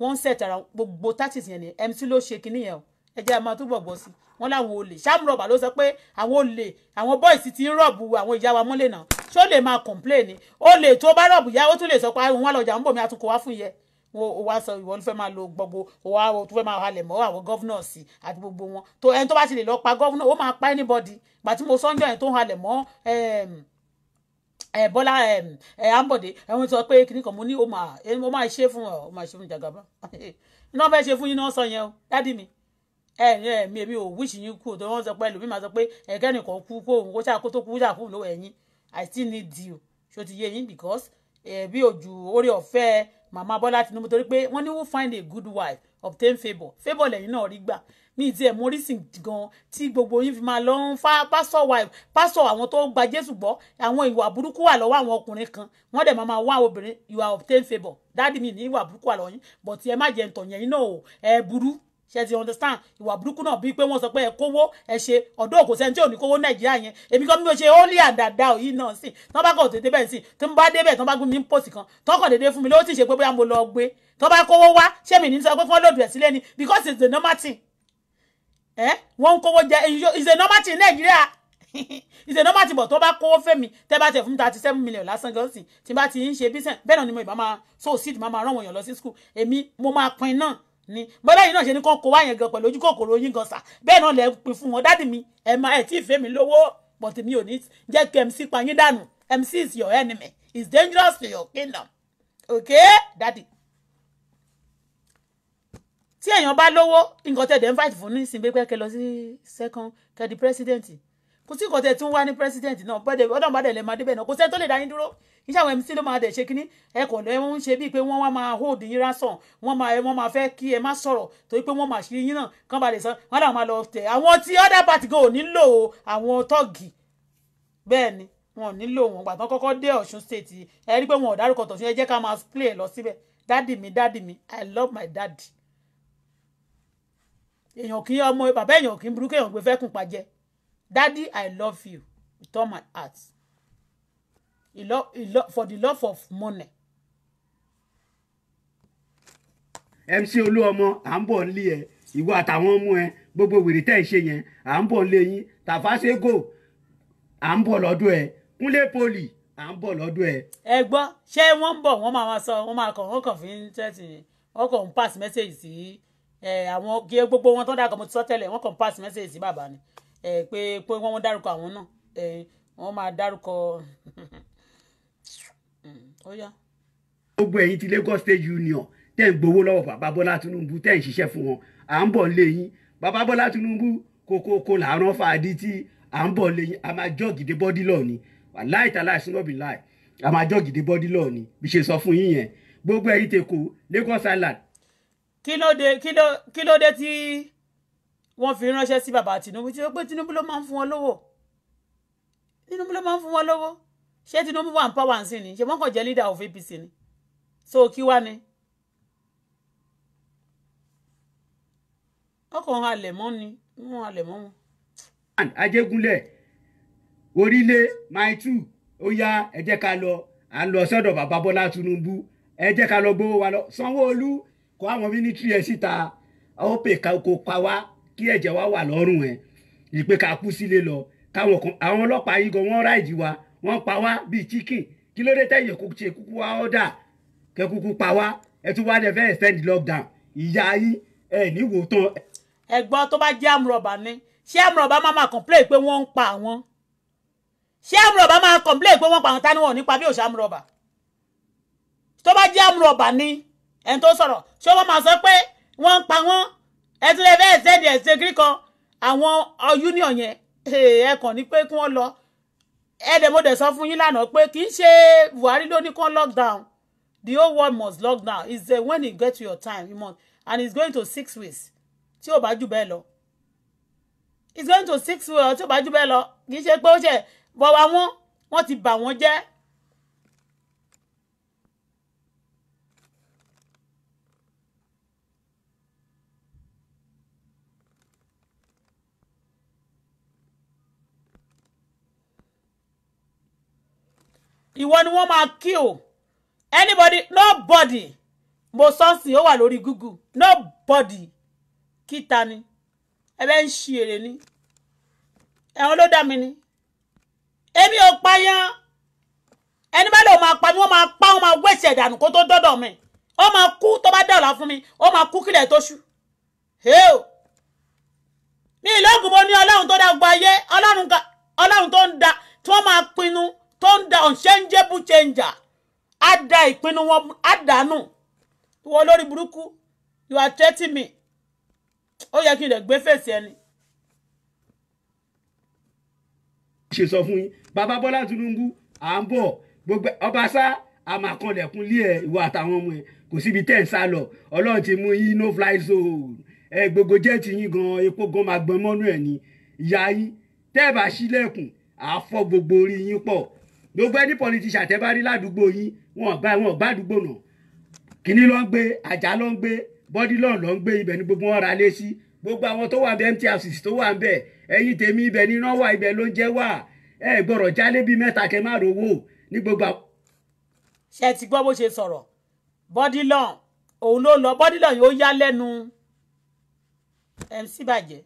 wọ́n ń set ara gbogbo tactics yẹn ni mc ló ṣe kinní yẹn o ẹ jẹ́ ẹ máa túbọ̀ gbọ́ sí i wọ́n láwọn olè ṣàmùrọ̀bà ló sọ pé àwọn olè àwọn bọ́ìsì ti ń rọ̀bù àwọn ìyá wa mọ́lẹ̀ náà ṣó lè máa kọ̀ǹpléènì olè tó bá rọ̀bù yá ó tún lè sọ pé àwọn ah, ọlọ́jà ń bọ̀ mí àtúnkò wá fún yẹ o wa sọ ìwọ ló fẹ́ máa lo gbogbo o wa o tún fẹ́ máa halẹ̀ mọ́ àwọn gọ́fúnọ̀sì àti gbogbo wọn tó ẹni tó bá ti lè lọ pa gọ́fúnọ̀ ó máa pa anybody gbà tí mo sọ́njọ́ yẹn tó ń halẹ̀ mọ́ ehm, eh, bọ́lá ehm, eh, ambode ẹ̀wọ̀n sọ pé kìnnì kan mo ní eh, o máa ṣe fún ọ o máa ṣe fún jagaba iná fẹ́ ṣe fún yín náà sọ yẹn o dádì mi ẹ̀yin ẹ̀mí èmi ò wíṣì yín kú tó wọ́n sọ pé ẹlòmíì máa sọ pé ẹ̀kẹ́ nìkan kú kó òun kó ṣáà kó tó kú ṣáà kúrò lọ́wọ́ ẹ̀yin i still need you ṣó ti yé yín because ẹ̀bí eh, òjò orí ọ̀fẹ́ màmá bọ́lá tinubu torí pé wọ́n ní who find a good wife obtain favour favour lẹ́yìn náà rí gbà ní ìdí ẹ̀ morrison gan tí gbogbo yín fi máa lọ ń fa pásọ̀ wife pásọ̀ àwọn tó gba jésù gbọ́ àwọn ìwà burúkú wà lọ́wọ́ àwọn ọkùnrin kan wọ́n dẹ̀ máa wá obìnrin you are obtain favour dáàdì mi ní ìwà burúkú wà lọ́wọ́ yín but ẹ má jẹ́ ntọ̀yẹ̀yìn náà ẹ burú ṣe ti understand ìwà burúkú náà bíi pé wọ́n sọ pé ẹ kówó ẹ ṣe ọ̀dọ́ òkú sẹ́ni tí ò ní kówó nàìjíríà yẹn èmi kan bí mo ṣe holy and dada yìí náà sìn tán bá kọ̀ tètè bẹ́ẹ̀ sìn tí mo bá débẹ̀ tán bá gbé mi ní pòsì kan tán kọ̀ déédéé fún mi lówó tí ì ṣe pé bóyá mo lọ gbé tán bá kówó wá ṣé ní sọ pé kí wọ́n ẹ̀ sílẹ̀ ni because it's a normal thing ẹ wọ́n ń kówó jẹ it's a normal thing nàìjíríà ìṣe ní ọmọ àtibọ̀ tó bá kówó fẹ́mi tẹ́ bá tẹ̀ fún mi thirty seven million lásán gan sìn tí bá ti ń ṣe bísẹ̀ bẹ́ẹ̀ náà ni mo ìbá máa so seed máa máa rán àwọn èèyàn lọ sí school èmi mo máa pin náà ni bọ́lá yìí náà ṣe ní kán kó wá yẹn gan pẹ̀lú ojú kòkòrò yín gan sà bẹ́ẹ̀ náà lẹ pin fún wọn dádì mi ẹ máa ẹ̀ tí ì fẹ́ mi lówó but mi ò ní jẹ́ kí mc pa yín dànù mc is your enemy it's dangerous to your kingdom okay dádì. tí èèyàn bá lówó nǹkan tẹ̀ dẹ̀ ń fight fún nísìnyí pé kẹ́ lọ sí second kẹ́ di president kò sí ìkọ̀tẹ̀ tí ń wá ní president náà bọ́dẹ̀ ọ̀dọ̀ bá dẹ̀ lẹ́ máa débẹ̀ náà kò sẹ́ni tó lè dá yín dúró iṣẹ́ àwọn mc ló máa dẹ̀ ṣe kínní ẹ kò lẹ́ ń ṣe bíi pé wọ́n wá máa hold yín ransom wọ́n máa wọ́n máa fẹ́ kí ẹ má sọ̀rọ̀ torí pé wọ́n máa ṣe yín náà kán balẹ̀ sọ wọ́n dà máa lọ tẹ̀ àwọn tí other party gan ò nílò àwọn tọ́ọ̀gì bẹ́ẹ̀ ni wọn ò nílò wọn gbà tán kọ́kọ́ dé Ọ̀ṣun state ẹ rí pé wọn ò dárúkọ tọ̀sùn ẹ jẹ́ ká máa play lọ síbẹ̀ dádì mi dádì mi I love my daddy èèyàn kì í ọmọ bàbá èèyàn kì í burúkú èèyàn gbé fẹ́ kùn pàjẹ́ Daddy, I love you with all my heart. He love, he love, for the love of money. MC Olúọmọ à ń bọ̀ nílé ẹ ìwọ àtàwọn ọmọ ẹ gbogbo wèrè tẹ́ ẹ ṣe yẹn à ń bọ̀ nílé yín tàfàṣẹ́gò à ń bọ̀ lọ́dọ̀ ẹ kúnlé poli à ń bọ̀ lọ́dọ̀ ẹ. ẹ gbọ́ ṣé wọ́n ń bọ̀ wọ́n máa sọ wọ́n máa kàn wọ́n kàn fi ń tẹ́tì wọ́n kàn ń pass message sí àwọn gbogbo wọn tó dàgbà mo ti sọ tẹ́lẹ̀ wọ́n kàn ń pass message sí bàbá ni pé pé wọ́n dárúkọ àwọn náà wọ́n máa dárúkọ ó yá. gbogbo ẹ̀yin ti Lagos State Union tẹ́ ń gbowó lọ́wọ́ bàbá Bọ́lá Tinubu tẹ́ ń ṣiṣẹ́ fún wọn à ń bọ̀ lé yín bàbá Bọ́lá Tinubu kókókó làárọ̀ fàdí tí à ń bọ̀ lé yín a máa jọ́ gidi bọ́dí lọ ni láì tà láì súnmọ́ láì a máa jọ́ gidi bọ́dí lọ ni bí ṣe sọ fún yín yẹn gbogbo ẹ̀yin tẹ̀kọ́ Lagos Island. kí ló dé kí ló dé tí. Ti wọ́n fi ránṣẹ́ sí bàbá Tinubu tí ó pé Tinubu ló máa ń fún wọn lówó Tinubu ló máa ń fún wọn lówó ṣé Tinubu wà ń pàwọ́ àǹsìn ni ṣé wọ́n kàn jẹ́ leader of APC ni so kí wá ni. ọkàn halẹ̀ mọ́ ni wọ́n halẹ̀ mọ́ wọn. Ajégúnlẹ̀ orílẹ̀ mile two ó yá ẹ jẹ́ ká lọ à ń lọ sọ́dọ̀ bàbá Bọ́lá Tinubu ẹ jẹ́ ká lọ gbowó wa lọ sanwó kó àwọn mínísítírì ẹ̀ síta ó pè kó pa wá kí ẹ̀jẹ̀ wa wà lọ́rùn ẹ̀ ìpè ká kú sílé lọ káwọn kan àwọn ọlọ́pàá yìí gan wọ́n ráìdì wa wọ́n pa wá bíi chicken kí ló dé tẹ̀yìn kó ṣe kúkú wá ọ́dà kẹkúkú pa wá ẹ tún wá dẹ fẹ́ extend lockdown ìyá yín ẹ níwò tán. ẹ̀gbọ́n tó bá jẹ́ àmúrọ̀bà ni ṣé àmúrọ̀bà máa máa complain pé wọ́n ń pa àwọn ṣé àmúrọ̀bà máa complain pé wọ́n pa àwọn tani wọn nípa bí òṣà àmúrọ̀bà tó bá jẹ́ àmúrọ̀bà ni ẹni tó sọ̀rọ̀ ṣé wọ́n máa sọ pé wọ́n ń pa wọ́n ẹ tún lè bẹ́ẹ̀ sẹ́ẹ̀dì ẹ̀ ṣe kiri kan àwọn union yẹn eh, ẹ kàn ní pé kí wọ́n lọ ẹ dẹ̀ mo dẹ̀ sọ fún yín lánàá pé kì í ṣe Buhari ló ní kán lockdown the whole world must lockdown it's uh, when it get to your time you must and it's going to six weeks tí ò bá jù bẹ́ẹ̀ lọ it's going to six weeks tí ò bá jù bẹ́ẹ̀ lọ kì í ṣe pé ó ṣe bọ̀ wá wọ́n wọ́n ti bà wọ́n jẹ́ ìwọ ni wọ́n máa kí o anybody nobody mo sọ́ọ̀sì ó wà lórí google nobody kíta ni ẹ bẹ́ẹ̀ ń ṣe èrè ni ẹ̀wọ̀n ló dá mi ni èmi ò payán ẹni bá lè o máa pa mi wọ́n máa pa wọ́n máa wẹ̀sẹ̀ ìdànù kó tó dọ́dọ̀ mi ó máa kú tó bá dọ̀la fún mi ó máa kú kílẹ̀ tó ṣú mi ìlú ògùn mo ní ọlọ́run tó dá gbọ́ ayé ọlọ́run tó ń da tí wọ́n máa pinnu tó ń da unchangeable changer á da ìpinnu wọn á dànù ìwọ lórí burúkú you are threatening me ó yẹ kí n lè gbé fèsì ẹni. ṣe sọ fún yín bàbá Bọ́lá Tinubu à ń bọ̀ gbogbo ọbaṣá àmàkànlẹ̀kùn lé ẹ̀ ìwọ àtàwọn ọmọ ẹ̀ kò síbi tẹ́ ẹ̀ sá lọ ọlọ́run ti mú yín no fly zone ẹ gbogbo jẹ́ẹ̀tì yín gan epo gan máa gbọ́n mọ́nú ẹ̀ ní ìyá yín tẹ́ ẹ̀ bá ṣílẹ̀kùn àá fọ́ gbogbo orí yín pọ̀ gbogbo ẹni politician tẹ́ bá rí ládùúgbò yín wọn gbá wọn gbá àdúgbò náà kínní ló ń gbé àjà ló ń gbé bọ́dí lọ́n ló ń gbé ibẹ̀ ni gbogbo wọn ra lé sí gbogbo àwọn tó wà bẹ MTRCC tó wà bẹ ẹ̀yin tèmi ibẹ̀ ni iná wà ibẹ̀ ló ń jẹ́ wà ẹ gbọ́dọ̀ jálé bíi mẹ́ta kẹ má rówó ní gbogbo. ṣe ti gbọ́ bó ṣe sọ̀rọ̀ bọ́dí lọ́n òun ló lọ bọ́dí lọ́n yóò yá lẹ́nu MC bàjẹ́.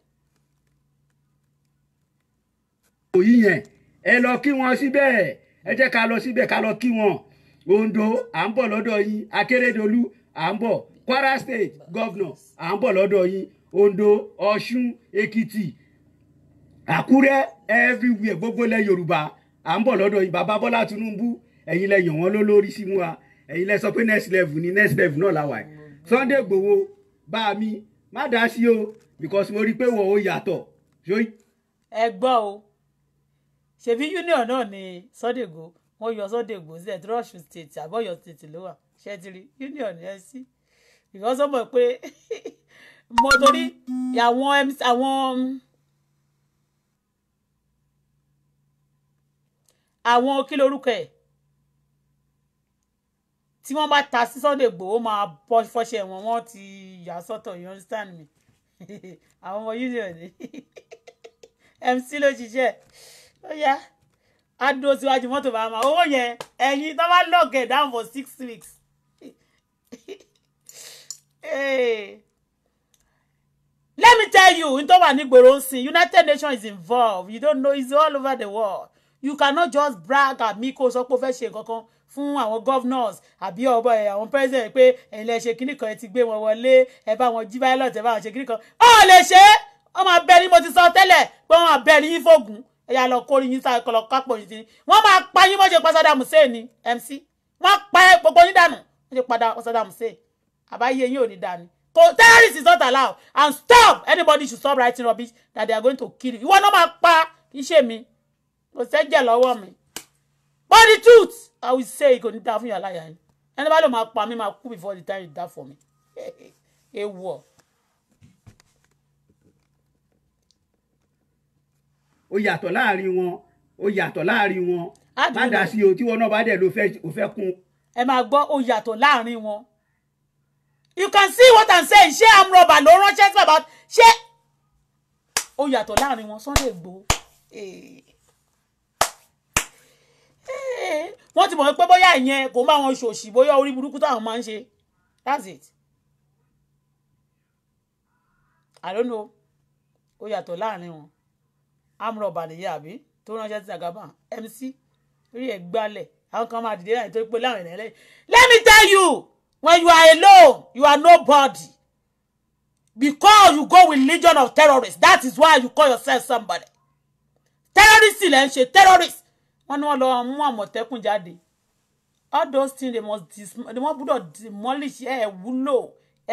òyìn yẹn ẹ lọ kí wọn síbẹ̀ ẹ jẹ́ ká lọ síbẹ̀ ká lọ kí wọn Ondo à ń bọ̀ lọ́dọ̀ yín Akérédolú à ń bọ̀ Kwara State governor à ń bọ̀ lọ́dọ̀ yín Ondo Ọ̀ṣun Èkìtì Àkúrẹ́ everywhere gbogbo ilẹ̀ Yorùbá à ń bọ̀ lọ́dọ̀ yín bàbá Bọ́lá Tinubu ẹ̀yin lẹ yàn wọ́n lólórí sí wa ẹ̀yin lẹ sọ pé next level ni next level náà làwà yìí Sunday Igboho bá mi má dá sí o because mo rí i pé wọ́n ò yàtọ̀. ẹ gbọ́ o ṣebí union náà ni Sunday Igboho wọ́n yọ Sunday Igboho sílẹ̀ tí rọ́ọ̀ṣù state àbọ̀yọ̀ state ló wà ṣẹ́tìrì union yẹn sí ìwọ́n sọ mọ̀ pé mo torí àwọn àwọn àwọn kí lorúkọ ẹ̀ tí wọ́n bá ta sí Sunday Igboho máa bọ́ fọ́ṣẹ́ wọn wọ́n ti yà sọ́tọ̀ you understand me àwọn ọmọ union ni MC ló ṣiṣẹ́ ó yá á dúró síwájú mọ́tò bá máa owó yẹn ẹ̀yin tó bá lọ́ọ̀gẹ̀ down for six weeks. hey. Let me tell you n tó wà ní gbòòrò ń sìn United Nations is involved you don't know it's all over the world you cannot just brag at me kó o sọ pé o fẹ́ ṣe nǹkan fún àwọn governors àbí ọba ẹ eh, àwọn president pé ẹ̀yin lè ṣe kíní kan ẹ ti gbé wọn wọlé ẹ bá wọn jí pilot ẹ bá wọn ṣe kíní kan ọ lè ṣe é wọn máa bẹ mo ti sọ tẹ́lẹ̀ pé wọn máa yín fògùn ẹ̀yà lọ kórí yín sáré kọ́ lọ yín sí ni wọ́n máa pa yín mọ́ṣe pa Saddam Hussein ni MC wọ́n pa gbogbo yín dànù wọ́n ṣe padà Saddam àbáyé yín ò ní dànù kò terrorist is not allowed and stop anybody should stop writing rubbish that they are going to kill you ìwọ náà máa pa iṣẹ́ mi kò sẹ́jẹ̀ lọ́wọ́ mi but the truth I will say kò ní dáa fún yàrá yàrá ẹni bá lè máa pa mi máa kú before the time you die for me ewu ọ̀. ó yàtọ̀ láàrin wọn ó yàtọ̀ láàrin wọn má dà sí o tí wọn náà bá dẹ̀ ló fẹ́ kún. ẹ máa gbọ́ ó yàtọ̀ láàrin wọn you can see what i'm saying ṣé amúrọ̀bà ló ránṣẹ́ sí bàbá ṣé ó yàtọ̀ láàrin wọn Sunday Igboho wọ́n ti mọ̀ pé bóyá ìyẹn kò máa wọn ṣòṣì bóyá orí burúkú táwọn máa ń ṣe that's it i don't know ó yàtọ̀ láàrin wọn amúrọ̀bà nìyẹn àbí tó ránṣẹ́ sí àgàbà mc rí ẹ̀ gbalẹ̀ àwọn kan máa dìde láì tó pé láwọn ènìyàn lẹ́yìn let me tell you when you are alone you are nobody because you go with legion of terrorists that is why you call yourself somebody terrorist lẹ́ ń ṣe terrorist wọ́n ní wọ́n lọ mú àmọ̀tẹ́kùn jáde all those things they must dis, they must gbọ́dọ̀ demolish ẹ̀ wúlò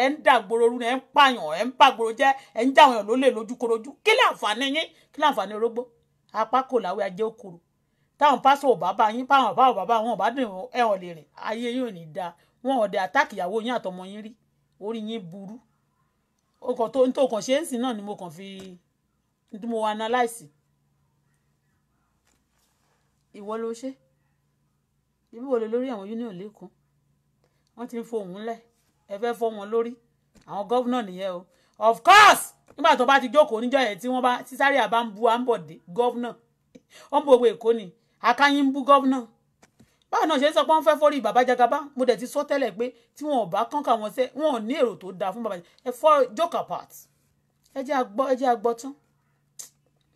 ẹ̀ ń dàgbòrò ẹ̀ ń pààyàn ẹ̀ ń pàgbòrò jẹ́ ẹ̀ ń jáwọn èèyàn lólè lójúkorojú kí lè àǹfààní yín kí láǹfààní orógbó apá kò láwé ajé òkúrú táwọn pásọ bàbá yín báwọn báwọn bàbá wọn bá dùn ẹwọn lè rìn ayé yóò ní dáa wọn ò dé àtàkì ìyàwó yín àtọmọ yín rí orí yín burú ọkàn tó ń tó kàn ṣe é sìn náà ni mo kàn fi ní mo analyse ìwọ ló ṣe ibi wo lè lórí àwọn union lẹ́kọ̀ọ́ wọ́n ti ń fohùn ńlẹ̀ ẹ fẹ́ fọ́ wọn lórí àwọn gọ́vnà nìyẹn o of course nígbà tó bá ti jókòó níjọ́ yẹn tí wọ́n bá tí sáré àbá ń bu àǹbọ̀dé gọ́vnà wọ́n bu owó èkó ni akáyín ń bu gọ́vnà báwo náà ṣe ń sọ pé wọ́n fẹ́ fọ́rí bàbá jagaba mo dẹ̀ ti sọ tẹ́lẹ̀ pé tí wọn ò bá kọ́ńkà wọn sẹ́ wọn ò ní èrò tó dáa fún bàbá ẹ fọ́ joker part ẹ jẹ́ àgbọ́ ẹ jẹ́ àgbọ́ tán.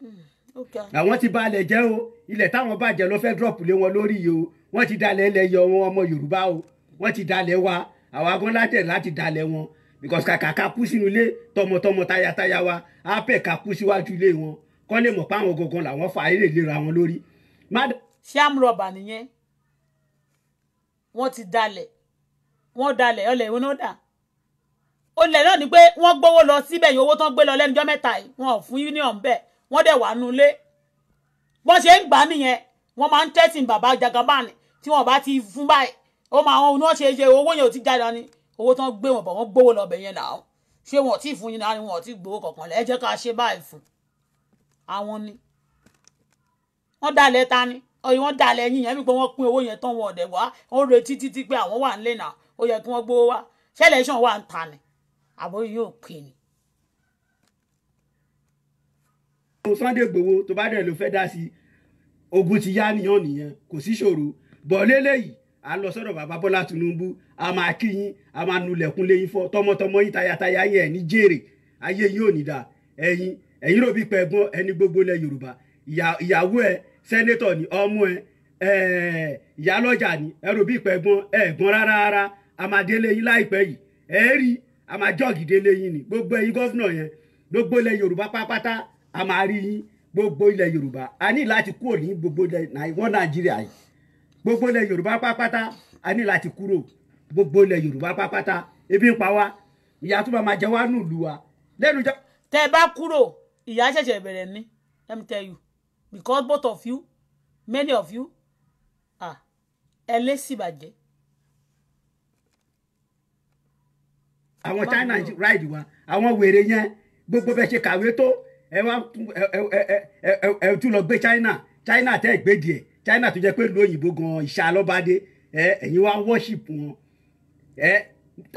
Hmm, àwọn ti balẹ̀ jẹ́ o ilẹ̀ táwọn bàjẹ́ ló fẹ́ drop lé wọn lórí yìí o wọ́n ti dalẹ̀ ẹlẹ́yọ wọn ọmọ Yorùbá o wọ́n ti dalẹ̀ wa àwọn agánlájẹ̀ láti dalẹ̀ wọn because ka ká kú sínú ilé tọmọtọmọ tayataya wa apẹ ká kú síwájú ilé wọn kọ́ lè mọ̀ páwọn gangan làwọn fa ayé lè lera wọn lórí. sham rọba nìyẹn wọ́n ti dalẹ̀ wọ́n dalẹ̀ ọlẹ̀ ìwé náà dà olè náà ni pé wọ́n gbowó lọ síbẹ̀ yìí owó tán gbé lọ lẹ́nujọ́ mẹ́ta yìí wọn ò fún union bẹ́ẹ̀ wọ́n dẹ̀ wà nulẹ̀ bọ́n ṣe ń gbà nìyẹn wọ́n máa ń tẹ́sìn bàbá Jagaban tí wọ́n bá ti fún báyìí ó máa wọn ní wọ́n ṣe ṣe owó yẹn ò ti jáde ni owó tán gbé wọn bọ̀ wọ́n gbówó lọ bẹ̀ yẹn náà ṣé wọn ò tí ì fún yín náà ni wọn ò tí ì gbowó kankan lẹ ẹ jẹ́ ká ṣe báyìí fún àwọn ni wọ́n dalẹ̀ ta ni ọyìn wọ́n dalẹ̀ yín yẹn wípé wọ́n pín owó yẹn tán wọn ọ̀dẹ̀ wá wọ́n retí títí pé àwọn wà nílé náà ó yẹ kí wọ́n gbowó wá ṣẹlẹ̀ ṣàn wà ń ta ni àbó yóò pè ní. Sunday Igboho tó bá dẹ̀ ló fẹ́ dá sí ogun ti yá nìyàn nìyẹn kò sí ṣòro bọ̀ lélẹ́yìí à ń lọ sọ́dọ̀ bàbá Bọ́lá Tinubu a máa kí a máa nulẹ̀kùn lé yín tọmọtọmọ yín tayataya yín ẹni ní jèrè ayé yín ò ní da ẹ̀yin ẹ̀yin ló fi pẹ̀gbọ́n ẹni gbogbo lẹ̀ Yorùbá ìyàwó ẹ sẹ́nétọ̀ ni ọmọ ẹ ẹ ìyálọ́jà ni ẹrù bí pẹ̀gbọ́n ẹ̀gbọ́n rárá rárá a máa délé yín láìpẹ́ yìí ẹ̀ rí a máa jọ́ọ̀gì délé yín ni gbogbo ẹ̀yin gọ́fúnà yẹn gbogbo ilẹ̀ Yorùbá pápátá a máa rí yín gbogbo ilẹ Yorùbá a ní láti kúrò ní gbogbo ilẹ̀ wọn Nàìjíríà yìí gbogbo ilẹ̀ yorùbá pápátá a ní láti kúrò gbogbo ilẹ̀ yorùbá pápátá ebi ń pa wá ìyà tó máa jẹ wá nùlù wa lẹ́nu jẹ́. tẹ ẹ bá kúrò ìyà ṣẹ̀ṣẹ̀ bẹ̀rẹ̀ ni let me tell you because both of you many of you ah ẹ lé sí ìbàjẹ́. àwọn china ride wa àwọn wèrè yẹn gbogbo bẹ ṣe kàwé tó ẹ wá ẹ ẹ ẹ ẹ tún lọ gbé china china tẹ ẹ gbé díẹ̀ China tó jẹ́ pé ìlú òyìnbó gan ìṣá lọ́bàdé ẹ̀yin wá worship wọn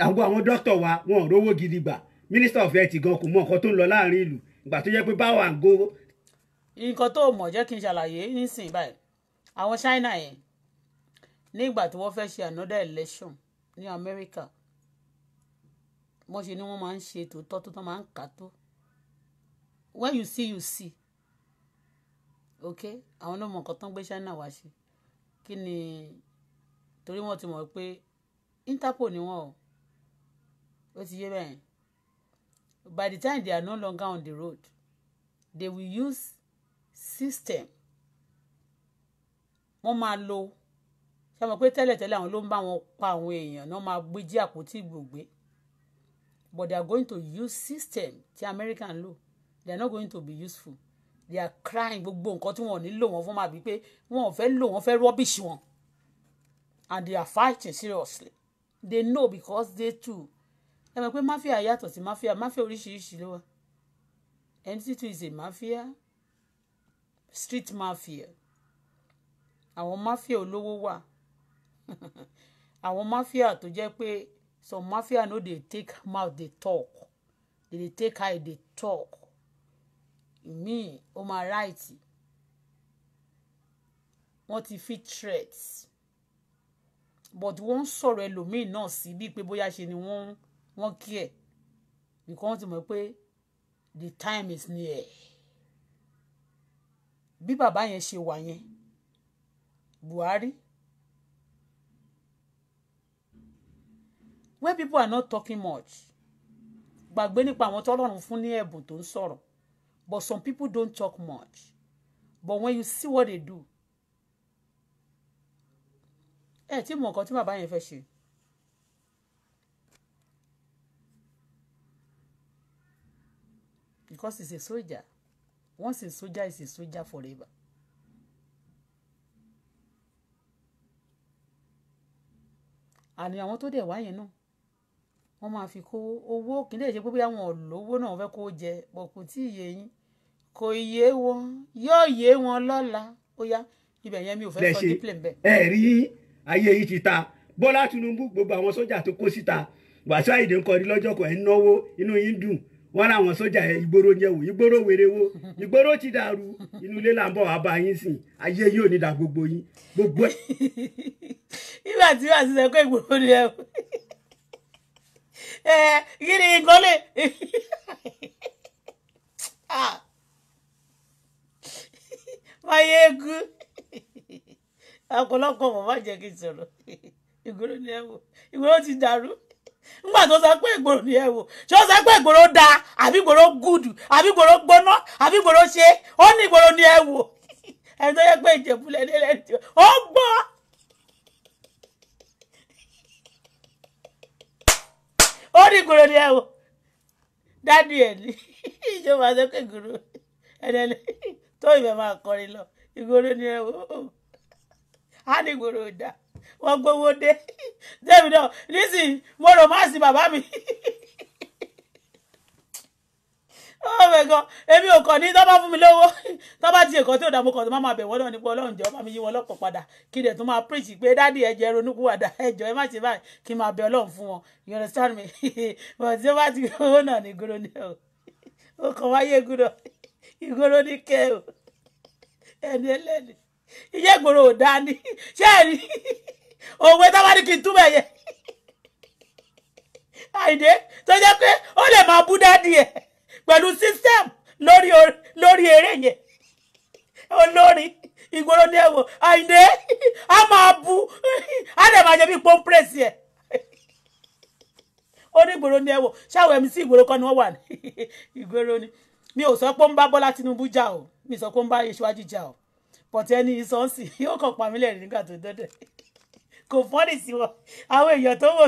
àwọn àwọn dókítà wa wọn ò rówó gidi gbà minister of health gan kò mọ nǹkan tó ń lọ láàrin ìlú ìgbà tó jẹ́ pé báwa ń go. nǹkan tó mọ̀ jẹ́ kí n ṣàlàyé nísìnyí báyìí àwọn China yẹn nígbà tí wọ́n fẹ́ ṣe another election ní America wọ́n ṣe ni wọ́n máa ń ṣe tòótọ́ tó tán máa ń kà tó when you see you see ok àwọn náà mọ nǹkan tán gbé China wá ṣe kí ni torí wọ́n ti mọ̀ pé Interpol ni wọ́n o ó ti yé bẹ́ẹ̀ by the time they are no longer on the road they will use system wọ́n máa lo ṣé mo pé tẹ́lẹ̀tẹ́lẹ̀ àwọn ló ń bá wọn pa àwọn èèyàn náà máa gbé jí àpótí ìgbògbé but they are going to use system tí America ń lò they are not going to be useful they are crying gbogbo nǹkan tí wọn ò ní lò wọn fún máa bí pé wọn ò fẹ́ lò wọn fẹ́ rubbish wọn and they are fighting seriously they know because they too ẹ mọ̀ pé mafia yàtọ̀ sí mafia mafia oríṣiríṣi ló wà NC2 is a mafia street mafia àwọn mafia olówó wà àwọn mafia tó jẹ́ pé some mafia no dey take mouth dey talk they dey take eye dey talk míì ó máa ráìtì wọ́n ti fi threat but wọ́n ń sọ̀rọ̀ ẹlòmíì náà sí bíi pé bóyá ṣe ni wọ́n wọ́n kí because wọ́n ti mọ̀ pé the time is near bí bàbá yẹn ṣe wà yẹn Buhari Where people are not talking much gbàgbé nípa àwọn tọ́lọ́run fún ní ẹ̀bùn tó ń sọ̀rọ̀ But some people don't talk much. But when you see what they do, eh? tí mọ continue tí bàbá yẹn fẹ́ Because he's a soldier. Once a soldier is a soldier forever. you àwọn tó dẹ̀ Why you náà wọ́n máa fi kó owó kì í lè ṣe pé bóyá wọn ò lówó náà wọ́n fẹ́ kó jẹ pọ̀kù tí ìyè yín kò yé wọn yóò yé wọn lọ́la ó yá ibẹ̀ yẹn mi ò fẹ́ sọ dípìlẹ̀ mbẹ́. ẹ rí ayé yìí ti ta Bọ́lá Tinubu gbogbo àwọn sójà tó kó síta Wàsíù Àyìndé ń kọrin lọ́jọ́ kan ẹ̀ ń náwó inú yín dùn wọ́n láwọn sójà ẹ̀ ìgboro yẹn wò ìgboro wèrè wo ìgboro ti dàrú inú ilé là ń bọ̀ wá bá yín sìn ayé yìí ò gbogbo yín gbogbo ẹ̀. nígbà tí wàá sísẹ kó ìgboro ni ẹ wò. ee gịnị gole manya egwu ọ̀pọ̀lọpọ̀ bàbá jẹ́ kí n sọ̀rọ̀ ìgboro ti dàrú nígbà tó sọ pé ìgboro ni ẹ wò ṣé ó sọ igboro da abi igboro abi igboro ẹni tó yẹ ó ní ìgboro ni ẹ wò dáàdì ẹ ní ìjọba sókè ìgboro ẹnẹni tó ìfẹ́ máa kọrin lọ ìgboro ni ẹ wò á ní ìgboro dá wọn gbowó dé débi náà nísìnyí mo rò má sí bàbá mi. oh my god èmi ò kàn ní tó bá fún mi lówó tó bá ti èkó tí ò dààmú kan tó má máa bẹ̀ wọ́n náà nípa ọlọ́run jẹ́ ọba mi yí wọn lọ́pọ̀ padà kí dẹ̀ tún máa preach pé dáàdì ẹ̀jẹ̀ ronúkú wàdà ẹ̀jọ̀ ẹ má ṣe báyìí kí n máa bẹ̀ ọlọ́run fún wọn you understand me but tí ó bá ti owó náà ní gúrò ní o ó kàn wáyé gúrò ìgúrò ní kẹ́ o ẹni ẹlẹ́ni iṣẹ́ ìgboro ò dá ní ṣé ẹ̀ ní òwe tó bá ní kí n túbẹ̀ yẹ àìdé tó jẹ́ pé ó lè máa bú dádì ẹ̀ pẹ̀lú system lórí lórí eré yẹn olórin ìgboro ní ẹ̀wọ̀ àìdè a máa bu a dẹ̀ máa jẹ́ bí pọ́ńpẹ́sì ẹ̀ ó ní ìgboro ní ẹ̀wọ̀ ṣáwọ̀ ẹ̀mí sí ìgboro kan ni wọ́n wà ní ìgboro ni mi ò sọ pé ń bá Bọ́lá Tinubu jà o mi sọ pé ó ń bá Aṣíwájú jà o pọ̀tí ẹni ìsọ̀nsì yóò kàn pa mí lẹ́rìn nígbà tó dọ́dẹ̀ kò fọ́nì sí wọn àwọn èèyàn tó wò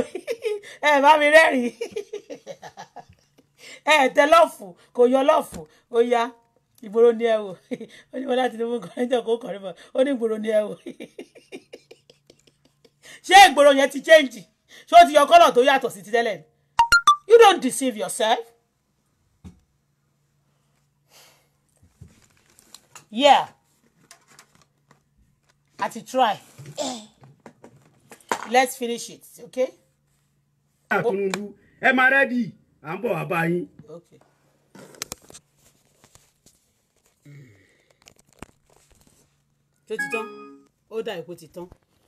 ẹ bá mi rẹ́rìn-ín ẹ tẹ lọ́ọ̀fù kò yọ lọ́ọ̀fù ó yá ìgboro ni ẹ wò ó ní Bọ́lá Tinubu kan níjọ kó kàn níbọ̀ ó ní ìgboro ni ẹ wò ṣé ìgboro yẹn ti change ṣé ó ti yọ kọ́lọ̀ tó yàtọ̀ sí ti tẹ́lẹ̀ you don't deceive yourself. yeah i try let's finish it okay. àtúndú ẹ máa rẹ́dí à ń bọ̀ wá bá yín. ṣé ti tán ó dà ìpò ti tán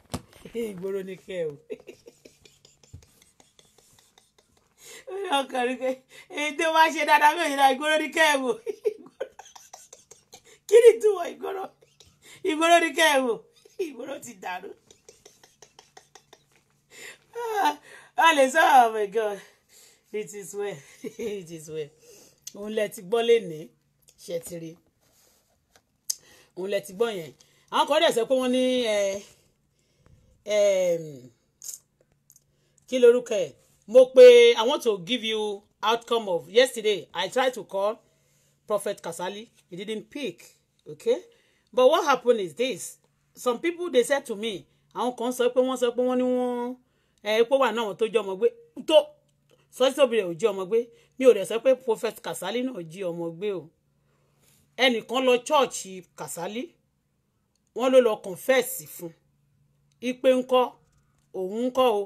ìgboro ní kẹ o ọkàn rí pé èyí tó bá ṣe dáadáa bí òyìnbó ìgboro ní kẹ o kí ni túwọ̀ ìgboro ìgboro ní kẹ o ìgboro ti dàrú. Ah, Allez, oh my God it is well it is well òun lẹ ti gbọ́ lénìí ṣe ti rí òun lẹ ti gbọ́ yẹn àwọn kan dẹ̀ sọ pé wọ́n ní kí lorúkọ ẹ̀ mo pe i want to give you outcome of yesterday i tried to call prophet kasali he didn't pick okay but what happened is this some people they said to me àwọn kan sọ pé wọ́n sọ pé wọ́n ní wọ́n ẹ̀ pé wà náà tó jọmọ gbé tó Sotitobire ò jí ọmọ gbé mi ò dẹ̀ sọ pé prophet Kasali náà jí ọmọ gbé o ẹnìkan lọ chọ́ọ̀chì Kasali wọ́n ló lọ kọ̀ǹfẹ́ẹ̀sì fún ipe ńkọ́ òun ńkọ́ o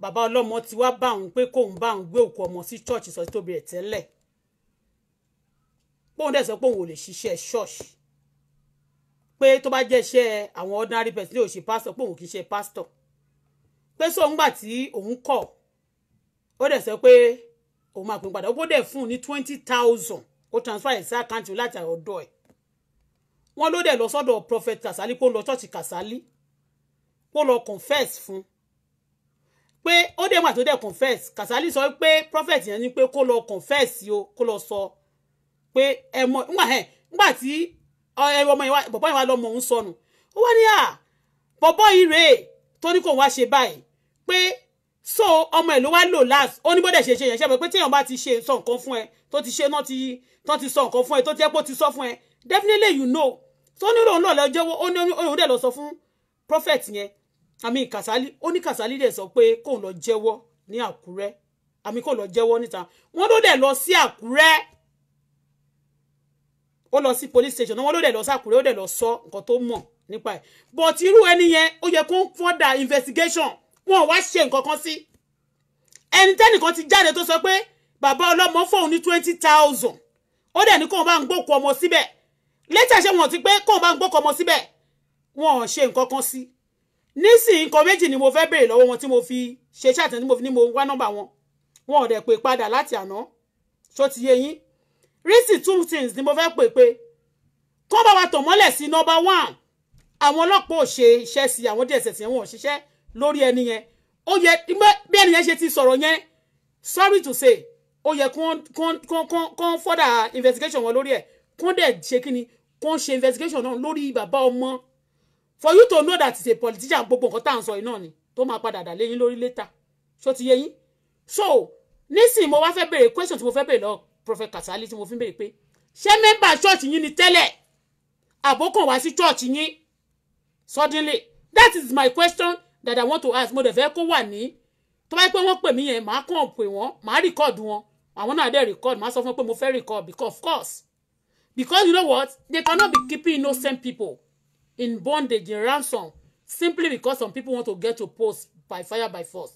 bàbá ọlọ́mọ ti wá bá òun pé kóun bá òun gbé òkú ọmọ sí chọ́ọ̀chì Sotitobire tẹ́lẹ̀ póun dẹ̀ sọ pé òun ò lè ṣiṣẹ́ ṣọ́ọ̀ṣì pé tó bá jẹ́ iṣẹ́ àwọn ordinary person ní òṣè pásítọ̀ pé òun kì í ṣe pásítọ̀ pé sóun gbà tí òun kọ̀ ó dẹ̀ sọ pé òun máa pè padà ó dẹ̀ fún un ní twenty thousand ó transfer ẹ̀ sí àkáǹtì láti ọ̀dọ̀ ẹ̀ wọ́n ló dẹ̀ lọ sọ́dọ̀ prophet Kasali kó lọ ṣọ́ọ̀ṣì Kasali kó lọ confess fún pé ó dẹ̀ ma tó dẹ̀ confess Kasali sọ pé prophet yẹn ni pé kó lọ confess o kó lọ sọ pé ẹ mọ ńgbà ẹ ńgbà tí ọmọ yẹn wá bọ̀bọ́ yẹn wá lọ́mọ òun sọnù ó wá ní à ire e ní kò wá ṣe báyìí pé so ọmọ ẹ̀ ló wá lò last ó ní bó dẹ̀ ṣe ṣe yẹn ṣe mọ̀ pé téèyàn bá ti ṣe sọ nǹkan fún ẹ tó ti ṣe náà ti tó ti sọ nǹkan fún ẹ tó ti ẹ́ pé ó ti sọ fún ẹ definitely you know so ní òun náà lọ jẹ́wọ́ ó ní òun dẹ̀ lọ sọ fún prophet yẹn àmì Kasali ó ní Kasali dẹ̀ sọ pé kóun lọ jẹ́wọ́ ní Àkúrẹ́ àmì kóun lọ jẹ́wọ́ níta wọ́n ló dẹ̀ lọ sí Àkúrẹ́ ó lọ sí police station náà wọ́n ló dẹ̀ lọ sí Àkúrẹ́ ó dẹ̀ lọ sọ nǹkan tó mọ̀ nípa ẹ̀ but irú ẹni yẹn ó yẹ kó further investigation wọn ò wá ṣe nǹkan kan sí ẹni tẹ́nìkan ti jáde tó sọ pé bàbá ọlọ́mọ fóun ní twenty thousand ó dẹ̀ ní kóun bá ń gbókò ọmọ síbẹ̀ létà ṣé wọn ti pé kóun bá ń gbókò ọmọ síbẹ̀ wọn ò ṣe nǹkan kan sí nísìnyí nǹkan méjì ni mo fẹ́ béèrè lọ́wọ́ wọn tí mo fi ṣe ṣàtẹ̀ tí mo fi ní mo wá nọ́mbà wọn wọn ò dẹ̀ pè padà láti àná ṣó ti yé yín rísì two things ni mo fẹ́ pè pé kọ́ bá wa tọ̀ mọ́lẹ̀ sí number one àwọn ọlọ́pàá ò ṣe iṣẹ́ sí àwọn DSS wọn ò ṣiṣẹ́ lórí ẹni yẹn ó yẹ bí ẹni yẹn ṣe ti sọ̀rọ̀ yẹn sorry to say ó yẹ kó ń fọ́dà investigation wọn lórí ẹ̀ kó dẹ̀ ṣe kí ni kó ń ṣe investigation náà lórí bàbá ọmọ for you to know that it's a politician gbogbo nǹkan tá à ń sọ yìí náà ni tó máa padà dà léyìn lórí later ṣó ti yé yín so nísìnyí mo wá fẹ́ béèrè question tí mo fẹ́ béèrè lọ prophet Kasali tí mo fi ń béèrè pé ṣé mẹ́mbà ṣọ́ọ̀ṣì yín ni tẹ́lẹ̀ àbókàn wá sí ṣọ́ọ̀ṣì yín suddenly that is my question that I want to ask mo dẹ̀ fẹ́ kó wà ní tó bá yẹ pé wọ́n pè mí yẹn màá kàn pè wọ́n màá record wọn àwọn náà dẹ̀ record màá sọ fún wọn pé mo fẹ́ record because of course because you know what they cannot be keeping innocent people in bondage in ransom simply because some people want to get to post by fire by force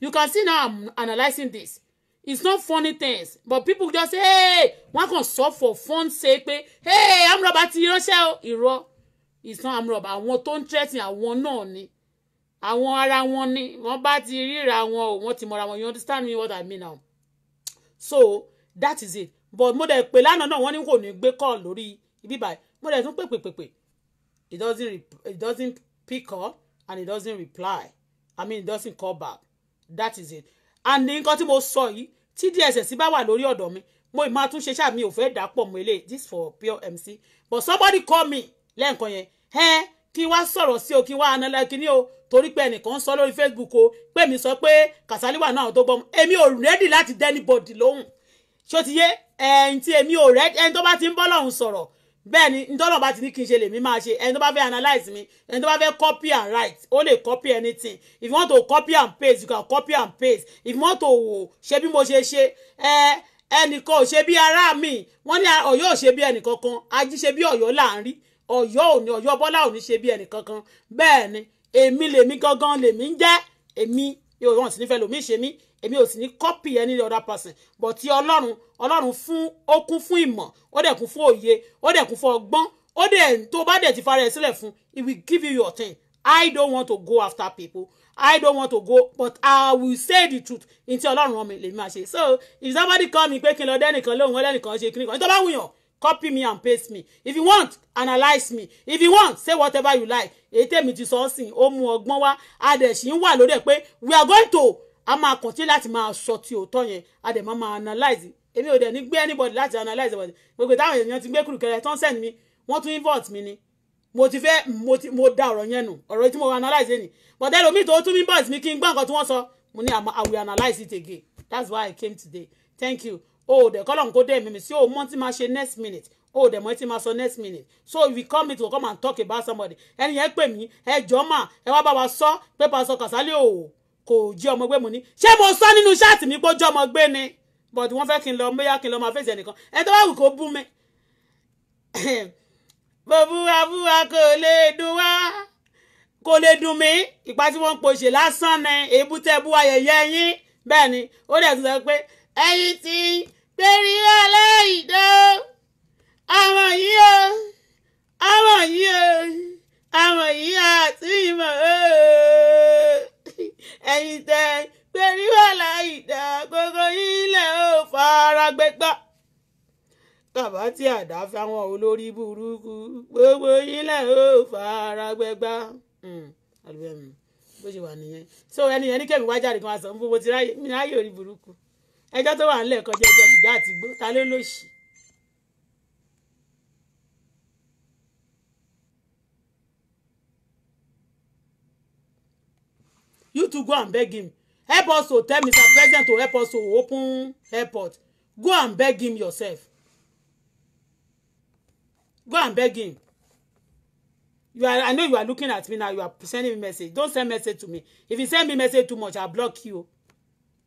you can see now I'm analysing this it's not funny things but people just say hey wọn kàn sọ for fun say pé hey amrọba ti ránṣẹ́ o irọ́ it's not amrọba àwọn tó ń threaten àwọn náà ni àwọn ara wọn ni wọ́n bá ti ríra wọn o wọ́n ti mọra wọn you understand me what I mean now so that is it but mo dẹ̀ pé lánàá náà wọ́n ní kò ní gbé call lórí ibi báyìí mo dẹ̀ tún pè pè pè pè it doesn't it doesn't pick up and it doesn't reply I mean it doesn't call back that is it and ní nǹkan tí mo sọ yìí tí DSS bá wà lórí ọ̀dọ̀ mi mo máa tún ṣe ṣáà mi ò fẹ́ dà pọ̀ mọ́ eléyìí this for pure MC but somebody call me lẹ́ǹkan yẹn ẹ́ kí wá sọ̀rọ̀ sí o kí wá analyze kíní o torí pé ẹnìkan sọ lórí Facebook o pé mi sọ pé Kasali wà náà tó gbọ́mọ èmi ò rẹ́dì láti dẹ́ni bọ̀dì lóhùn ṣó ti yé ẹ̀yìn tí èmi ò rẹ́dì ẹni tó bá ti ń bọ́ lọ́hùn sọ̀rọ̀ bẹ́ẹ̀ ni ntọ́nà bá ti ní kí n ṣe lèmi máa ṣe ẹni tó bá fẹ́ analyse mi ẹni tó bá fẹ́ copy and write ó lè copy anything if you want to copy and paste you can copy and paste if you want to wò ṣe bí mo ṣe ṣe ẹ ẹnìkan ò ṣe bí ara mi wọ́n ní ọ̀yọ́ ò ṣe bí ẹnìkankan ají ṣe bí ọ̀yọ́ là ọ̀yọ́ òní ọ̀yọ́ bọ́lá òní ṣe bí ẹnì kankan bẹ́ẹ̀ ni èmi lèmi gangan lèmi ń jẹ́ èmi yóò wọ́n sì ní fẹ́ lòmí ṣe mí èmi ò sì ní kọ́pì ẹni other person but ti ọlọ́run ọlọ́run fún ó kún fún ìmọ̀ ó dẹ̀ kún fún òye ó dẹ̀ kún fún ọgbọ́n ó dẹ̀ tó bá dẹ̀ ti fara ẹ̀ sílẹ̀ fún he will give you your thing I don't want to go after people I don't want to go but I will say the truth ntí ọlọ́run ọmọ èlé mi máa ṣe so if somebody call me pé kí n lọ dẹ́nìkan lóhùn ẹlẹ́nìkan ṣe kíníkan nítorí bá wùyàn copy me and paste me if you want analyse me if you want say whatever you like èyí tèmi ti sọ ọ́ sìn ó mú ọgbọ́n wá a ń wà lórí ẹ̀ pé we are going to a máa continue láti máa sọ ti òótọ́ yẹn a dẹ̀ máa máa analyse èmi ò dẹ̀ ní gbé anybody láti analyse ẹ̀ gbogbo táwọn èèyàn ti gbé kùrùkẹrẹ tó ń send mi wọ́n tún invite mi ni mo ti fẹ́ mo ti mo da ọ̀rọ̀ yẹn nù ọ̀rọ̀ tí mo analyse ni but ẹlòmíì tó tún mi boys mi kí n gbọ́ nǹkan tí wọ́n sọ mo ní i analyse it again that's why i came today thank you o ò dẹ̀ kọ́lọ̀ ń kó dẹ̀ mímí sí o mọ́ tí máa ṣe next minute o ò dẹ̀ mọ́ tí máa sọ next minute so if we come to come and talk about somebody ẹni yẹn pè mí ẹ jọ́ mà ẹ wá bá wa sọ pé pásọ Kàsálí o kò jí ọmọ gbé mu ni ṣé mo sọ nínú ṣáàtì mi pé ó ọmọ gbé ni but wọ́n fẹ́ kí n lọ mẹ́yà kí n lọ máa fèsì ẹnìkan ẹni tó bá wù kó bú mi bòbúwàbúwà kò lè dùn wá kò lè dùn mí ìpa tí wọ́n ń lásán ni èébú tẹ́ bú ayẹyẹ yín bẹ́ẹ̀ ni ó dẹ̀ tún sọ pé ẹ̀yin tí tẹ̀rí aláìdá àwọn yìí o àwọn yìí o àwọn yìí àti ìmọ̀ ẹ̀yìn tẹ̀ tẹ̀rí aláìdá gbogbo yìí lẹ̀ ó fara gbẹgbà bàbá tí àdá fáwọn olórí burúkú gbogbo yín lẹ ó fara gbẹgbá hmm, bó ṣe wà nìyẹn so ẹni yẹn ní kẹ́mi wá jáde kan àsán fún mo ti ráyè orí burúkú ẹjọ́ tó wà ńlẹ̀ kọjá ẹjọ́ ìgbà àti gbó ta ló lòṣì. you too go and beg him help us to tell Mr. President to help us to open airport go and beg him yourself go and beg him you are i know you are looking at me now you are sending me message don't send message to me if you send me message too much i block you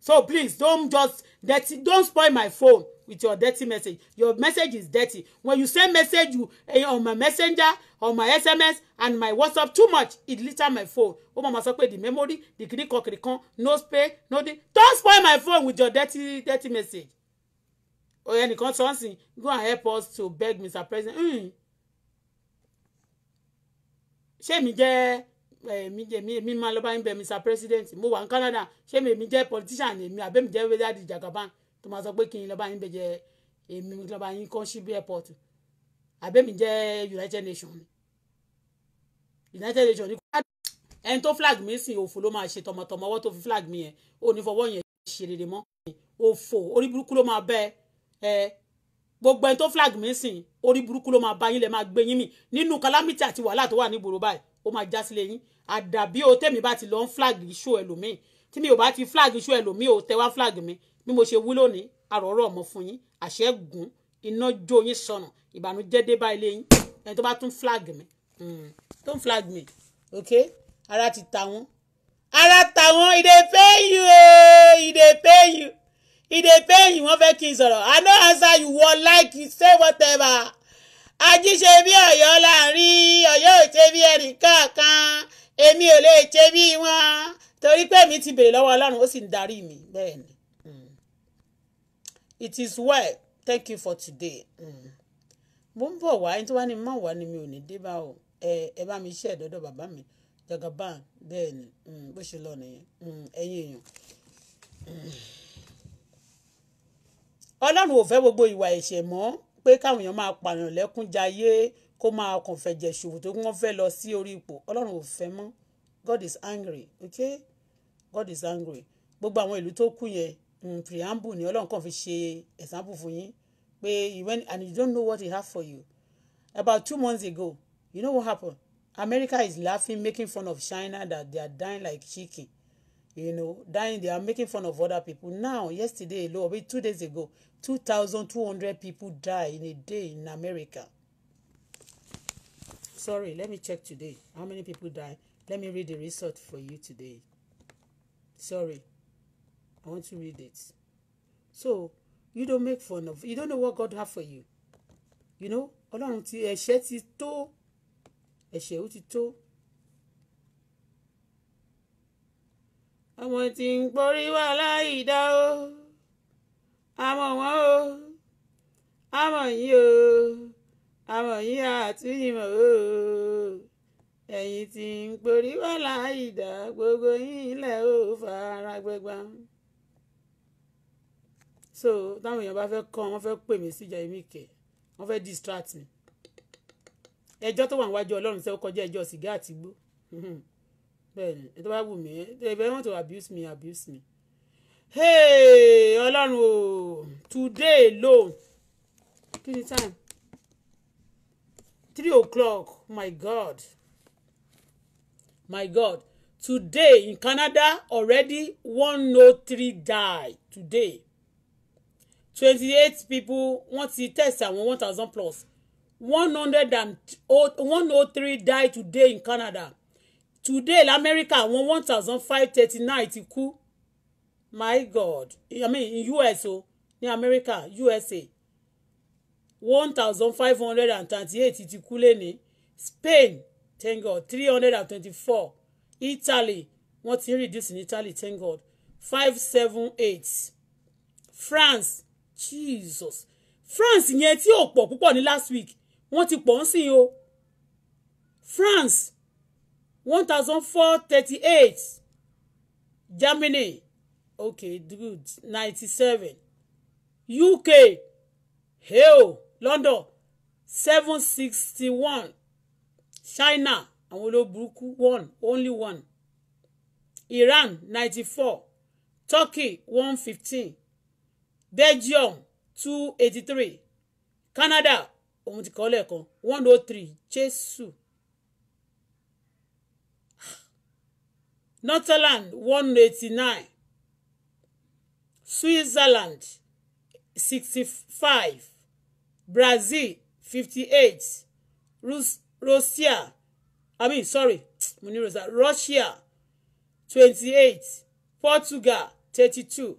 so please don't just dirty don't spoil my phone with your dirty message your message is dirty when you send message you eh, on my messenger on my sms and my whatsapp too much it litter my phone Oh mọ̀ máa the memory the kiri kan kiri kan no space no thing. don't spoil my phone with your dirty dirty message oya nìkan something go and help us to beg mr president hmm. ṣé mi jẹ́ èmi eh, jẹ mi èmi máa lọ bá mr president mo wà ní Canada ṣé mi èmi jẹ́ politician èmi àbẹ́mi jẹ́ wẹ́dàdì jagaban tó máa sọ pé kí n lọ bá yín bẹ jẹ èmi lọ yín kàn síbi airport àbẹ́mi jẹ́ United Nations United Nations ní kó ẹni tó flag mi sìn òfò ló máa ṣe tọmọtọmọ ọwọ́ tó fi flag mi yẹn ò ní fọwọ́ yẹn ṣe rere mọ́ òfò orí burúkú ló máa bẹ ẹ gbogbo ẹni tó flag mi sìn orí burúkú ló máa bá yín lẹ máa gbé yín mì nínú calamity àti wàhálà tó wà nígboro báyìí ó máa já sílé yín àdàbí o tèmi bá ti lọ ń flag show ẹlòmíì tí mi ò bá ti flag show ẹlòmíì ò tẹ́wá flag mi bí mo ṣe wí lónìí àròrọ̀ ọmọ fún yín àṣẹ gùn iná jó yín sọnà ìbànújẹ́ dé bá ilé yín ẹni tó bá tún flag mi hmm, tó ń flag mi ok ara ti ta wọn ara ta wọn e dey pay you ooo eh, e dey pay you e dey pay you wọn fẹ́ kí n sọ̀rọ̀ i no answer you wọn like you say whatever ají bí ọ̀yọ́ láàrin ọ̀yọ́ ò bí ẹnì kankan èmi ò lè ṣe bí wọn torí pé mi ti béèrè lọ́wọ́ ọlọ́run ó sì ń darí mi bẹ́ẹ̀ ni hmm. it is well thank you for today hmm. mo ń bọ̀ wá ẹni tó wá ní mọ̀ wá ni mi ò ní dé bá o ẹ bá mi ṣe ẹ̀dọ́dọ̀ bàbá mi jagaban bẹ́ẹ̀ ni hmm. bó ṣe lọ nìyẹn ẹ̀yin èèyàn ọlọ́run ò fẹ́ gbogbo ìwà ẹ̀ṣẹ̀ mọ́ pé káwọn èèyàn máa pààyàn lẹ́kúnjayé kó máa kàn fẹ̀jẹ̀ ṣòwò tó wọ́n fẹ́ lọ sí orí ipò ọlọ́run ò fẹ́ mọ́ God is angry okay God is angry gbogbo àwọn ìlú tó kù yẹn mm, preamble ni ọlọ́run kàn fi ṣe example fún yín pé when and you don't know what he have for you about two months ago you know what happen America is laughing making fun of China that they are dying like chicken you know dying they are making fun of other people now yesterday lo abi two days ago 2,200 people die in a day in America. Sorry, let me check today. How many people die? Let me read the result for you today. Sorry, I want to read it. So, you don't make fun of, you don't know what God have for you. You know, Ọlọ́run ti ẹ̀ṣẹ̀ ti tó ẹ̀ṣẹ̀ ó ti tó. Ọmọ ti ń gborí wà láì dá o àmọ̀ wọn o àmọ̀ yín o àmọ̀ yín àtúnyìnmọ̀ o ẹ̀yin tí ń porí wà láì dá gbogbo yín ilẹ̀ ò fara gbẹgbà. so táwọn èèyàn bá fẹ́ kọ́ wọ́n fẹ́ pè mí síjà èmi kẹ̀ wọ́n fẹ́ distract mi ẹjọ́ tó wà níwájú ọlọ́run sẹ́wọ́ kọjá ẹjọ́ sìgá àtìgbó bẹ́ẹ̀ ni ẹ tó bá wù mí ẹ bẹ́ẹ̀ wọ́n tó abuse me abuse me hey ọlọ́run o today alone kini time three o'clock my god my god today in Canada already one no oh three die today twenty-eight people wọ́n ti test àwọn one thousand plus one hundred and one oh three die today in Canada today lamẹ́ríkà àwọn one thousand five thirty-nine ti kú my god i mean in us o oh, ní america usa one thousand five hundred and thirty-eight ti kú lẹ́ni spain thank god three hundred and twenty-four italy wọ́n ti reduce in italy thank god five seven eight france jesus france yẹn tí ò pọ̀ púpọ̀ ní last week wọ́n ti pọ̀ ń sìn o france one thousand four thirty-eight germany okay good ninety seven UK hale London seven sixty one China àwọn olóburúkú one only one Iran ninety four Turkey one fifteen Belgium two eighty three Canada òun ti kọ́ lẹ́ẹ̀kan one oh three Jésù Northern one eighty nine Switzerland sixty-five Brazil fifty-eight Russia I mean sorry mo Russia Russia twenty-eight Portugal thirty-two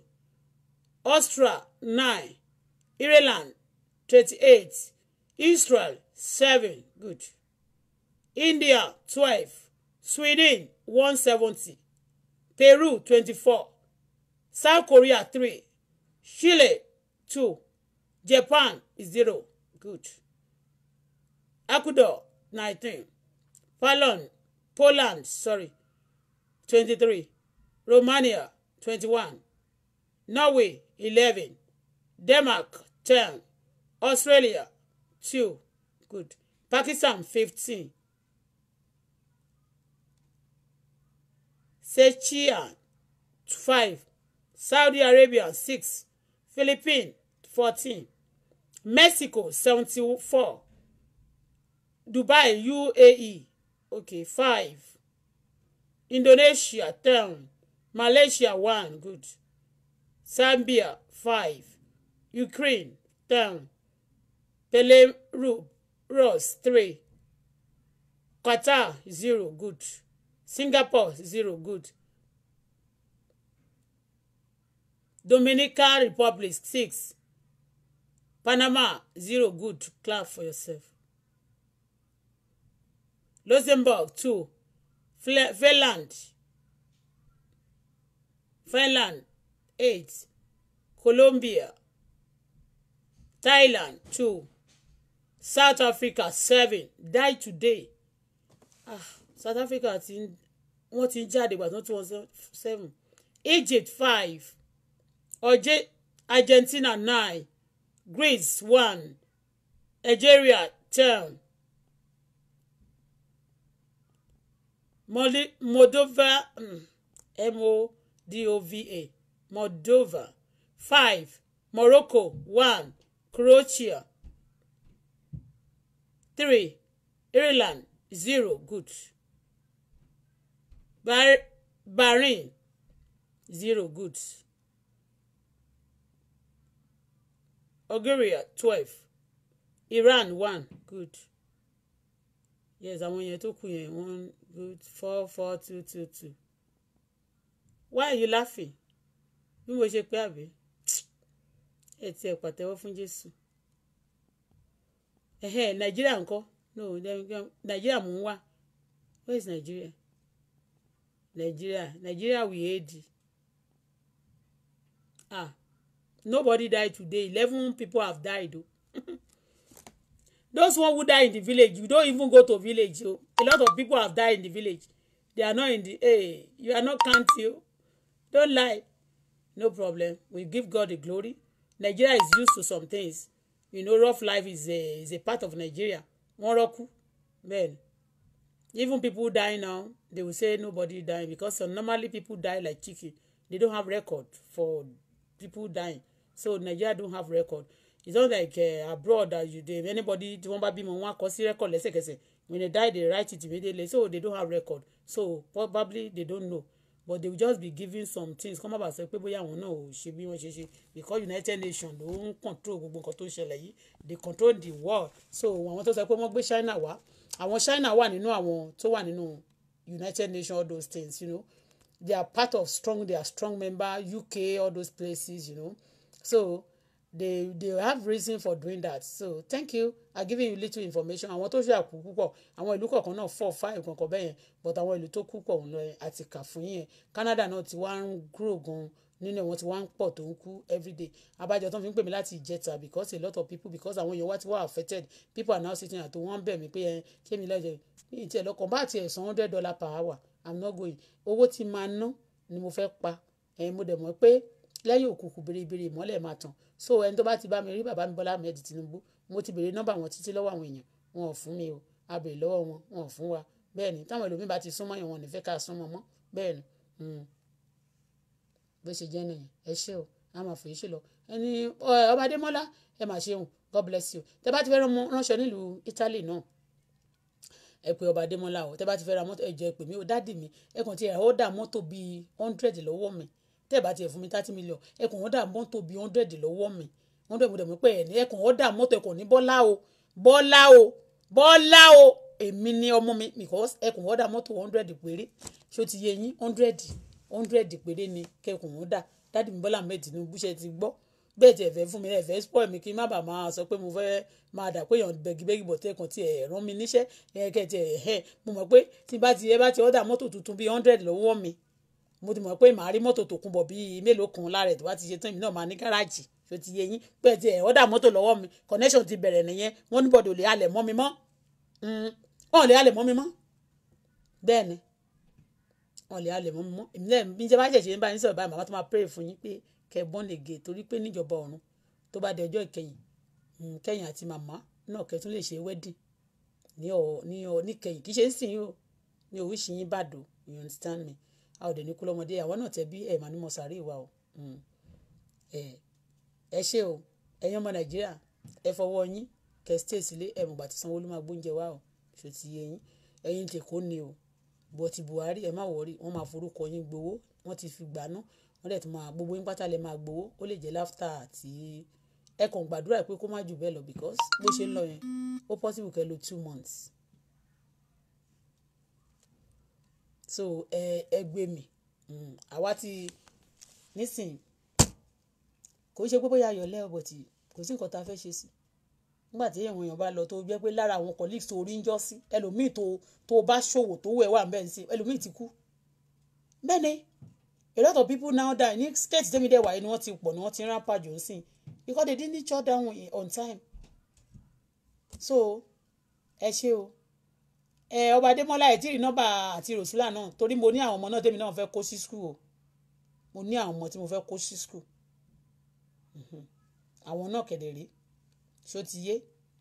Austria nine Ireland thirty-eight Israel seven good India twelve Sweden one seventy Peru twenty-four South Korea three Chile two Japan zero good Ecuador nineteen Poland Poland sorry twenty-three Romania twenty-one Norway eleven Denmark ten Australia two good Pakistan fifteen Seychelles five Saudi Arabia six Philippines fourteen Mexico seventy-four Dubai UAE okay five Indonesia ten Malaysia one good Zambia five Ukraine ten Belarus three Qatar zero good Singapore zero good Dominican Republic six Panama zero good clap for yourself Luxembourg two Finland Finland eight Colombia Thailand two South Africa seven die today ah South Africa ti wọ́n ti jáde gbàtàn tí wọ́n seven Egypt five Oje, Argentina nine, Greece one, Algeria ten, Moldova, M-O-D-O-V-A, mm, Moldova five, Morocco one, Croatia three, Ireland zero good. Bahrain zero good. Algeria twelve Iran one good yes àwọn yẹn tó kù yẹn one good four four two two two why are you laughing bí mo ṣe pé àbí ẹ tiẹ̀ pàtẹ́wọ́ fún Jésù ẹ̀hẹ́ Nàìjíríà ńkọ́ no Nàìjíríà mò ń wà where is Nigeria Nigeria Nigeria we hate ah nobody died today eleven people have died o those one who die in the village you don't even go to village o a lot of people have died in the village they are not in the hey you are not count o oh. don't lie no problem we give God the glory Nigeria is used to some things you know rough life is a is a part of Nigeria wọn rọkú even people die now they will say nobody die because normally people die like chicken they don't have record for people dying so Nigeria don't have record it's not like uh, abroad that you dey anybody tí wọ́n bá bímọ wọ́n á kọ sí record lẹ́sẹ̀kẹsẹ̀ when they die they write it immediately so they don't have record so probably they don't know but they will just be giving some things Come about, say sọ pé bóyá àwọn náà ò ṣe bí wọ́n ṣe ṣe because united nations ló ń control gbogbo nǹkan tó ń ṣẹlẹ̀ yìí they control the world so àwọn tó sọ pé wọ́n gbé china wá àwọn china wà nínú àwọn tó wà nínú united nations all those things you know they are part of strong they are strong member uk all those places you know so they they have reason for doing that so thank you i'm giving you little information àwọn tó ṣàkú púpọ̀ àwọn ìlú kọ̀ọ̀kan náà four five kankan bẹ́yẹn but àwọn ìlú tó kú pọ̀ ń lọ yẹn àti kà fún yẹn Canada náà ti wá ń grow gan nínú wọn ti wá ń pọ̀ tó ń kú everyday abájọ tó ń fi ń pè mí láti ìjẹta because a lot of people because àwọn èèyàn wá ti wá affected people are now sitting at home wọ́n bẹ̀ mí pé ẹ kémi lẹ́jẹ̀ ní ìtì ẹ̀lọ́kàn bá ti ẹ̀sán hundred dollar per hour i'm not going owó tí máa ná ni mo fẹ́ pa ẹ̀ mo dẹ̀ mọ̀ pé lẹ́yìn òkùnkùn biribiri ìmọ́lẹ̀ máa tàn so ẹni tó bá ti bá mi rí bàbá mi Bọ́lá Ahmed Tinubu mo ti béèrè nọ́mbà wọn títí lọ́wọ́ àwọn èèyàn wọn ò fún mi o a béèrè lọ́wọ́ wọn wọn ò fún wa bẹ́ẹ̀ ni táwọn ẹlòmíín bá ti súnmọ́ yẹn wọn ò ní fẹ́ ká súnmọ́ mọ́ bẹ́ẹ̀ ni hmm. bó ṣe jẹ́ nìyẹn ẹ ṣé o a máa fòye ṣe lọ ẹni ọba Adémọ́lá ẹ máa ṣeun God bless you tẹ bá ti fẹ́ ránṣẹ́ nílùú Italy náà ẹ pé ọba Adémọ́lá o tẹ bá ti fẹ́ ra mọ́tò ẹ jẹ́ ẹ o dáàdì mi ẹ kàn ti ẹ̀ ọ́ dà mọ́tò bíi hundred lọ́wọ́ mi tẹ́ ẹ̀ bá tiẹ̀ fún mi thirty million ẹ̀kùn ọ̀dà mọ́tò bíi hundred lọ́wọ́ mi hundred mo dẹ̀ mọ̀ pé ẹ̀ ní ẹ̀kùn ọ̀dà mọ́tò ẹ̀kùn ní bọ́lá o bọ́lá o bọ́lá o èmi ni ọmọ mi because ẹ̀kùn ọ̀dà mọ́tò hundred péré ṣé o ti yé yín hundred hundred péré ni kẹ̀kùn ọ̀dà dáàdì mi Bọ́lá Ahmed Tinubu ṣe ti gbọ́ bẹ́ẹ̀ tí ẹ fẹ́ fún mi ẹ fẹ́ spoil mi kí n má bàa máa sọ pé mo fẹ́ máa dà pé èèyàn bẹ́gibẹ́gi bọ̀ tẹ́ kan rán mi níṣẹ́ ẹ kẹ́ tí mo mọ̀ pé tí bá ti ẹ bá ti ọ̀dà mọ́tò tuntun bíi hundred lọ́wọ́ mi mo ti mọ̀ pé màá rí mọ́tò tó kún bọ̀ bíi mélòó kan lára ẹ̀ tó bá ti ṣe tán èmi náà máa ní gáràjì tó ti yé yín pé ti ẹ̀ ọ̀dà mọ́tò lọ́wọ́ mi connection ti bẹ̀rẹ̀ nìyẹn wọ́n ní bọ̀dọ̀ lè halẹ̀ mọ́ mi mọ́ mm, ọ̀n lè halẹ̀ mọ́ mi mọ́ bẹ́ẹ̀ ni ọ̀n lè halẹ̀ mọ́ mi mọ́ èmi náà bí jẹ́ bá ṣẹ̀ṣẹ̀ ń bá yín sọ̀rọ̀ báyìí màmá tó máa pray fún yín pé kẹ́ bọ́n lè gè torí pé níjọba ọ̀run tó bá dé ọjọ́ ìkẹyìn mm, kẹyìn àti màmá náà kẹ́ tún lè ṣe wedding ní ọ ní ọ níkẹyìn kì í ṣe ń you understand me a ò dẹ̀ ní kú lọ́mọdé àwa náà tẹ́ bí ẹ̀ mà ní mọ sàárè wa o hmm. ẹ ṣe o ẹ̀yin ọmọ nàìjíríà ẹ fọwọ́ yín kẹ́ stay sílé ẹ̀ mọ̀gbà tí sanwó-olú máa gbóúnjẹ wa o ṣò ti yé yín ẹ̀yin tèkó ni o bọ̀tì buhari ẹ má wọrí wọ́n máa forúkọ yín gbowó wọ́n ti fi gbaná wọ́n dẹ̀ ti máa gbogbo yín pátá lè máa gbowó ó lè jẹ́ láftà àti ẹ kàn gbàdúrà pé kó má jù bẹ́ẹ̀ lọ because bó ṣe ń lọ yẹn ó possible kẹ́ lo two months so ẹ ẹ gbé mi mm, àwa ti nísìn kò ṣe pé bóyá ayọ̀lẹ́ ọ̀bọ̀ tí kò sí nǹkan tá a fẹ́ ṣe sí nígbà tí àwọn èèyàn bá lọ tó jẹ́ pé lára àwọn colleagues tó rí ń jọ́ sí ẹlòmíì tó tó bá ṣòwò tó wẹ̀ wà bẹ́ẹ̀ sí ẹlòmíì ti kú bẹ́ẹ̀ ni a lot of people now die ní state tẹ́mi dẹ̀ wáyé ni wọ́n ti pọ̀ ni wọ́n ti rán pàjọ́ sí i because they didn't shut down on time so ẹ ṣe o ọba adémọ́lá ẹ̀ tí ì nọ́mbà àti rosula náà torí mo ní àwọn ọmọ náà tèmi náà fẹ́ kó sí skul o mo ní àwọn ọmọ tí mo fẹ́ kó sí skul mhm. àwọn náà kẹ̀dẹ̀ rí so ti yé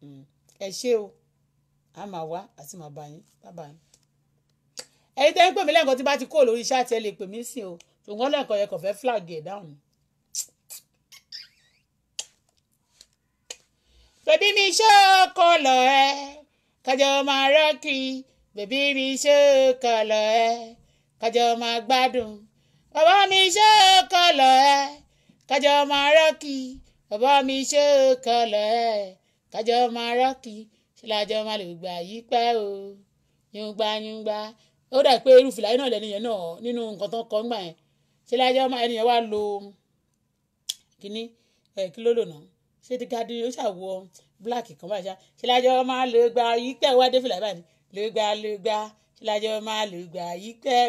mhm. ẹ ṣé o a máa wá àti máa bá yín bàbá yín. ẹyin tẹ́ ń pè mí lẹ́ẹ̀kan tí bá ti kó lórí iṣẹ́ àti ẹ lè pè mí sí o ṣùgbọ́n lẹ́ẹ̀kan yẹn kò fẹ́ flag ẹ̀ dáhùn. bèbí mi ṣe ọkọ lọ ẹ ká jọ máa rọ́ọ̀kì bèbí mi ṣe kọlọ̀ ẹ ká jọ máa gbádùn bàbá mi ṣe kọlọ̀ ẹ ká jọ máa rọ́ọ̀kì bàbá mi ṣe kọlọ̀ ẹ ká jọ máa rọ́ọ̀kì ṣe lájọ máa lè gbà yí pẹ́ o yúngbà yúngbà ó dà pé irú fìlà yìí náà lẹ́nu yẹn náà nínú nǹkan tó ń kọ́ ńgbà yẹn ṣe lájọ máa ẹni yẹn wá lo kínní ẹ̀ kí ló lò náà ṣé ti ká dín ó ṣàwọ̀ ọ́ black kan báyìí ṣá ṣe lájọ máa lè gba yíkẹ́ wá dé fìlà báyìí lè gba lè gba ṣe lájọ máa lè gba yíkẹ́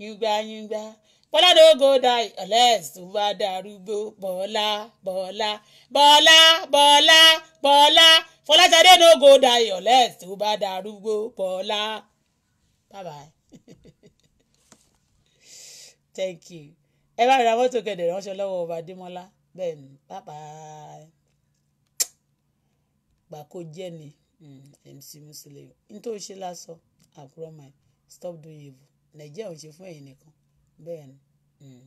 yíngba yíngba bọ́lá ló go die unless tó bá darúgbó bọ́lá bọ́lá bọ́lá bọ́lá bọ́lá fọláṣadé ló go die unless tó bá darúgbó bọ́lá bye bye thank you ẹ bá rẹ àwọn tó kẹdẹ ránṣẹ́ lọ́wọ́ ọba adémọlá bẹ́ẹ̀ ni bye bye gbà jẹ́ ni MC mm, Musiliu n tó ṣe lásọ àkúrọ̀ mọ́ stop doing evil nàìjíríà ò ṣe fún ẹ̀yin nìkan bẹ́ẹ̀ ni. Mm.